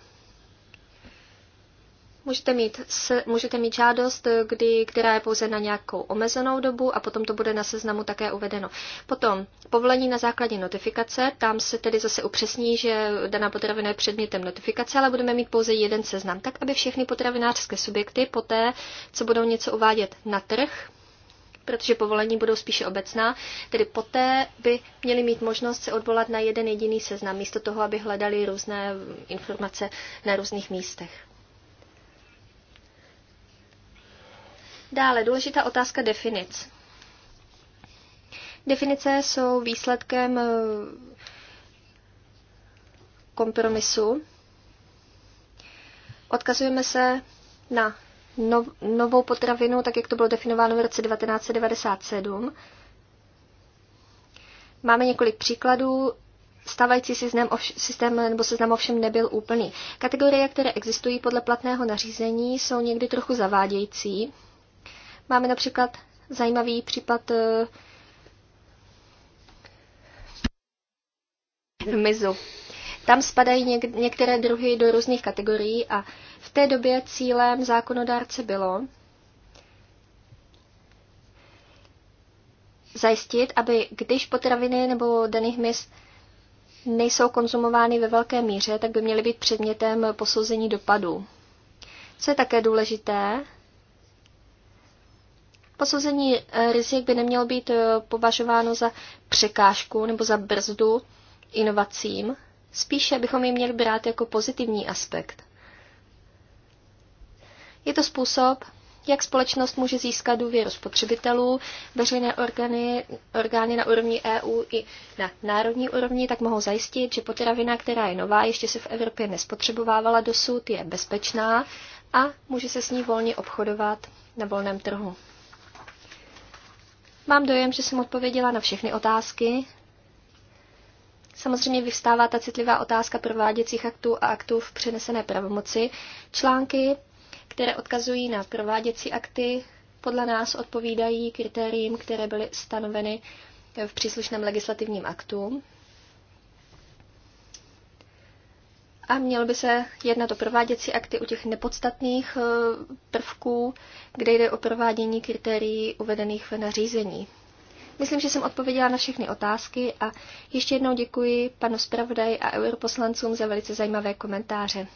Můžete mít, s, můžete mít žádost, kdy, která je pouze na nějakou omezenou dobu a potom to bude na seznamu také uvedeno. Potom povolení na základě notifikace, tam se tedy zase upřesní, že daná potravina je předmětem notifikace, ale budeme mít pouze jeden seznam, tak aby všechny potravinářské subjekty poté, co budou něco uvádět na trh, protože povolení budou spíše obecná, tedy poté by měli mít možnost se odvolat na jeden jediný seznam, místo toho, aby hledali různé informace na různých místech. Dále důležitá otázka definic. Definice jsou výsledkem eh, kompromisu. Odkazujeme se na novou potravinu, tak jak to bylo definováno v roce 1997. Máme několik příkladů. Stávající systém, ovš- systém nebo seznam ovšem nebyl úplný. Kategorie, které existují podle platného nařízení, jsou někdy trochu zavádějící. Máme například zajímavý případ uh, eh, Mizu. Tam spadají něk- některé druhy do různých kategorií a v té době cílem zákonodárce bylo zajistit, aby když potraviny nebo daný hmyz nejsou konzumovány ve velké míře, tak by měly být předmětem posouzení dopadu. Co je také důležité, Posouzení eh, rizik by nemělo být eh, považováno za překážku nebo za brzdu inovacím, spíše bychom je měli brát jako pozitivní aspekt. Je to způsob, jak společnost může získat důvěru spotřebitelů, veřejné orgány, orgány na úrovni EU i na národní úrovni, tak mohou zajistit, že potravina, která je nová, ještě se v Evropě nespotřebovávala dosud, je bezpečná a může se s ní volně obchodovat na volném trhu. Mám dojem, že jsem odpověděla na všechny otázky. Samozřejmě vyvstává ta citlivá otázka prováděcích aktů a aktů v přenesené pravomoci. Články, které odkazují na prováděcí akty, podle nás odpovídají kritériím, které byly stanoveny v příslušném legislativním aktu. a měl by se jednat o prováděcí akty u těch nepodstatných eh, prvků, kde jde o provádění kritérií uvedených v nařízení. Myslím, že jsem odpověděla na všechny otázky a ještě jednou děkuji panu zpravodaji a europoslancům za velice zajímavé komentáře.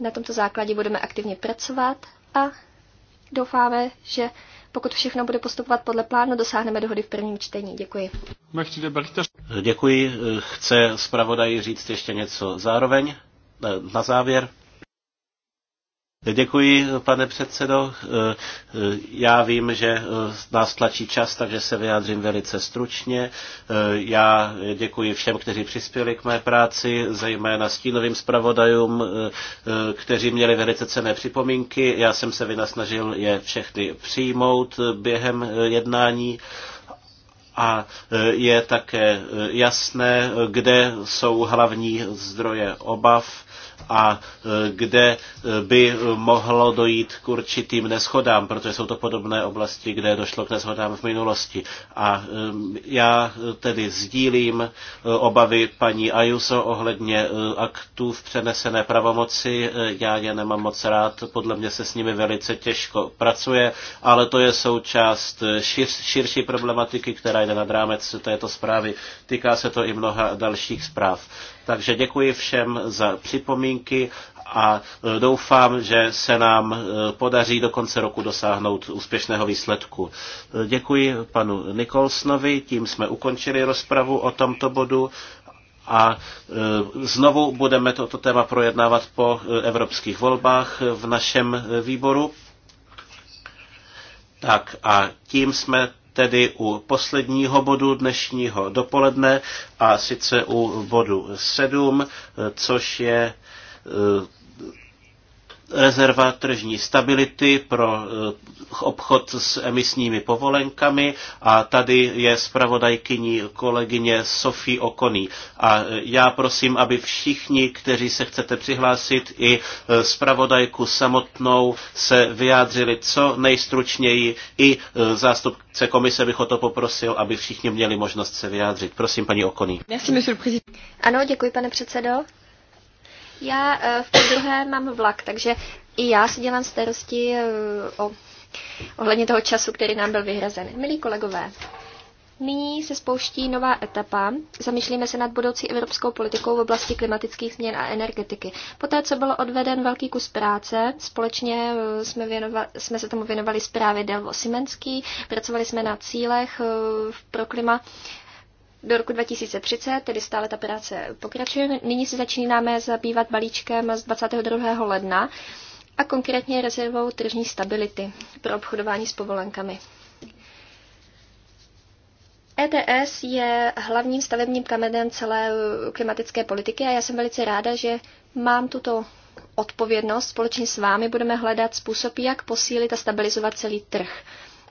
Na tomto základě budeme aktivně pracovat a doufáme, že pokud všechno bude postupovat podle plánu, dosáhneme dohody v prvním čtení. Děkuji. Děkuji. Chce zpravodaj říct ještě něco zároveň? Na závěr? Děkuji, pane předsedo. Já vím, že nás tlačí čas, takže se vyjádřím velice stručně. Já děkuji všem, kteří přispěli k mé práci, zejména stínovým zpravodajům, kteří měli velice cené připomínky. Já jsem se vynasnažil je všechny přijmout během jednání a e, je také e, jasné, kde jsou hlavní zdroje obav a e, kde e, by mohlo dojít k určitým neschodám, protože jsou to podobné oblasti, kde došlo k neschodám v minulosti. A e, já tedy sdílím obavy paní Ayuso ohledně aktů v přenesené pravomoci. Já je nemám moc rád, podle mě se s nimi velice těžko pracuje, ale to je součást šir, širší problematiky, která jde nad rámec této zprávy. Týká se to i mnoha dalších zpráv. Takže děkuji všem za připomínky a e, doufám, že se nám e, podaří do konce roku dosáhnout úspěšného výsledku. E, děkuji panu Nikolsnovi, tím jsme ukončili rozpravu o tomto bodu a znovu budeme toto téma projednávat po evropských volbách v našem výboru. Tak a tím jsme tedy u posledního bodu dnešního dopoledne a sice u bodu 7, což je eh, rezerva tržní stability pro eh, obchod s emisními povolenkami a tady je zpravodajkyní kolegyně Sofie Okoný. A eh, já prosím, aby všichni, kteří se chcete přihlásit, i eh, zpravodajku samotnou se vyjádřili co nejstručněji. I zástupce komise bych o to poprosil, aby všichni měli možnost se vyjádřit. Prosím, paní Okoný. Ano, děkuji, pane předsedo. Já eh, v podruhé mám vlak, takže i já si dělám starosti eh, o, ohledně toho času, který nám byl vyhrazen. Milí kolegové, nyní se spouští nová etapa. Zamýšlíme se nad budoucí evropskou politikou v oblasti klimatických změn a energetiky. Poté, co bylo odveden velký kus práce, společně eh, jsme, věnova, jsme se tomu věnovali zprávy Delvo Simenský, pracovali jsme na cílech pro klima do roku 2030, tedy stále ta práce pokračuje. Nyní se začínáme zabývat balíčkem z 22. ledna a konkrétně rezervou tržní stability pro obchodování s povolenkami. ETS je hlavním stavebním kamenem celé klimatické politiky a já jsem velice ráda, že mám tuto odpovědnost. Společně s vámi budeme hledat způsob, jak posílit a stabilizovat celý trh.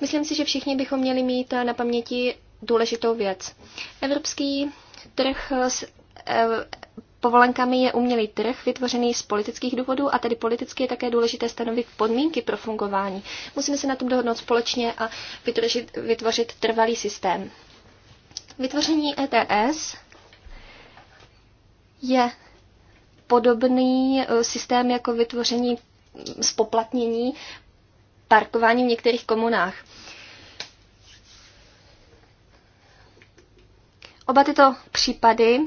Myslím si, že všichni bychom měli mít na paměti důležitou věc. Evropský trh s eh, povolenkami je umělý trh vytvořený z politických důvodů a tedy politicky je také důležité stanovit podmínky pro fungování. Musíme se na tom dohodnout společně a vytvořit, vytvořit trvalý systém. Vytvoření ETS je podobný eh, systém jako vytvoření spoplatnění mm, parkování v některých komunách. Oba tyto případy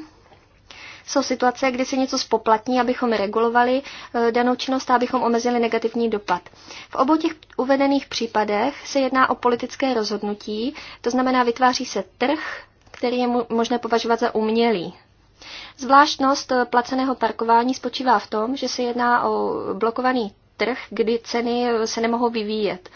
jsou situace, kdy se něco spoplatní, abychom regulovali eh, danou činnost a abychom omezili negativní dopad. V obou těch uvedených případech se jedná o politické rozhodnutí, to znamená vytváří se trh, který je možné považovat za umělý. Zvláštnost eh, placeného parkování spočívá v tom, že se jedná o blokovaný trh, kdy ceny eh, se nemohou vyvíjet.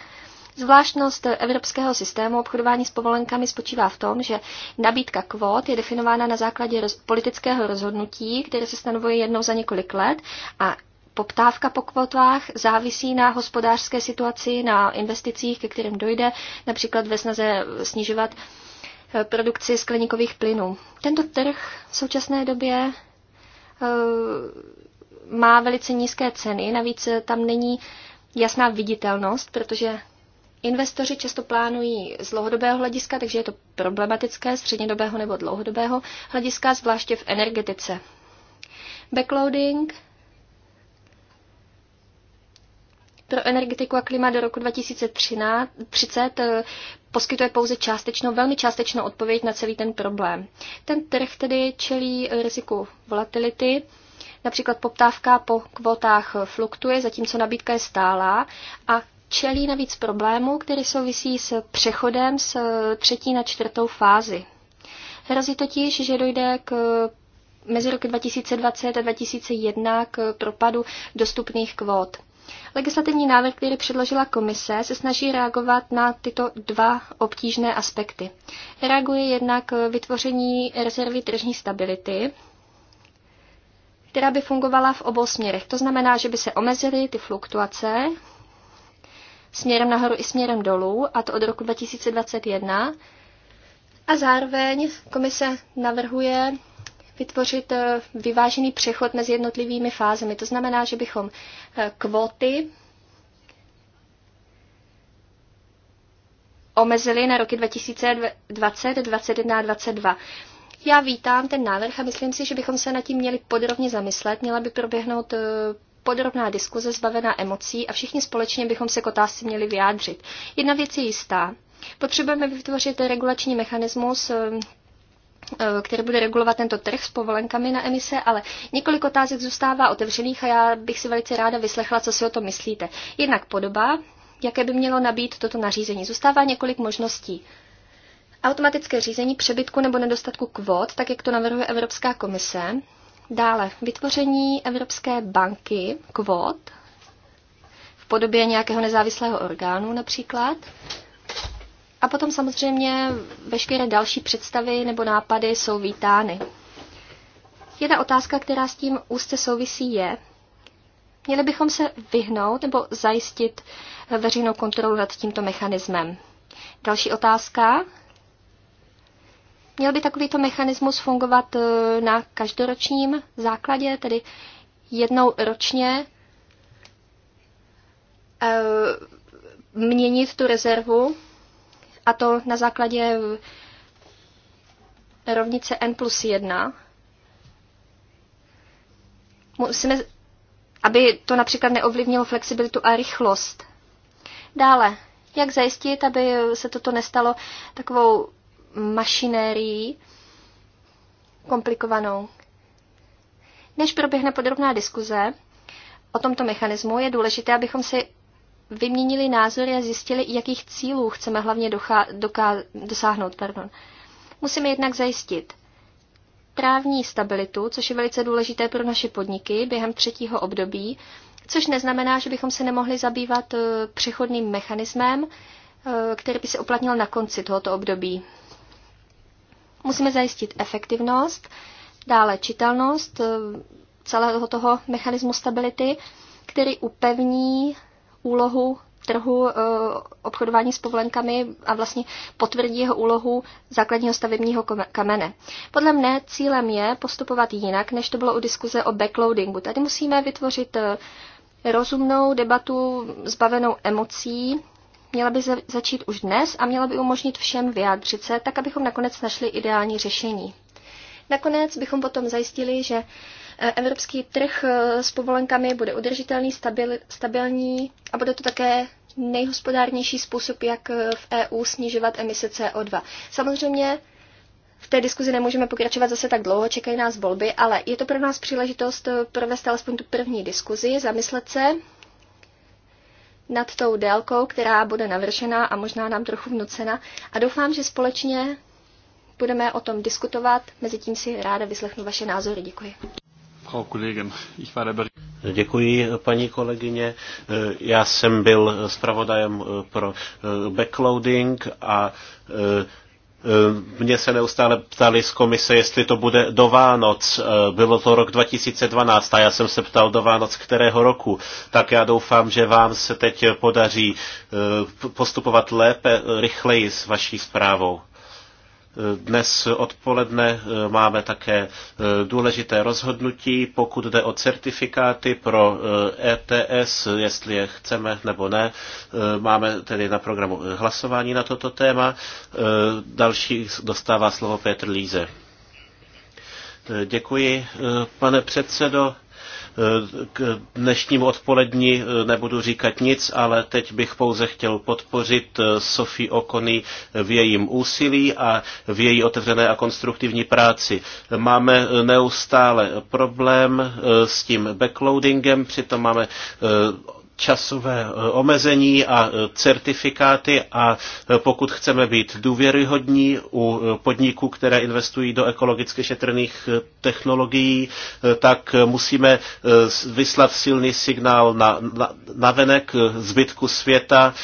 Zvláštnost evropského systému obchodování s povolenkami spočívá v tom, že nabídka kvót je definována na základě roz- politického rozhodnutí, které se stanovuje jednou za několik let a Poptávka po kvotách závisí na hospodářské situaci, na investicích, ke kterým dojde, například ve snaze snižovat eh, produkci skleníkových plynů. Tento trh v současné době eh, má velice nízké ceny, navíc tam není jasná viditelnost, protože Investoři často plánují z dlouhodobého hlediska, takže je to problematické, střednědobého nebo dlouhodobého hlediska, zvláště v energetice. Backloading pro energetiku a klima do roku 2030 eh, poskytuje pouze částečnou, velmi částečnou odpověď na celý ten problém. Ten trh tedy čelí riziku volatility, například poptávka po kvotách fluktuje, zatímco nabídka je stálá a čelí navíc problému, který souvisí s přechodem z eh, třetí na čtvrtou fázi. Hrozí totiž, že dojde k eh, mezi roky 2020 a 2001 k propadu dostupných kvót. Legislativní návrh, který předložila komise, se snaží reagovat na tyto dva obtížné aspekty. Reaguje jednak vytvoření rezervy tržní stability, která by fungovala v obou směrech. To znamená, že by se omezily ty fluktuace směrem nahoru i směrem dolů, a to od roku 2021. A zároveň komise navrhuje vytvořit eh, vyvážený přechod mezi jednotlivými fázemi. To znamená, že bychom eh, kvóty omezili na roky 2020, 2021 a 2022. Já vítám ten návrh a myslím si, že bychom se nad tím měli podrobně zamyslet. Měla by proběhnout eh, podrobná diskuze zbavená emocí a všichni společně bychom se k otázce měli vyjádřit. Jedna věc je jistá. Potřebujeme vytvořit regulační mechanismus eh, eh, který bude regulovat tento trh s povolenkami na emise, ale několik otázek zůstává otevřených a já bych si velice ráda vyslechla, co si o to myslíte. Jednak podoba, jaké by mělo nabít toto nařízení. Zůstává několik možností. Automatické řízení přebytku nebo nedostatku kvót, tak jak to navrhuje Evropská komise, Dále, vytvoření Evropské banky kvot v podobě nějakého nezávislého orgánu například. A potom samozřejmě veškeré další představy nebo nápady jsou vítány. Jedna otázka, která s tím úzce souvisí, je, měli bychom se vyhnout nebo zajistit veřejnou kontrolu nad tímto mechanismem. Další otázka, Měl by takovýto mechanismus fungovat e, na každoročním základě, tedy jednou ročně e, měnit tu rezervu a to na základě rovnice n plus 1. Musíme, aby to například neovlivnilo flexibilitu a rychlost. Dále, jak zajistit, aby se toto nestalo takovou mašinérií komplikovanou. Než proběhne podrobná diskuze o tomto mechanismu, je důležité, abychom si vyměnili názory a zjistili, jakých cílů chceme hlavně dosáhnout. Pardon. Musíme jednak zajistit právní stabilitu, což je velice důležité pro naše podniky během třetího období, což neznamená, že bychom se nemohli zabývat eh, přechodným mechanismem, eh, který by se uplatnil na konci tohoto období. Musíme zajistit efektivnost, dále čitelnost eh, celého toho mechanismu stability, který upevní úlohu trhu eh, obchodování s povolenkami a vlastně potvrdí jeho úlohu základního stavebního kamene. Podle mne cílem je postupovat jinak, než to bylo u diskuze o backloadingu. Tady musíme vytvořit eh, rozumnou debatu zbavenou emocí, měla by začít už dnes a měla by umožnit všem vyjádřit se, tak abychom nakonec našli ideální řešení. Nakonec bychom potom zajistili, že eh, evropský trh eh, s povolenkami bude udržitelný, stabil, stabilní a bude to také nejhospodárnější způsob, jak eh, v EU snižovat emise CO2. Samozřejmě v té diskuzi nemůžeme pokračovat zase tak dlouho, čekají nás volby, ale je to pro nás příležitost provést alespoň tu první diskuzi, zamyslet se nad tou délkou, která bude navržena a možná nám trochu vnucena. A doufám, že společně budeme o tom diskutovat. Mezitím si ráda vyslechnu vaše názory. Děkuji. Děkuji, paní kolegyně. Já jsem byl zpravodajem pro eh, backloading a eh, Eh, Mně se neustále ptali z komise, jestli to bude do Vánoc. Eh, bylo to rok 2012 a já jsem se ptal do Vánoc kterého roku. Tak já doufám, že vám se teď podaří eh, postupovat lépe, rychleji s vaší zprávou. Dnes odpoledne e, máme také e, důležité rozhodnutí, pokud jde o certifikáty pro ETS, e jestli je chceme nebo ne. Máme tedy na programu hlasování na toto téma. Další dostává slovo Petr Líze. Děkuji, pane předsedo. K dnešnímu odpolední eh, nebudu říkat nic, ale teď bych pouze chtěl podpořit eh, Sofii Okony v jejím úsilí a v její otevřené a konstruktivní práci. Máme eh, neustále problém s tím backloadingem, přitom máme časové eh, omezení a eh, certifikáty a eh, pokud chceme být důvěryhodní u podniků, které investují do ekologicky šetrných technologií, tak musíme vyslat silný signál na, na, na venek zbytku světa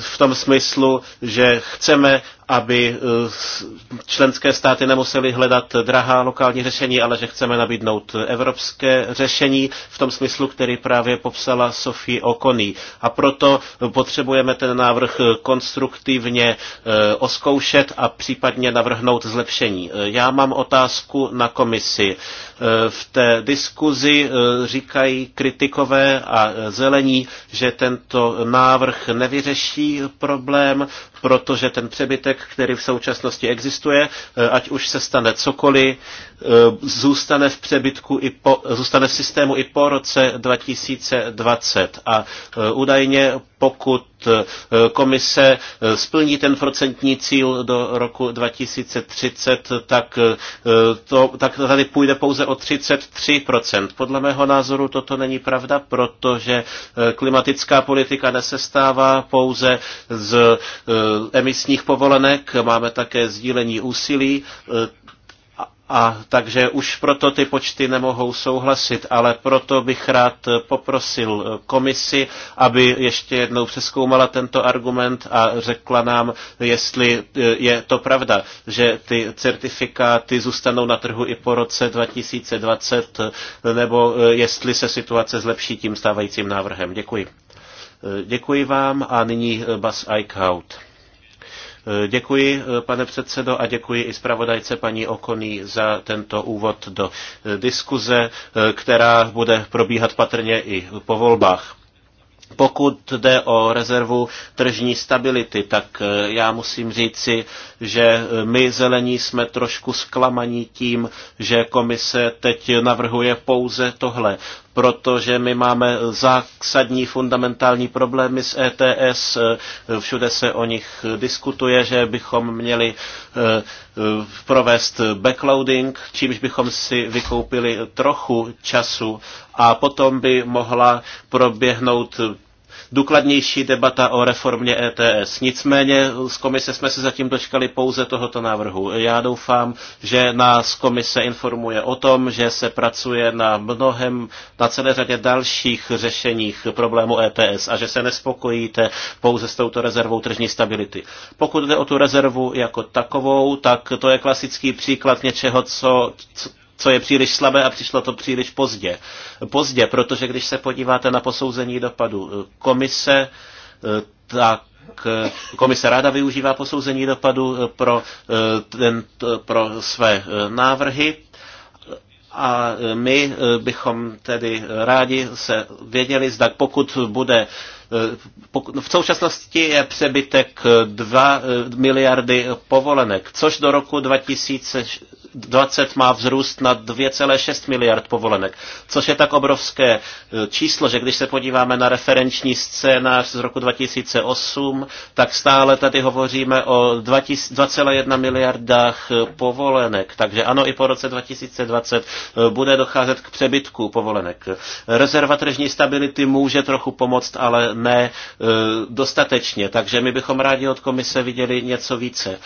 v tom smyslu, že chceme, aby eh, členské státy nemusely hledat drahá lokální řešení, ale že chceme nabídnout evropské řešení v tom smyslu, který právě popsala Sofie Okoný. A proto potřebujeme ten návrh konstruktivně eh, oskoušet a případně navrhnout zlepšení. Eh, já mám otázku na komisi. V té diskuzi říkají kritikové a zelení, že tento návrh nevyřeší problém, protože ten přebytek, který v současnosti existuje, eh, ať už se stane cokoliv, Eh, zůstane v přebytku i po, zůstane v systému i po roce 2020. A eh, údajně pokud eh, komise splní ten procentní cíl do roku 2030, tak, to, tak tady půjde pouze o 33%. Podle mého názoru toto není pravda, protože klimatická politika nesestává pouze z emisních povolenek, máme také sdílení úsilí, a takže už proto ty počty nemohou souhlasit, ale proto bych rád poprosil komisi, aby ještě jednou přeskoumala tento argument a řekla nám, jestli e, je to pravda, že ty certifikáty zůstanou na trhu i po roce 2020, nebo e, jestli se situace zlepší tím stávajícím návrhem. Děkuji. E, děkuji vám a nyní Bas Eichhout. Děkuji, pane předsedo, a děkuji i zpravodajce paní Okoný za tento úvod do eh, diskuze, eh, která bude probíhat patrně i po volbách. Pokud jde o rezervu tržní stability, tak eh, já musím říci, že my zelení jsme trošku zklamaní tím, že komise teď navrhuje pouze tohle protože my máme zásadní fundamentální problémy s ETS, eh, všude se o nich diskutuje, že bychom měli eh, provést backloading, čímž bychom si vykoupili trochu času a potom by mohla proběhnout důkladnější debata o reformě ETS. Nicméně z komise jsme se zatím dočkali pouze tohoto návrhu. Já doufám, že nás komise informuje o tom, že se pracuje na mnohem, na celé řadě dalších řešeních problému ETS a že se nespokojíte pouze s touto rezervou tržní stability. Pokud jde o tu rezervu jako takovou, tak to je klasický příklad něčeho, co, co je příliš slabé a přišlo to příliš pozdě. Pozdě, protože když se podíváte na posouzení dopadu eh, komise, eh, tak eh, komise ráda využívá posouzení dopadu pro, ten, pro své návrhy a my bychom tedy rádi se věděli, zda pokud bude v současnosti je přebytek 2 miliardy povolenek, což do roku 2000, 2020 má vzrůst na 2,6 miliard povolenek, což je tak obrovské e, číslo, že když se podíváme na referenční scénář z roku 2008, tak stále tady hovoříme o 2,1 miliardách e, povolenek. Takže ano, i po roce 2020 e, bude docházet k přebytku povolenek. Rezerva tržní stability může trochu pomoct, ale ne dostatečně, takže my bychom rádi od komise viděli něco více.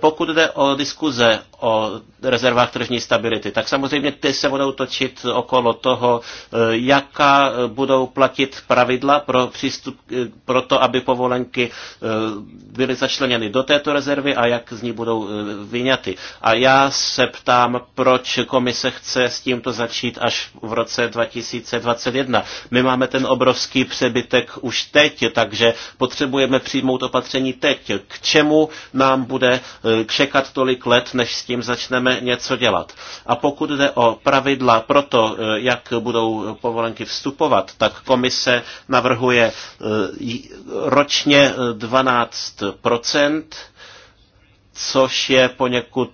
Pokud jde o diskuze o rezervách tržní stability, tak samozřejmě ty se budou točit okolo toho, eh, jaká budou platit pravidla pro, přístup, eh, pro to, aby povolenky eh, byly začleněny do této rezervy a jak z ní budou vyňaty. A já se ptám, proč komise chce s tímto začít až v roce 2021. My máme ten obrovský přebytek už teď, takže potřebujeme přijmout opatření teď. K čemu nám bude čekat tolik let, než s tím začneme něco dělat. A pokud jde o pravidla pro to, eh, jak budou povolenky vstupovat, tak komise navrhuje eh, ročně 12 eh, což je poněkud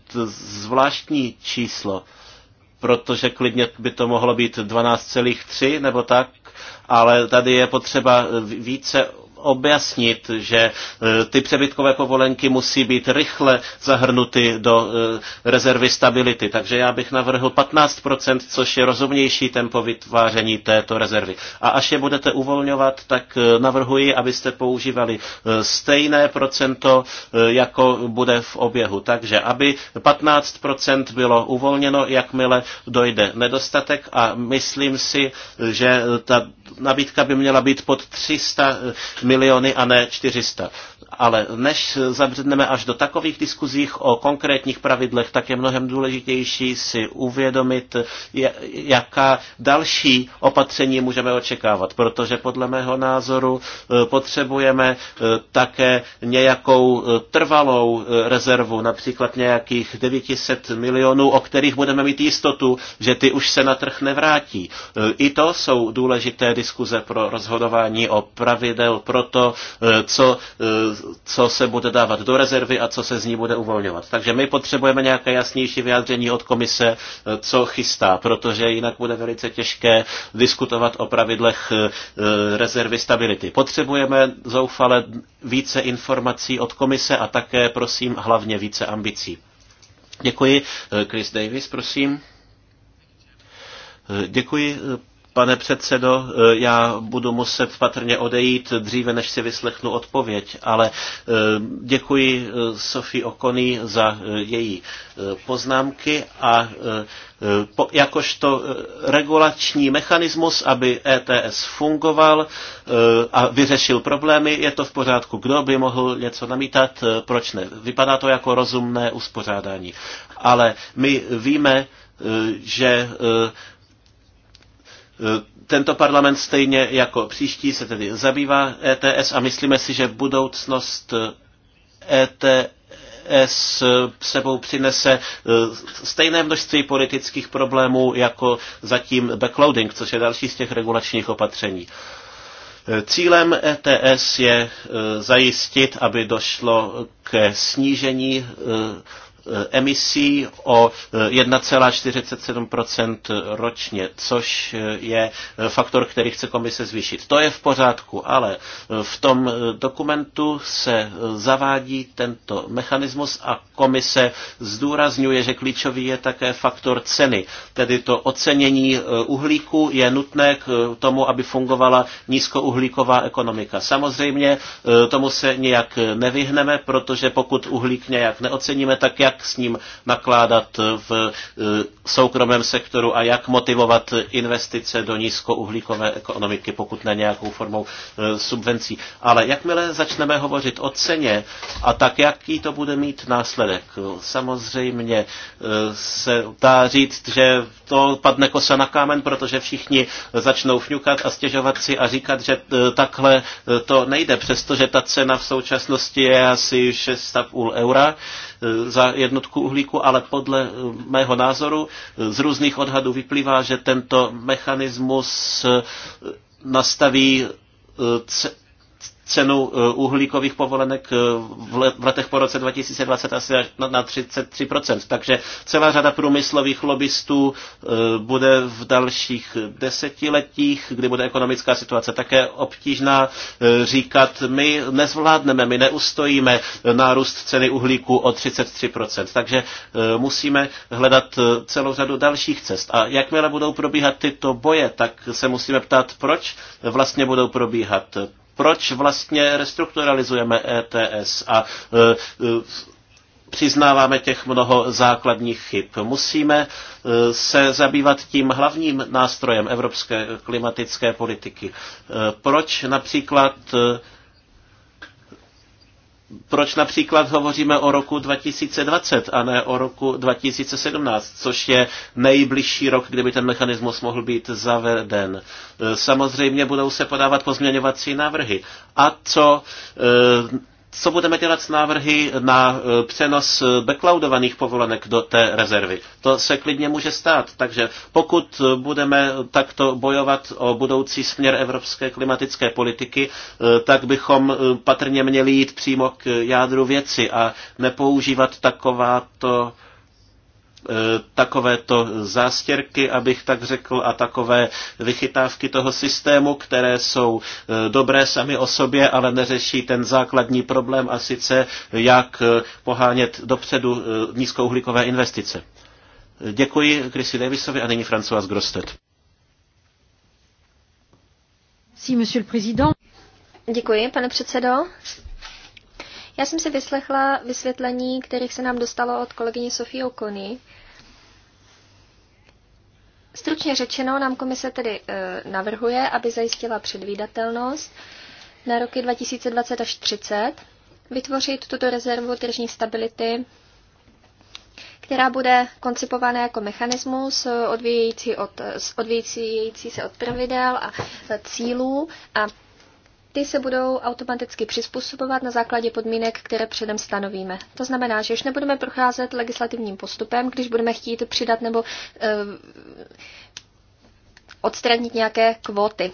zvláštní číslo, protože klidně by to mohlo být 12,3 nebo tak, ale tady je potřeba více objasnit, že e, ty přebytkové povolenky musí být rychle zahrnuty do e, rezervy stability. Takže já bych navrhl 15%, což je rozumnější tempo vytváření této rezervy. A až je budete uvolňovat, tak e, navrhuji, abyste používali stejné procento, jako bude v oběhu. Takže aby 15% bylo uvolněno, jakmile dojde nedostatek a myslím si, že ta nabídka by měla být pod 300 miliony a ne 400. Ale než zabředneme až do takových diskuzích o konkrétních pravidlech, tak je mnohem důležitější si uvědomit, jaká další opatření můžeme očekávat, protože podle mého názoru e, potřebujeme e, také nějakou e, trvalou rezervu, například nějakých 900 milionů, o kterých budeme mít jistotu, že ty už se na trh nevrátí. I to jsou důležité diskuze pro rozhodování o pravidel pro to, co co se bude dávat do rezervy a co se z ní bude uvolňovat. Takže my potřebujeme nějaké jasnější vyjádření od komise, eh, co chystá, protože jinak bude velice těžké diskutovat o pravidlech eh, rezervy stability. Potřebujeme zoufale více informací od komise a také, prosím, hlavně více ambicí. Děkuji. Eh, Chris Davis, prosím. Děkuji, Pane předsedo, e, já budu muset patrně odejít dříve, než si vyslechnu odpověď, ale e, děkuji e, Sofii Okony za její poznámky a jakožto regulační mechanismus, aby ETS fungoval a vyřešil problémy, je to v pořádku. Kdo by mohl něco namítat, proč ne? Vypadá to jako rozumné uspořádání. Ale my víme, že Eh, tento parlament stejně jako příští se tedy zabývá ETS a myslíme si, že budoucnost ETS eh, e sebou přinese eh, stejné množství politických problémů jako zatím backloading, což je další z těch regulačních opatření. Cílem ETS je zajistit, aby došlo ke snížení Eh, emisí o 1,47 eh, ročně, což eh, je faktor, který chce komise zvýšit. To je v pořádku, ale v tom dokumentu se zavádí tento mechanismus a komise zdůrazňuje, že klíčový je také faktor ceny. Tedy to ocenění uhlíku je nutné k tomu, aby fungovala nízkouhlíková ekonomika. Samozřejmě tomu se nějak nevyhneme, protože pokud uhlík nějak neoceníme, tak jak jak s ním nakládat v eh, soukromém sektoru a jak motivovat investice do nízkouhlíkové ekonomiky, pokud ne nějakou formou eh, subvencí. Ale jakmile začneme hovořit o ceně a tak, jaký to bude mít následek? Samozřejmě eh, se dá říct, že to padne kosa na kámen, protože všichni začnou fňukat a stěžovat si a říkat, že takhle to nejde, přestože ta cena v současnosti je asi 6,5 eura za jednotku uhlíku, ale podle eh, mého názoru eh, z různých odhadů vyplývá, že tento mechanismus eh, nastaví cenu eh, uhlíkových povolenek eh, v letech po roce 2020 asi na 33%. Takže celá řada průmyslových lobbystů eh, bude v dalších desetiletích, kdy bude ekonomická situace také obtížná, říkat, my nezvládneme, my neustojíme nárůst ceny uhlíku o 33%. Takže musíme hledat celou řadu dalších cest. A jakmile budou probíhat tyto boje, tak se musíme ptát, proč vlastně budou probíhat proč vlastně restrukturalizujeme ETS a e, e, přiznáváme těch mnoho základních chyb. Musíme e, se zabývat tím hlavním nástrojem evropské klimatické politiky. Proč například proč například hovoříme o roku 2020 a ne o roku 2017, což je nejbližší rok, kdyby ten mechanismus mohl být zaveden. E, samozřejmě budou se podávat pozměňovací návrhy. A co e, co budeme dělat s návrhy na e, přenos e, backloadovaných povolenek do té rezervy. To se klidně může stát, takže pokud e, budeme takto bojovat o budoucí směr evropské klimatické politiky, tak bychom patrně měli jít přímo k jádru věci a nepoužívat takováto Eh, takovéto zástěrky, abych tak řekl, a takové vychytávky toho systému, které jsou eh, dobré sami o sobě, ale neřeší ten základní problém a sice jak eh, pohánět dopředu nízkouhlíkové investice. Děkuji Chrisi Davisovi a nyní François Grostet. Děkuji, pane předsedo. Já jsem si vyslechla vysvětlení, kterých se nám dostalo od kolegyně Sofie Okony. Stručně řečeno, nám komise tedy e, navrhuje, aby zajistila předvídatelnost na roky 2020 až 30, vytvořit tuto rezervu tržní stability, která bude koncipována jako mechanismus e, odvíjející, od, e, odvíjející se od pravidel a e, cílů a ty se budou automaticky přizpůsobovat na základě podmínek, které předem stanovíme. To znamená, že už nebudeme procházet legislativním postupem, když budeme chtít přidat nebo eh, odstranit nějaké kvóty,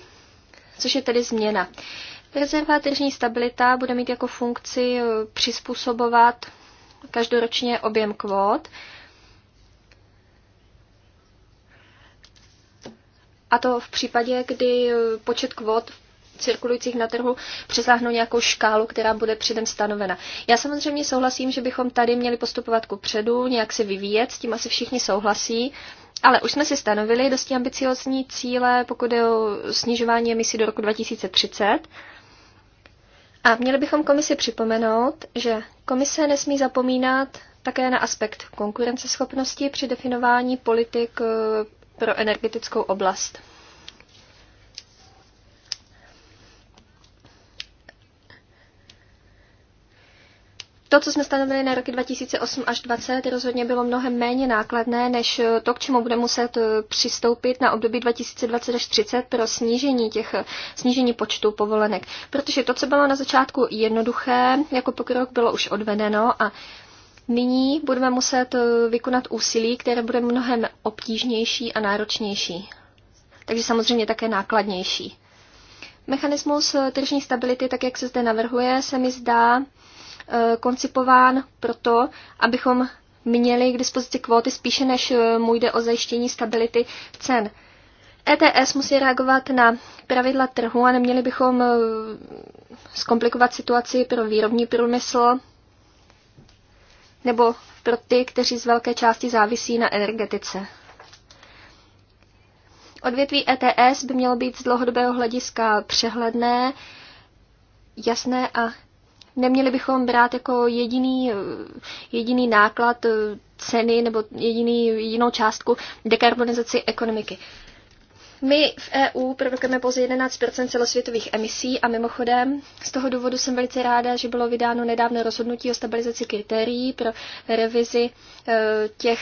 což je tedy změna. Rezerva tržní stabilita bude mít jako funkci eh, přizpůsobovat každoročně objem kvót. A to v případě, kdy eh, počet kvót v cirkulujících na trhu přesáhnou nějakou škálu, která bude předem stanovena. Já samozřejmě souhlasím, že bychom tady měli postupovat ku předu, nějak se vyvíjet, s tím asi všichni souhlasí, ale už jsme si stanovili dosti ambiciozní cíle, pokud je o snižování emisí do roku 2030. A měli bychom komisi připomenout, že komise nesmí zapomínat také na aspekt konkurenceschopnosti při definování politik eh, pro energetickou oblast. To, co jsme stanovili na roky 2008 až 2020, rozhodně bylo mnohem méně nákladné než to, k čemu budeme muset eh, přistoupit na období 2020 až 30 pro snížení, těch, snížení počtu povolenek. Protože to, co bylo na začátku jednoduché, jako pokrok bylo už odvedeno a nyní budeme muset eh, vykonat úsilí, které bude mnohem obtížnější a náročnější. Takže samozřejmě také nákladnější. Mechanismus eh, tržní stability, tak jak se zde navrhuje, se mi zdá Eh, koncipován proto, abychom měli k dispozici kvóty spíše než eh, mu jde o zajištění stability cen. ETS musí reagovat na pravidla trhu a neměli bychom eh, zkomplikovat situaci pro výrobní průmysl nebo pro ty, kteří z velké části závisí na energetice. Odvětví ETS by mělo být z dlouhodobého hlediska přehledné, jasné a Neměli bychom brát jako jediný, jediný náklad eh, ceny nebo jediný, jedinou částku dekarbonizaci ekonomiky. My v EU produkujeme pouze 11 celosvětových emisí a mimochodem z toho důvodu jsem velice ráda, že bylo vydáno nedávno rozhodnutí o stabilizaci kritérií pro revizi eh, těch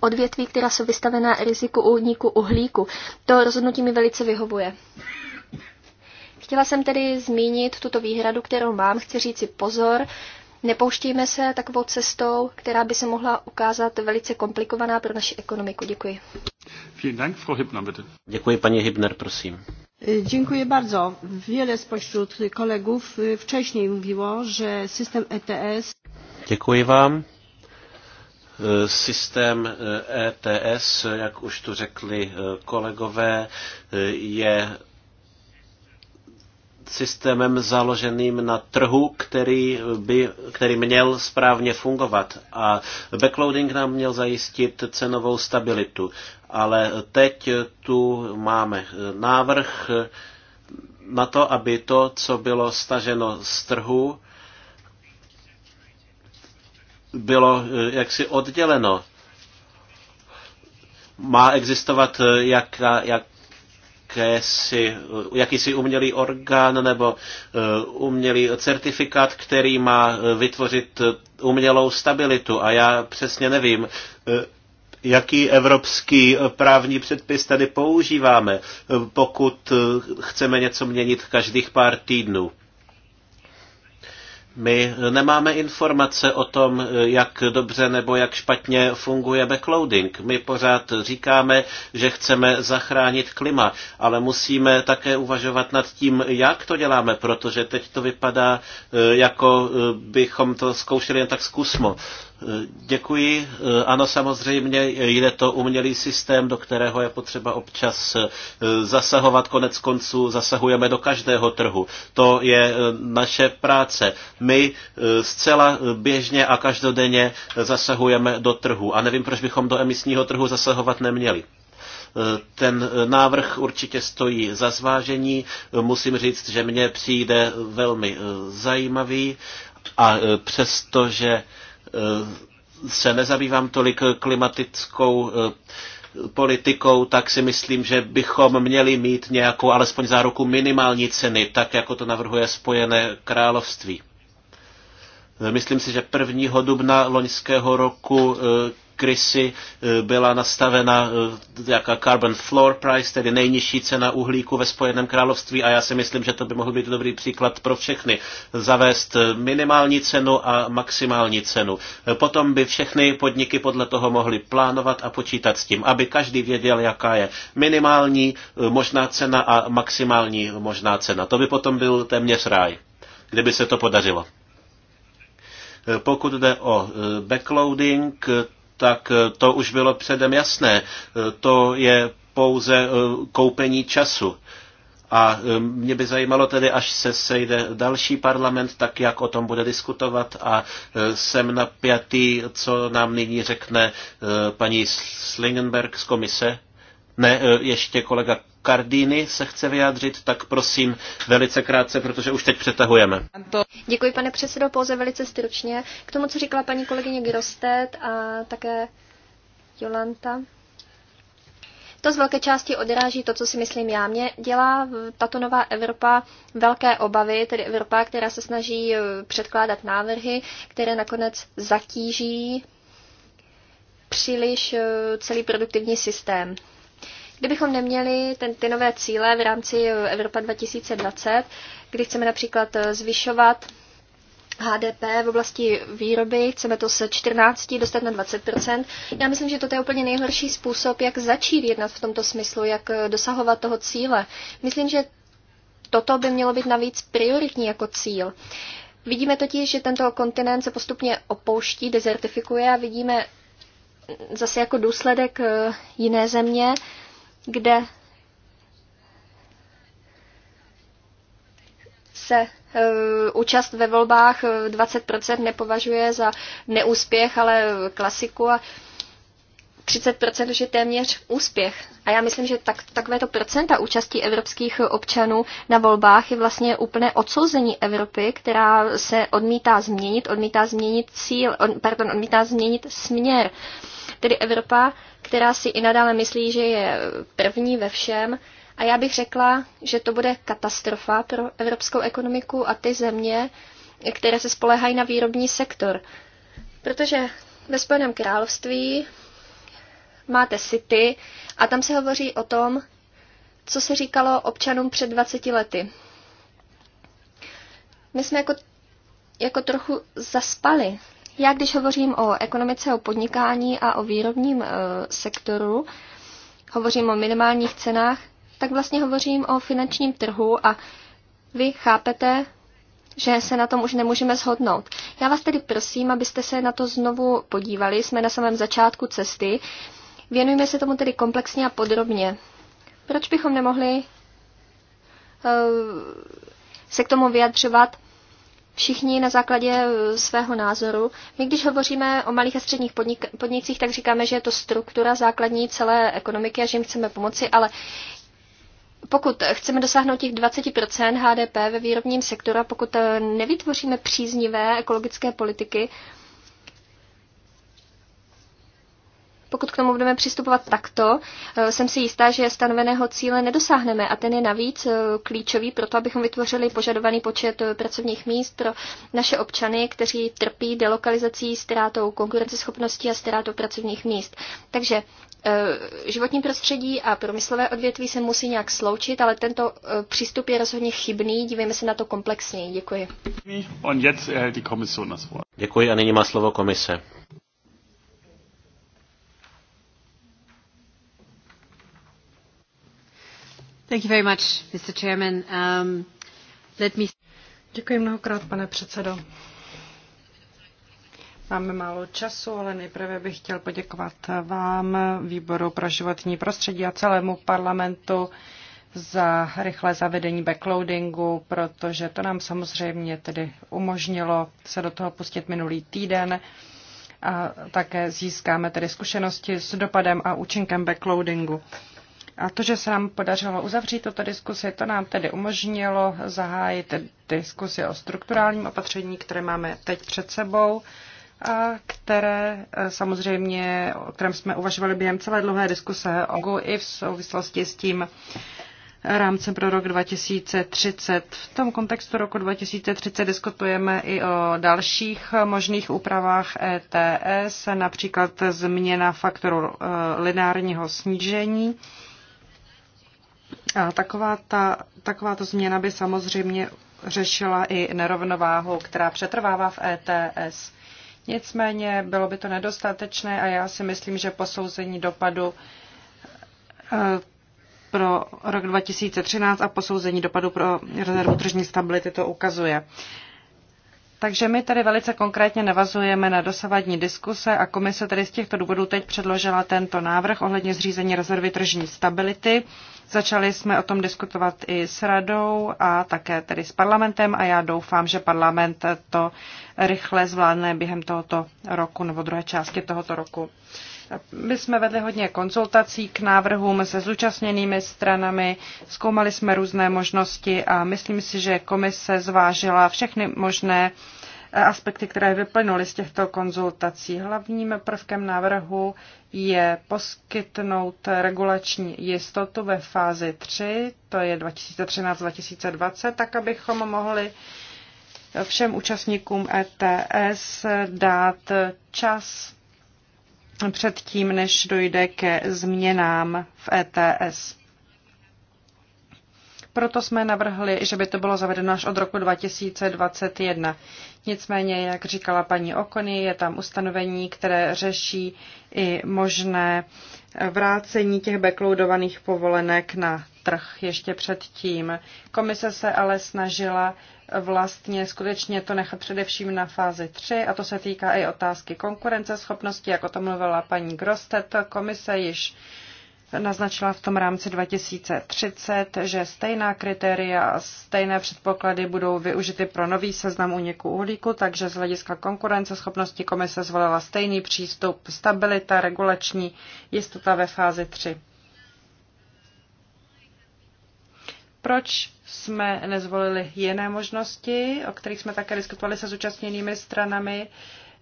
odvětví, která jsou vystavená riziku úniku uhlíku. To rozhodnutí mi velice vyhovuje. Chtěla jsem tedy zmínit tuto výhradu, kterou mám. Chci říct si pozor, nepouštíme se takovou cestou, která by se mohla ukázat velice komplikovaná pro naši ekonomiku. Děkuji. Děkuji, paní Hybner, prosím. E, Dziękuję bardzo. Wiele spośród kolegów e, wcześniej mówiło, że system ETS. Děkuji vám. E, systém ETS, jak už tu řekli kolegové, je systémem založeným na trhu, který, by, který měl správně fungovat. A backloading nám měl zajistit cenovou stabilitu. Ale teď tu máme návrh na to, aby to, co bylo staženo z trhu, bylo jaksi odděleno má existovat jak, jak, jakési, jakýsi umělý orgán nebo e, umělý certifikát, který má e, vytvořit e, umělou stabilitu. A já přesně nevím, jaký evropský právní předpis tady používáme, pokud chceme něco měnit každých pár týdnů. My nemáme informace o tom, jak dobře nebo jak špatně funguje backloading. My pořád říkáme, že chceme zachránit klima, ale musíme také uvažovat nad tím, jak to děláme, protože teď to vypadá, eh, jako eh, bychom to zkoušeli jen tak zkusmo. Eh, děkuji. Ano, samozřejmě jde to umělý systém, do kterého je potřeba občas zasahovat. Konec konců zasahujeme do každého trhu. To je naše práce my eh, zcela eh, běžně a každodenně eh, zasahujeme do trhu a nevím, proč bychom do emisního trhu zasahovat neměli. Ten návrh určitě stojí za zvážení. Musím říct, že mně přijde velmi zajímavý a že se nezabývám tolik klimatickou politikou, tak si myslím, že bychom měli mít nějakou alespoň záruku minimální ceny, tak jako to navrhuje Spojené království. Myslím si, že 1. dubna loňského roku e, krysy e, byla nastavena e, jaká carbon floor price, tedy nejnižší cena uhlíku ve Spojeném království a já si myslím, že to by mohl být dobrý příklad pro všechny. Zavést minimální cenu a maximální cenu. Potom by všechny podniky podle toho mohly plánovat a počítat s tím, aby každý věděl, jaká je minimální možná cena a maximální možná cena. To by potom byl téměř ráj, kdyby se to podařilo. Pokud jde o e, backloading, tak e, to už bylo předem jasné. E, to je pouze koupení času. A mě by zajímalo tedy, až se sejde další parlament, tak jak o tom bude diskutovat a jsem napjatý, co nám nyní řekne paní Slingenberg z komise. Ne, ještě kolega Cardini se chce vyjádřit, tak prosím velice krátce, protože už teď přetahujeme. Děkuji, pane předsedo, pouze velice stručně. K tomu, co říkala paní kolegyně Girostet a také Jolanta. To z velké části odráží to, co si myslím já. Mě dělá tato nová Evropa velké obavy, tedy Evropa, která se snaží eh, předkládat návrhy, které nakonec zatíží příliš eh, celý produktivní systém. Kdybychom neměli ten, ty nové cíle v rámci Evropa 2020, kdy chceme například eh, zvyšovat HDP v oblasti výroby, chceme to z 14 dostat na 20 Já myslím, že to je úplně nejhorší způsob, jak začít jednat v tomto smyslu, jak eh, dosahovat toho cíle. Myslím, že toto by mělo být navíc prioritní jako cíl. Vidíme totiž, že tento kontinent se postupně opouští, dezertifikuje a vidíme zase jako důsledek eh, jiné země, kde se e, účast ve volbách 20% e, nepovažuje za neúspěch, ale klasiku a 30% už je téměř úspěch. A já myslím, že tak, takovéto procenta účastí evropských občanů na volbách je vlastně úplné odsouzení Evropy, která se odmítá změnit, odmítá změnit cíl, od, pardon, odmítá změnit směr. Tedy Evropa, která si i nadále myslí, že je první ve všem. A já bych řekla, že to bude katastrofa pro evropskou ekonomiku a ty země, které se spolehají na výrobní sektor. Protože ve Spojeném království máte City a tam se hovoří o tom, co se říkalo občanům před 20 lety. My jsme jako, jako trochu zaspali. Já, když hovořím o ekonomice, o podnikání a o výrobním e, sektoru, hovořím o minimálních cenách, tak vlastně hovořím o finančním trhu a vy chápete, že se na tom už nemůžeme shodnout. Já vás tedy prosím, abyste se na to znovu podívali. Jsme na samém začátku cesty. Věnujme se tomu tedy komplexně a podrobně. Proč bychom nemohli eh, se k tomu vyjadřovat všichni na základě eh, svého názoru. My, když hovoříme o malých a středních podnik, podnicích, tak říkáme, že je to struktura základní celé ekonomiky a že jim chceme pomoci, ale pokud chceme dosáhnout těch 20% HDP ve výrobním sektoru a pokud eh, nevytvoříme příznivé ekologické politiky, Pokud k tomu budeme přistupovat takto, eh, jsem si jistá, že stanoveného cíle nedosáhneme a ten je navíc eh, klíčový pro to, abychom vytvořili požadovaný počet eh, pracovních míst pro naše občany, kteří trpí delokalizací, ztrátou konkurenceschopnosti a ztrátou pracovních míst. Takže životní prostředí a průmyslové odvětví se musí nějak sloučit, ale tento přístup je rozhodně chybný. Dívejme se na to komplexněji. Děkuji. Děkuji a nyní má slovo komise. Um, Děkuji mnohokrát, pane předsedo. Máme málo času, ale nejprve bych chtěl poděkovat vám, Výboru pro životní prostředí a celému parlamentu za rychlé zavedení backloadingu, protože to nám samozřejmě tedy umožnilo se do toho pustit minulý týden a také získáme tedy zkušenosti s dopadem a účinkem backloadingu. A to, že se nám podařilo uzavřít toto diskusi, to nám tedy umožnilo zahájit diskusi o strukturálním opatření, které máme teď před sebou a které eh, samozřejmě, o kterém jsme uvažovali během celé dlouhé diskuse o i v souvislosti s tím eh, rámcem pro rok 2030. V tom kontextu roku 2030 diskutujeme i o dalších možných úpravách ETS, například změna faktoru eh, lineárního snížení a taková ta, ta změna by samozřejmě řešila i nerovnováhu, která přetrvává v ETS. Nicméně bylo by to nedostatečné a já si myslím, že posouzení dopadu eh, pro rok 2013 a posouzení dopadu pro rezervu tržní stability to ukazuje. Takže my tady velice konkrétně navazujeme na dosavadní diskuse a komise tedy z těchto důvodů teď předložila tento návrh ohledně zřízení rezervy tržní stability. Začali jsme o tom diskutovat i s radou a také tedy s parlamentem a já doufám, že parlament to rychle zvládne během tohoto roku nebo druhé části tohoto roku. My jsme vedli hodně konzultací k návrhům se zúčastněnými stranami, zkoumali jsme různé možnosti a myslím si, že komise zvážila všechny možné eh, aspekty, které vyplynuly z těchto konzultací. Hlavním prvkem návrhu je poskytnout regulační jistotu ve fázi 3, to je 2013-2020, tak abychom mohli všem účastníkům ETS dát čas předtím, než dojde ke změnám v ETS. Proto jsme navrhli, že by to bylo zavedeno až od roku 2021. Nicméně, jak říkala paní Okony, je tam ustanovení, které řeší i možné uh, vrácení těch backloadovaných povolenek na trh ještě předtím. Komise se ale snažila vlastně skutečně to nechat především na fázi 3 a to se týká i otázky konkurenceschopnosti, jako to mluvila paní Grostet. Komise již uh, naznačila v tom rámci 2030, že stejná kritéria a stejné předpoklady budou využity pro nový seznam úniku uhlíku, takže z hlediska konkurenceschopnosti komise zvolila stejný přístup stabilita, regulační jistota ve fázi 3. Proč jsme nezvolili jiné možnosti, o kterých jsme také diskutovali se zúčastněnými stranami? Uh,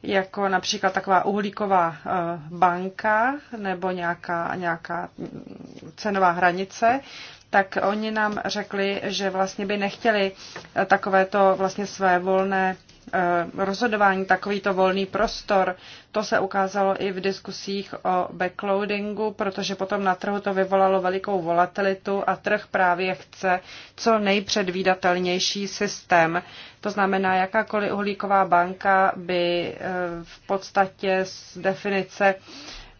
jako například taková uhlíková eh, banka nebo nějaká, nějaká mm, cenová hranice, tak oni nám řekli, že vlastně by nechtěli eh, takovéto vlastně své volné Eh, rozhodování takovýto volný prostor. To se ukázalo i v diskusích o backloadingu, protože potom na trhu to vyvolalo velikou volatilitu a trh právě chce co nejpředvídatelnější systém. To znamená, jakákoliv uhlíková banka by eh, v podstatě z definice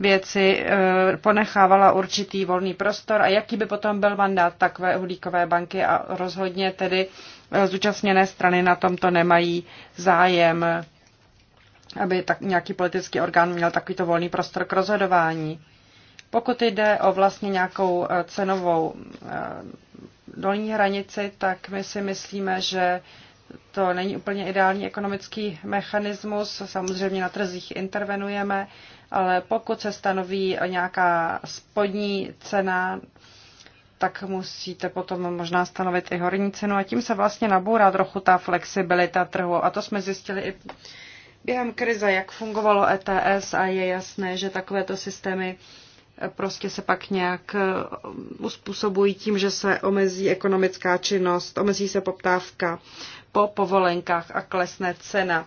věci eh, ponechávala určitý volný prostor a jaký by potom byl mandát takové uhlíkové banky a rozhodně tedy zúčastněné strany na tomto nemají zájem, aby tak nějaký politický orgán měl takovýto volný prostor k rozhodování. Pokud jde o vlastně nějakou eh, cenovou eh, dolní hranici, tak my si myslíme, že to není úplně ideální ekonomický mechanismus. Samozřejmě na trzích intervenujeme, ale pokud se stanoví nějaká spodní cena tak musíte potom možná stanovit i horní cenu a tím se vlastně nabourá trochu ta flexibilita trhu. A to jsme zjistili i během krize, jak fungovalo ETS a je jasné, že takovéto systémy prostě se pak nějak eh, uspůsobují tím, že se omezí ekonomická činnost, omezí se poptávka po povolenkách a klesne cena.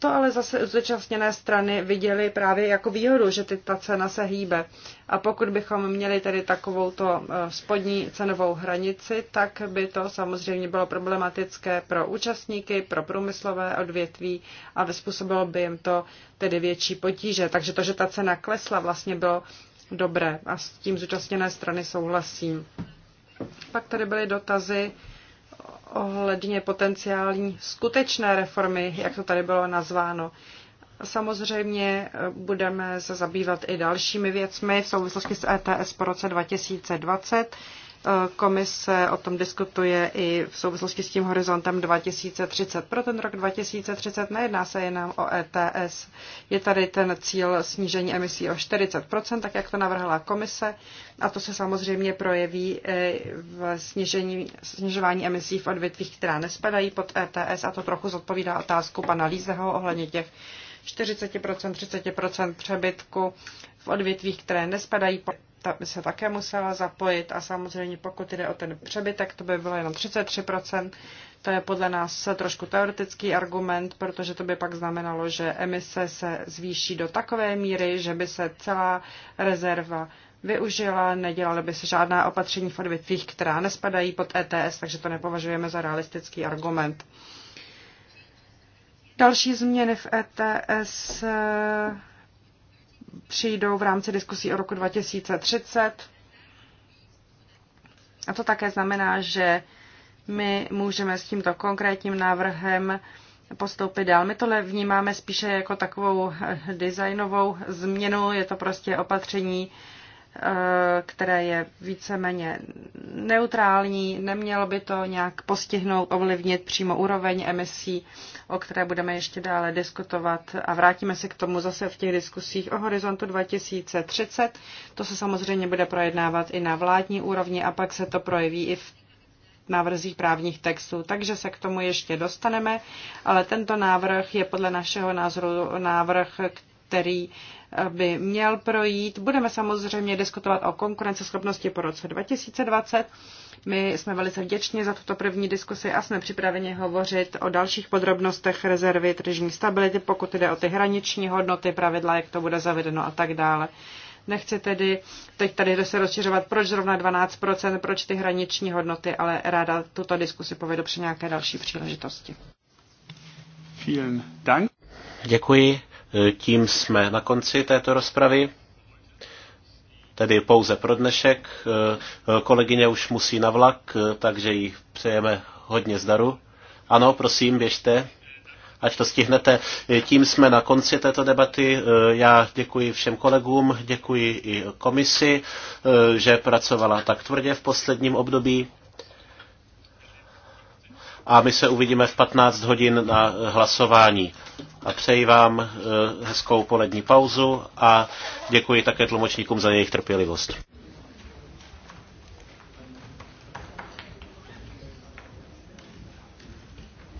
To ale zase zúčastněné strany viděly právě jako výhodu, že ty, ta cena se hýbe. A pokud bychom měli tedy takovouto eh, spodní cenovou hranici, tak by to samozřejmě bylo problematické pro účastníky, pro průmyslové odvětví a vyspůsobilo by jim to tedy větší potíže. Takže to, že ta cena klesla, vlastně bylo dobré a s tím zúčastněné strany souhlasím. Pak tady byly dotazy ohledně potenciální skutečné reformy, jak to tady bylo nazváno. Samozřejmě eh, budeme se zabývat i dalšími věcmi v souvislosti s ETS po roce 2020. Komise o tom diskutuje i v souvislosti s tím horizontem 2030. Pro ten rok 2030 nejedná se jenom o ETS. Je tady ten cíl snížení emisí o 40 tak jak to navrhla komise, a to se samozřejmě projeví e, v snižení, snižování emisí v odvětvích, která nespadají pod ETS, a to trochu zodpovídá otázku pana Lízeho ohledně těch 40 30 přebytku v odvětvích, které nespadají pod ta by se také musela zapojit a samozřejmě pokud jde o ten přebytek, to by bylo jenom 33%. To je podle nás trošku teoretický argument, protože to by pak znamenalo, že emise se zvýší do takové míry, že by se celá rezerva využila, nedělala by se žádná opatření v odvětvích, která nespadají pod ETS, takže to nepovažujeme za realistický argument. Další změny v ETS přijdou v rámci diskusí o roku 2030. A to také znamená, že my můžeme s tímto konkrétním návrhem postoupit dál. My tohle vnímáme spíše jako takovou designovou změnu, je to prostě opatření, Eh, které je víceméně neutrální, nemělo by to nějak postihnout, ovlivnit přímo úroveň emisí, o které budeme ještě dále diskutovat a vrátíme se k tomu zase v těch diskusích o horizontu 2030. To se samozřejmě bude projednávat i na vládní úrovni a pak se to projeví i v návrzích právních textů, takže se k tomu ještě dostaneme, ale tento návrh je podle našeho názoru návrh, který by měl projít. Budeme samozřejmě diskutovat o konkurenceschopnosti po roce 2020. My jsme velice vděční za tuto první diskusi a jsme připraveni hovořit o dalších podrobnostech rezervy tržní stability, pokud jde o ty hraniční hodnoty, pravidla, jak to bude zavedeno a tak dále. Nechci tedy teď tady se rozšiřovat, proč zrovna 12%, proč ty hraniční hodnoty, ale ráda tuto diskusi povedu při nějaké další příležitosti. Vielen Dank. Děkuji. Tím jsme na konci této rozpravy tedy pouze pro dnešek. Kolegyně už musí na vlak, takže jí přejeme hodně zdaru. Ano, prosím, běžte, ať to stihnete. Tím jsme na konci této debaty. Já děkuji všem kolegům, děkuji i komisi, že pracovala tak tvrdě v posledním období a my se uvidíme v 15 hodin na eh, hlasování. A přeji vám eh, hezkou polední pauzu a děkuji také tlumočníkům za jejich trpělivost.